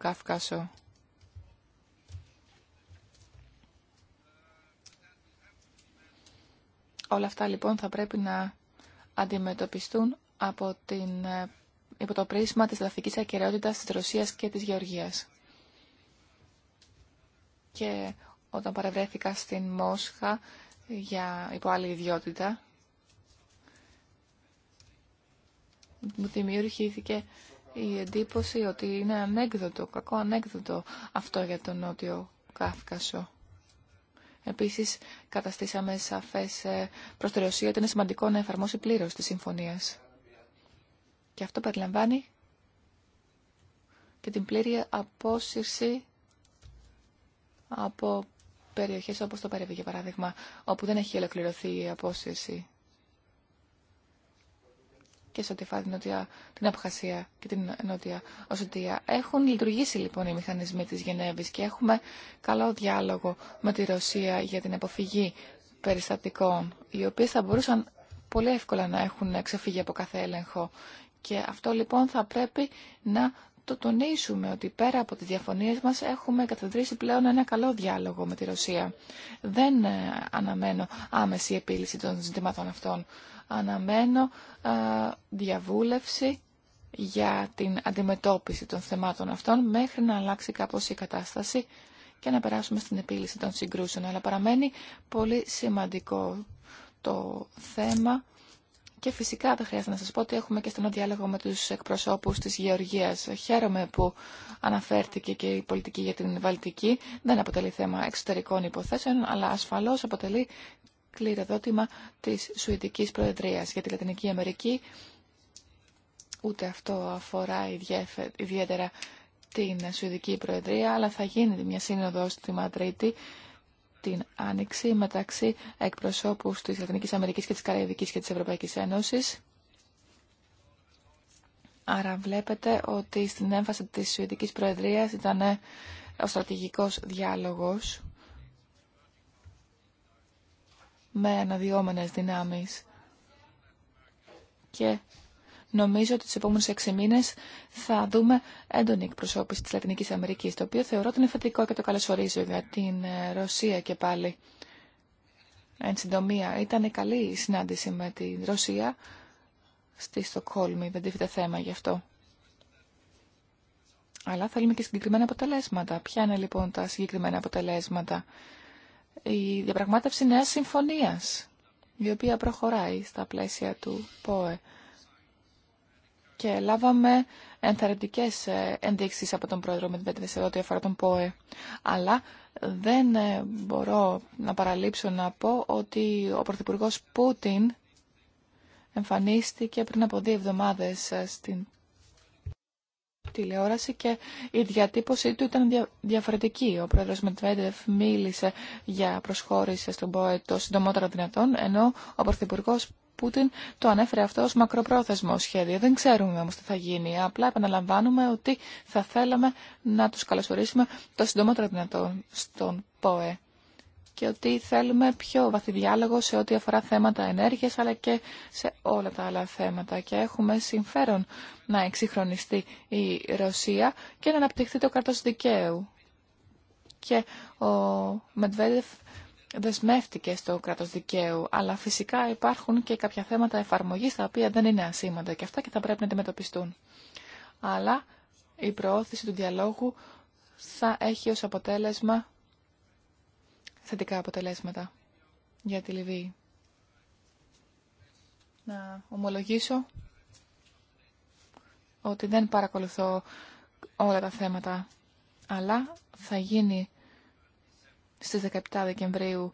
Όλα αυτά λοιπόν θα πρέπει να αντιμετωπιστούν από την ε, υπό το πρίσμα της λαθικής ακαιρεότητας της Ρωσίας και της Γεωργίας. Και όταν παρευρέθηκα στην Μόσχα για υπό άλλη ιδιότητα, μου δημιουργήθηκε η εντύπωση ότι είναι ανέκδοτο, κακό ανέκδοτο αυτό για τον Νότιο Κάφκασο. Επίσης, καταστήσαμε σαφές ε, προς τη Ρωσία ότι είναι σημαντικό να εφαρμόσει πλήρως τις συμφωνίες. Και αυτό περιλαμβάνει και την πλήρη απόσυρση από περιοχές όπως το Περίβη, για παράδειγμα, όπου δεν έχει ολοκληρωθεί η απόσυρση και σε ό,τι την, νότια, την Απχασία και την Νότια Οσοτία. Έχουν λειτουργήσει λοιπόν οι μηχανισμοί της Γενέβης και έχουμε καλό διάλογο με τη Ρωσία για την αποφυγή περιστατικών, οι οποίες θα μπορούσαν πολύ εύκολα να έχουν ξεφύγει από κάθε έλεγχο. Και αυτό λοιπόν θα πρέπει να το τονίσουμε ότι πέρα από τις διαφωνίες μας έχουμε καθοδρύσει πλέον ένα καλό διάλογο με τη Ρωσία. Δεν ε, αναμένω άμεση επίλυση των ζητήματων αυτών. Αναμένω ε, διαβούλευση για την αντιμετώπιση των θεμάτων αυτών μέχρι να αλλάξει κάπως η κατάσταση και να περάσουμε στην επίλυση των συγκρούσεων. Αλλά παραμένει πολύ σημαντικό το θέμα και φυσικά δεν χρειάζεται να σας πω ότι έχουμε και στενό διάλογο με τους εκπροσώπους της Γεωργίας. Χαίρομαι που αναφέρθηκε και η πολιτική για την Βαλτική. Δεν αποτελεί θέμα εξωτερικών υποθέσεων, αλλά ασφαλώς αποτελεί κληροδότημα της Σουηδικής Προεδρίας για τη Λατινική Αμερική. Ούτε αυτό αφορά ιδιαίτερα την Σουηδική Προεδρία, αλλά θα γίνει μια σύνοδο στη Μαδρίτη την Άνοιξη μεταξύ εκπροσώπου τη Λατινική Αμερική και τη Καραϊβική και τη Ευρωπαϊκή Ένωση. Άρα βλέπετε ότι στην έμφαση τη Σουηδική Προεδρία ήταν ο στρατηγικό διάλογο με αναδυόμενες δυνάμεις και νομίζω ότι τους επόμενους έξι μήνες θα δούμε έντονη εκπροσώπηση της Λατινικής Αμερικής, το οποίο θεωρώ ότι είναι θετικό και το καλωσορίζω για την ε, Ρωσία και πάλι. Εν συντομία, ήταν καλή η συνάντηση με τη Ρωσία στη Στοκχόλμη, δεν τίθεται θέμα γι' αυτό. Αλλά θέλουμε και συγκεκριμένα αποτελέσματα. Ποια είναι λοιπόν τα συγκεκριμένα αποτελέσματα. Η διαπραγμάτευση νέας συμφωνίας, η οποία προχωράει στα πλαίσια του ΠΟΕ και λάβαμε ενθαρρυντικές ε, ενδείξεις από τον πρόεδρο με σε ό,τι αφορά τον ΠΟΕ. Αλλά δεν ε, μπορώ να παραλείψω να πω ότι ο Πρωθυπουργό Πούτιν εμφανίστηκε πριν από δύο εβδομάδες ε, στην τηλεόραση και η διατύπωσή του ήταν διαφορετική. Ο πρόεδρος Μετβέντεφ μίλησε για προσχώρηση στον ΠΟΕ το συντομότερο δυνατόν, ενώ ο Πρωθυπουργό Πούτιν το ανέφερε αυτό ως μακροπρόθεσμο σχέδιο. Δεν ξέρουμε όμως τι θα γίνει. Απλά επαναλαμβάνουμε ότι θα θέλαμε να τους καλωσορίσουμε το συντομότερο δυνατόν στον ΠΟΕ και ότι θέλουμε πιο βαθύ διάλογο σε ό,τι αφορά θέματα ενέργειας αλλά και σε όλα τα άλλα θέματα και έχουμε συμφέρον να εξυγχρονιστεί η Ρωσία και να αναπτυχθεί το κράτος δικαίου. Και ο Μετβέντεφ δεσμεύτηκε στο κράτος δικαίου, αλλά φυσικά υπάρχουν και κάποια θέματα εφαρμογής τα οποία δεν είναι ασήμαντα και αυτά και θα πρέπει να αντιμετωπιστούν. Αλλά η προώθηση του διαλόγου θα έχει ως αποτέλεσμα θετικά αποτελέσματα για τη Λιβύη. Να ομολογήσω ότι δεν παρακολουθώ όλα τα θέματα, αλλά θα γίνει στις 17 Δεκεμβρίου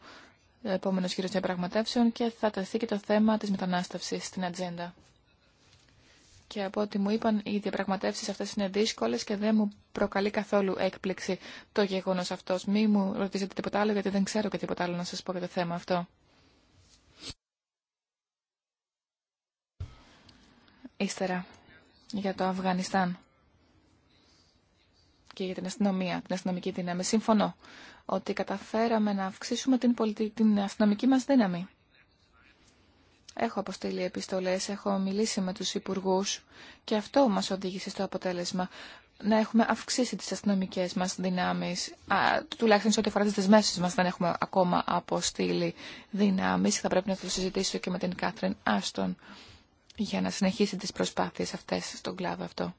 ε, επόμενο γύρο διαπραγματεύσεων και θα τεθεί και το θέμα της μετανάστευσης στην ατζέντα. Και από ό,τι μου είπαν, οι διαπραγματεύσει αυτέ είναι δύσκολε και δεν μου προκαλεί καθόλου έκπληξη το γεγονό αυτό. Μη μου ρωτήσετε τίποτα άλλο, γιατί δεν ξέρω και τίποτα άλλο να σα πω για το θέμα αυτό. Ύστερα, για το Αφγανιστάν και για την αστυνομία, την αστυνομική δύναμη. Συμφωνώ ότι καταφέραμε να αυξήσουμε την, την αστυνομική μας δύναμη. Έχω αποστείλει επιστολές, έχω μιλήσει με τους υπουργούς και αυτό μας οδήγησε στο αποτέλεσμα να έχουμε αυξήσει τις αστυνομικές μας δυνάμεις. τουλάχιστον σε ό,τι αφορά τις δεσμεύσεις μας δεν έχουμε ακόμα αποστείλει δυνάμεις. Θα πρέπει να το συζητήσω και με την Κάθριν Άστον για να συνεχίσει τις προσπάθειες αυτές στον κλάδο αυτό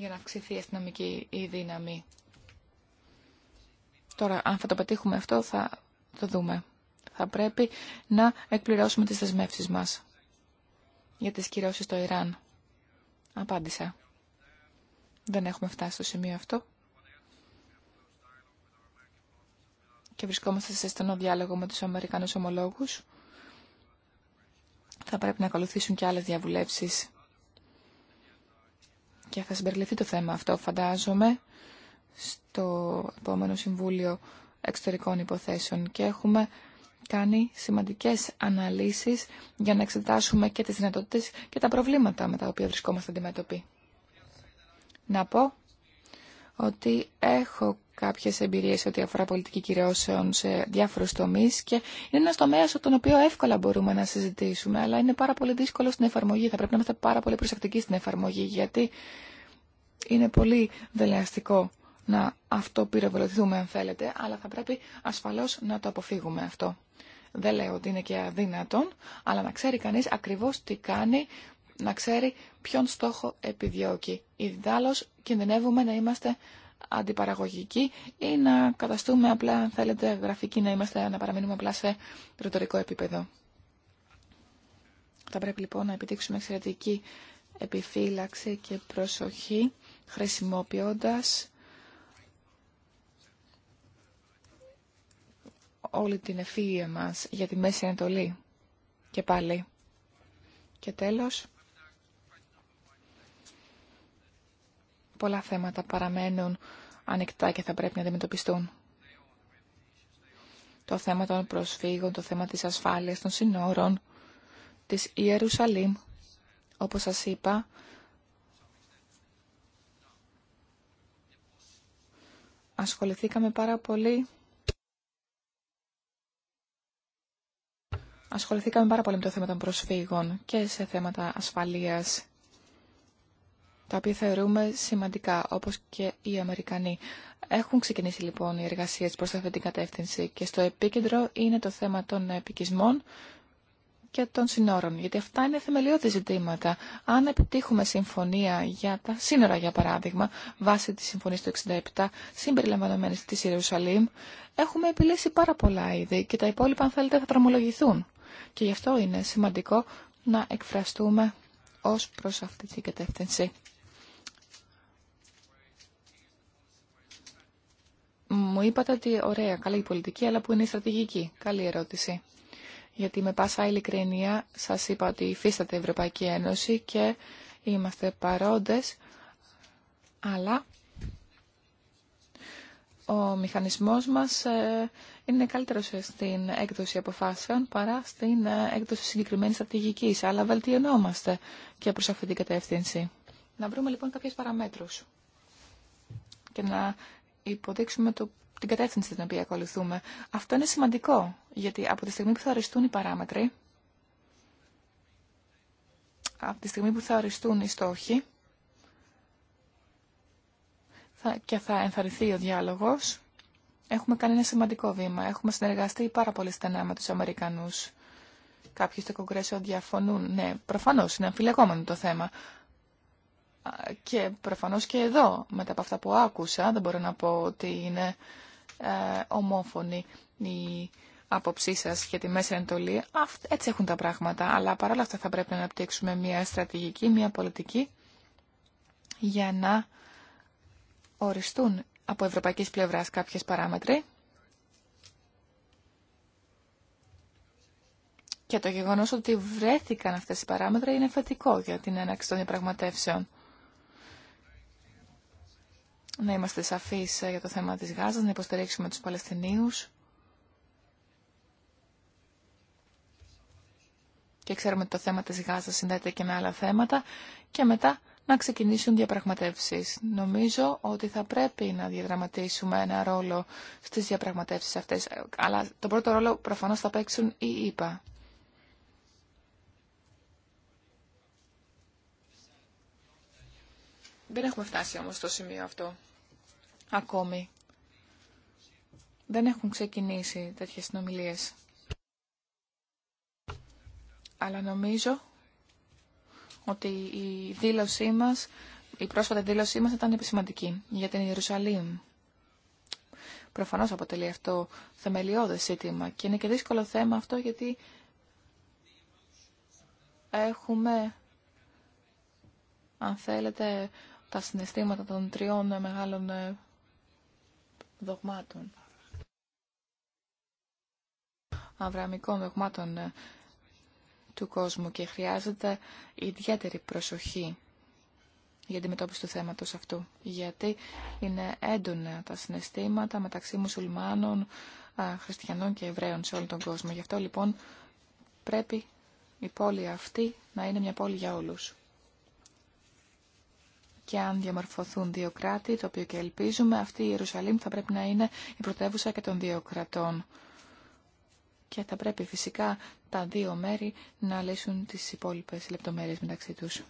για να αυξηθεί η αστυνομική η δύναμη. Τώρα, αν θα το πετύχουμε αυτό, θα το δούμε. Θα πρέπει να εκπληρώσουμε τις δεσμεύσεις μας για τις κυρώσεις στο Ιράν. Απάντησα. Δεν έχουμε φτάσει στο σημείο αυτό. Και βρισκόμαστε σε στενό διάλογο με τους Αμερικανούς ομολόγους. Θα πρέπει να ακολουθήσουν και άλλες διαβουλεύσεις και θα συμπεριληφθεί το θέμα αυτό, φαντάζομαι, στο επόμενο Συμβούλιο Εξωτερικών Υποθέσεων και έχουμε κάνει σημαντικές αναλύσεις για να εξετάσουμε και τις δυνατότητες και τα προβλήματα με τα οποία βρισκόμαστε αντιμέτωποι. Να πω ότι έχω κάποιες εμπειρίες ό,τι αφορά πολιτική κυριώσεων σε διάφορους τομείς και είναι ένας τομέας τον οποίο εύκολα μπορούμε να συζητήσουμε, αλλά είναι πάρα πολύ δύσκολο στην εφαρμογή. Θα πρέπει να είμαστε πάρα πολύ προσεκτικοί στην εφαρμογή, γιατί είναι πολύ δελεαστικό να αυτό αυτοπυροβοληθούμε αν θέλετε, αλλά θα πρέπει ασφαλώς να το αποφύγουμε αυτό. Δεν λέω ότι είναι και αδύνατον, αλλά να ξέρει κανείς ακριβώς τι κάνει, να ξέρει ποιον στόχο επιδιώκει. Ιδάλλως κινδυνεύουμε να είμαστε αντιπαραγωγικοί ή να καταστούμε απλά, αν θέλετε, γραφικοί, να, είμαστε, να παραμείνουμε απλά σε ρητορικό επίπεδο. Θα πρέπει λοιπόν να επιτύξουμε εξαιρετική επιφύλαξη και προσοχή χρησιμοποιώντας όλη την ευφύεια μας για τη Μέση Ανατολή και πάλι. Και τέλος, πολλά θέματα παραμένουν ανοιχτά και θα πρέπει να αντιμετωπιστούν. Το θέμα των προσφύγων, το θέμα της ασφάλειας των συνόρων, της Ιερουσαλήμ, όπως σας είπα, ασχοληθήκαμε πάρα πολύ ασχοληθήκαμε πάρα πολύ με το θέμα των προσφύγων και σε θέματα ασφαλείας τα οποία θεωρούμε σημαντικά, όπως και οι Αμερικανοί. Έχουν ξεκινήσει λοιπόν οι εργασίες προς αυτή την κατεύθυνση και στο επίκεντρο είναι το θέμα των επικισμών και των συνόρων, γιατί αυτά είναι θεμελιώδη ζητήματα. Αν επιτύχουμε συμφωνία για τα σύνορα, για παράδειγμα, βάσει τη συμφωνία του 67, συμπεριλαμβανομένη τη Ιερουσαλήμ, έχουμε επιλύσει πάρα πολλά είδη και τα υπόλοιπα, αν θέλετε, θα τρομολογηθούν. Και γι' αυτό είναι σημαντικό να εκφραστούμε ως προς αυτή την κατεύθυνση. Μου είπατε ότι ωραία, καλή η πολιτική, αλλά που είναι η στρατηγική. Καλή ερώτηση. Γιατί με πάσα ειλικρινία σας είπα ότι υφίσταται η Ευρωπαϊκή Ένωση και είμαστε παρόντες, αλλά ο μηχανισμός μας ε, είναι καλύτερος στην έκδοση αποφάσεων παρά στην ε, έκδοση συγκεκριμένης στρατηγικής, αλλά βελτιωνόμαστε και προς αυτή την κατεύθυνση. Να βρούμε λοιπόν κάποιες παραμέτρους και να υποδείξουμε το, την κατεύθυνση την οποία ακολουθούμε. Αυτό είναι σημαντικό, γιατί από τη στιγμή που θα οριστούν οι παράμετροι, από τη στιγμή που θα οριστούν οι στόχοι και θα ενθαρρυνθεί ο διάλογος, έχουμε κάνει ένα σημαντικό βήμα. Έχουμε συνεργαστεί πάρα πολύ στενά με τους Αμερικανούς. Κάποιοι στο Κογκρέσιο διαφωνούν. Ναι, προφανώς είναι αμφιλεγόμενο το θέμα και προφανώς και εδώ, μετά από αυτά που άκουσα, δεν μπορώ να πω ότι είναι ε, ομόφωνη η άποψή σα για τη Μέση Ανατολή. Έτσι έχουν τα πράγματα, αλλά παρόλα αυτά θα πρέπει να αναπτύξουμε μια στρατηγική, μια πολιτική για να οριστούν από ευρωπαϊκής πλευράς κάποιες παράμετροι και το γεγονός ότι βρέθηκαν αυτές οι παράμετροι είναι φετικό για την έναξη των διαπραγματεύσεων να είμαστε σαφείς ε, για το θέμα της Γάζας, να υποστηρίξουμε τους Παλαιστινίους. Και ξέρουμε ότι το θέμα της Γάζας συνδέεται και με άλλα θέματα. Και μετά να ξεκινήσουν διαπραγματεύσεις. Νομίζω ότι θα πρέπει να διαδραματίσουμε ένα ρόλο στις διαπραγματεύσεις αυτές. Αλλά τον πρώτο ρόλο προφανώς θα παίξουν οι ΙΠΑ. Δεν έχουμε φτάσει όμως στο σημείο αυτό ακόμη. Δεν έχουν ξεκινήσει τέτοιες συνομιλίες. Αλλά νομίζω ότι η δήλωσή μας, η πρόσφατη δήλωσή μας ήταν επισημαντική για την Ιερουσαλήμ. Προφανώς αποτελεί αυτό θεμελιώδες σύντημα. και είναι και δύσκολο θέμα αυτό γιατί έχουμε, αν θέλετε, τα συναισθήματα των τριών μεγάλων δογμάτων, αβραμικών δογμάτων ε, του κόσμου και χρειάζεται ιδιαίτερη προσοχή για αντιμετώπιση του θέματος αυτού. Γιατί είναι έντονα τα συναισθήματα μεταξύ μουσουλμάνων, χριστιανών και Εβραίων σε όλο τον κόσμο. Γι' αυτό λοιπόν πρέπει η πόλη αυτή να είναι μια πόλη για όλους και αν διαμορφωθούν δύο κράτη, το οποίο και ελπίζουμε, αυτή η Ιερουσαλήμ θα πρέπει να είναι η πρωτεύουσα και των δύο κρατών. Και θα πρέπει φυσικά τα δύο μέρη να λύσουν τις υπόλοιπες λεπτομέρειες μεταξύ τους.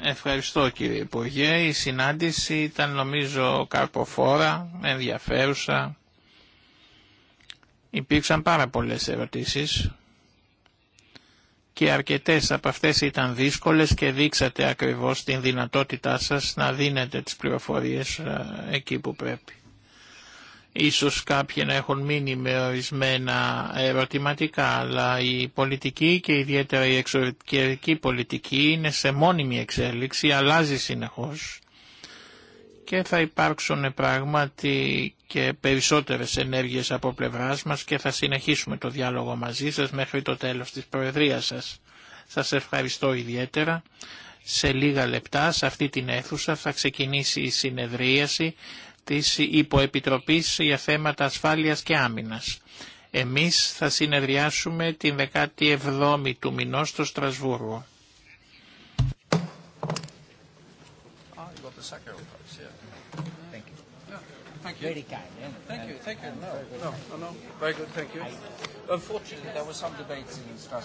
Ευχαριστώ κύριε Υπουργέ. Η συνάντηση ήταν νομίζω καρποφόρα, ενδιαφέρουσα. Υπήρξαν πάρα πολλές ερωτήσεις και αρκετές από αυτές ήταν δύσκολες και δείξατε ακριβώς την δυνατότητά σας να δίνετε τις πληροφορίες ε, εκεί που πρέπει. Ίσως κάποιοι να έχουν μείνει με ορισμένα ερωτηματικά, αλλά η πολιτική και ιδιαίτερα η εξωτερική πολιτική είναι σε μόνιμη εξέλιξη, αλλάζει συνεχώς και θα υπάρξουν πράγματι και περισσότερες ενέργειες από πλευράς μας και θα συνεχίσουμε το διάλογο μαζί σας μέχρι το τέλος της Προεδρίας σας. Σας ευχαριστώ ιδιαίτερα. Σε λίγα λεπτά σε αυτή την αίθουσα θα ξεκινήσει η συνεδρίαση της Υποεπιτροπής για θέματα ασφάλειας και άμυνας. Εμείς θα συνεδριάσουμε την 17η του μηνός στο Στρασβούργο. Ah, Thank you. Very kind. Thank you. Thank you. No, no, no. Very good. Thank you. Unfortunately, there were some debates in Strasbourg.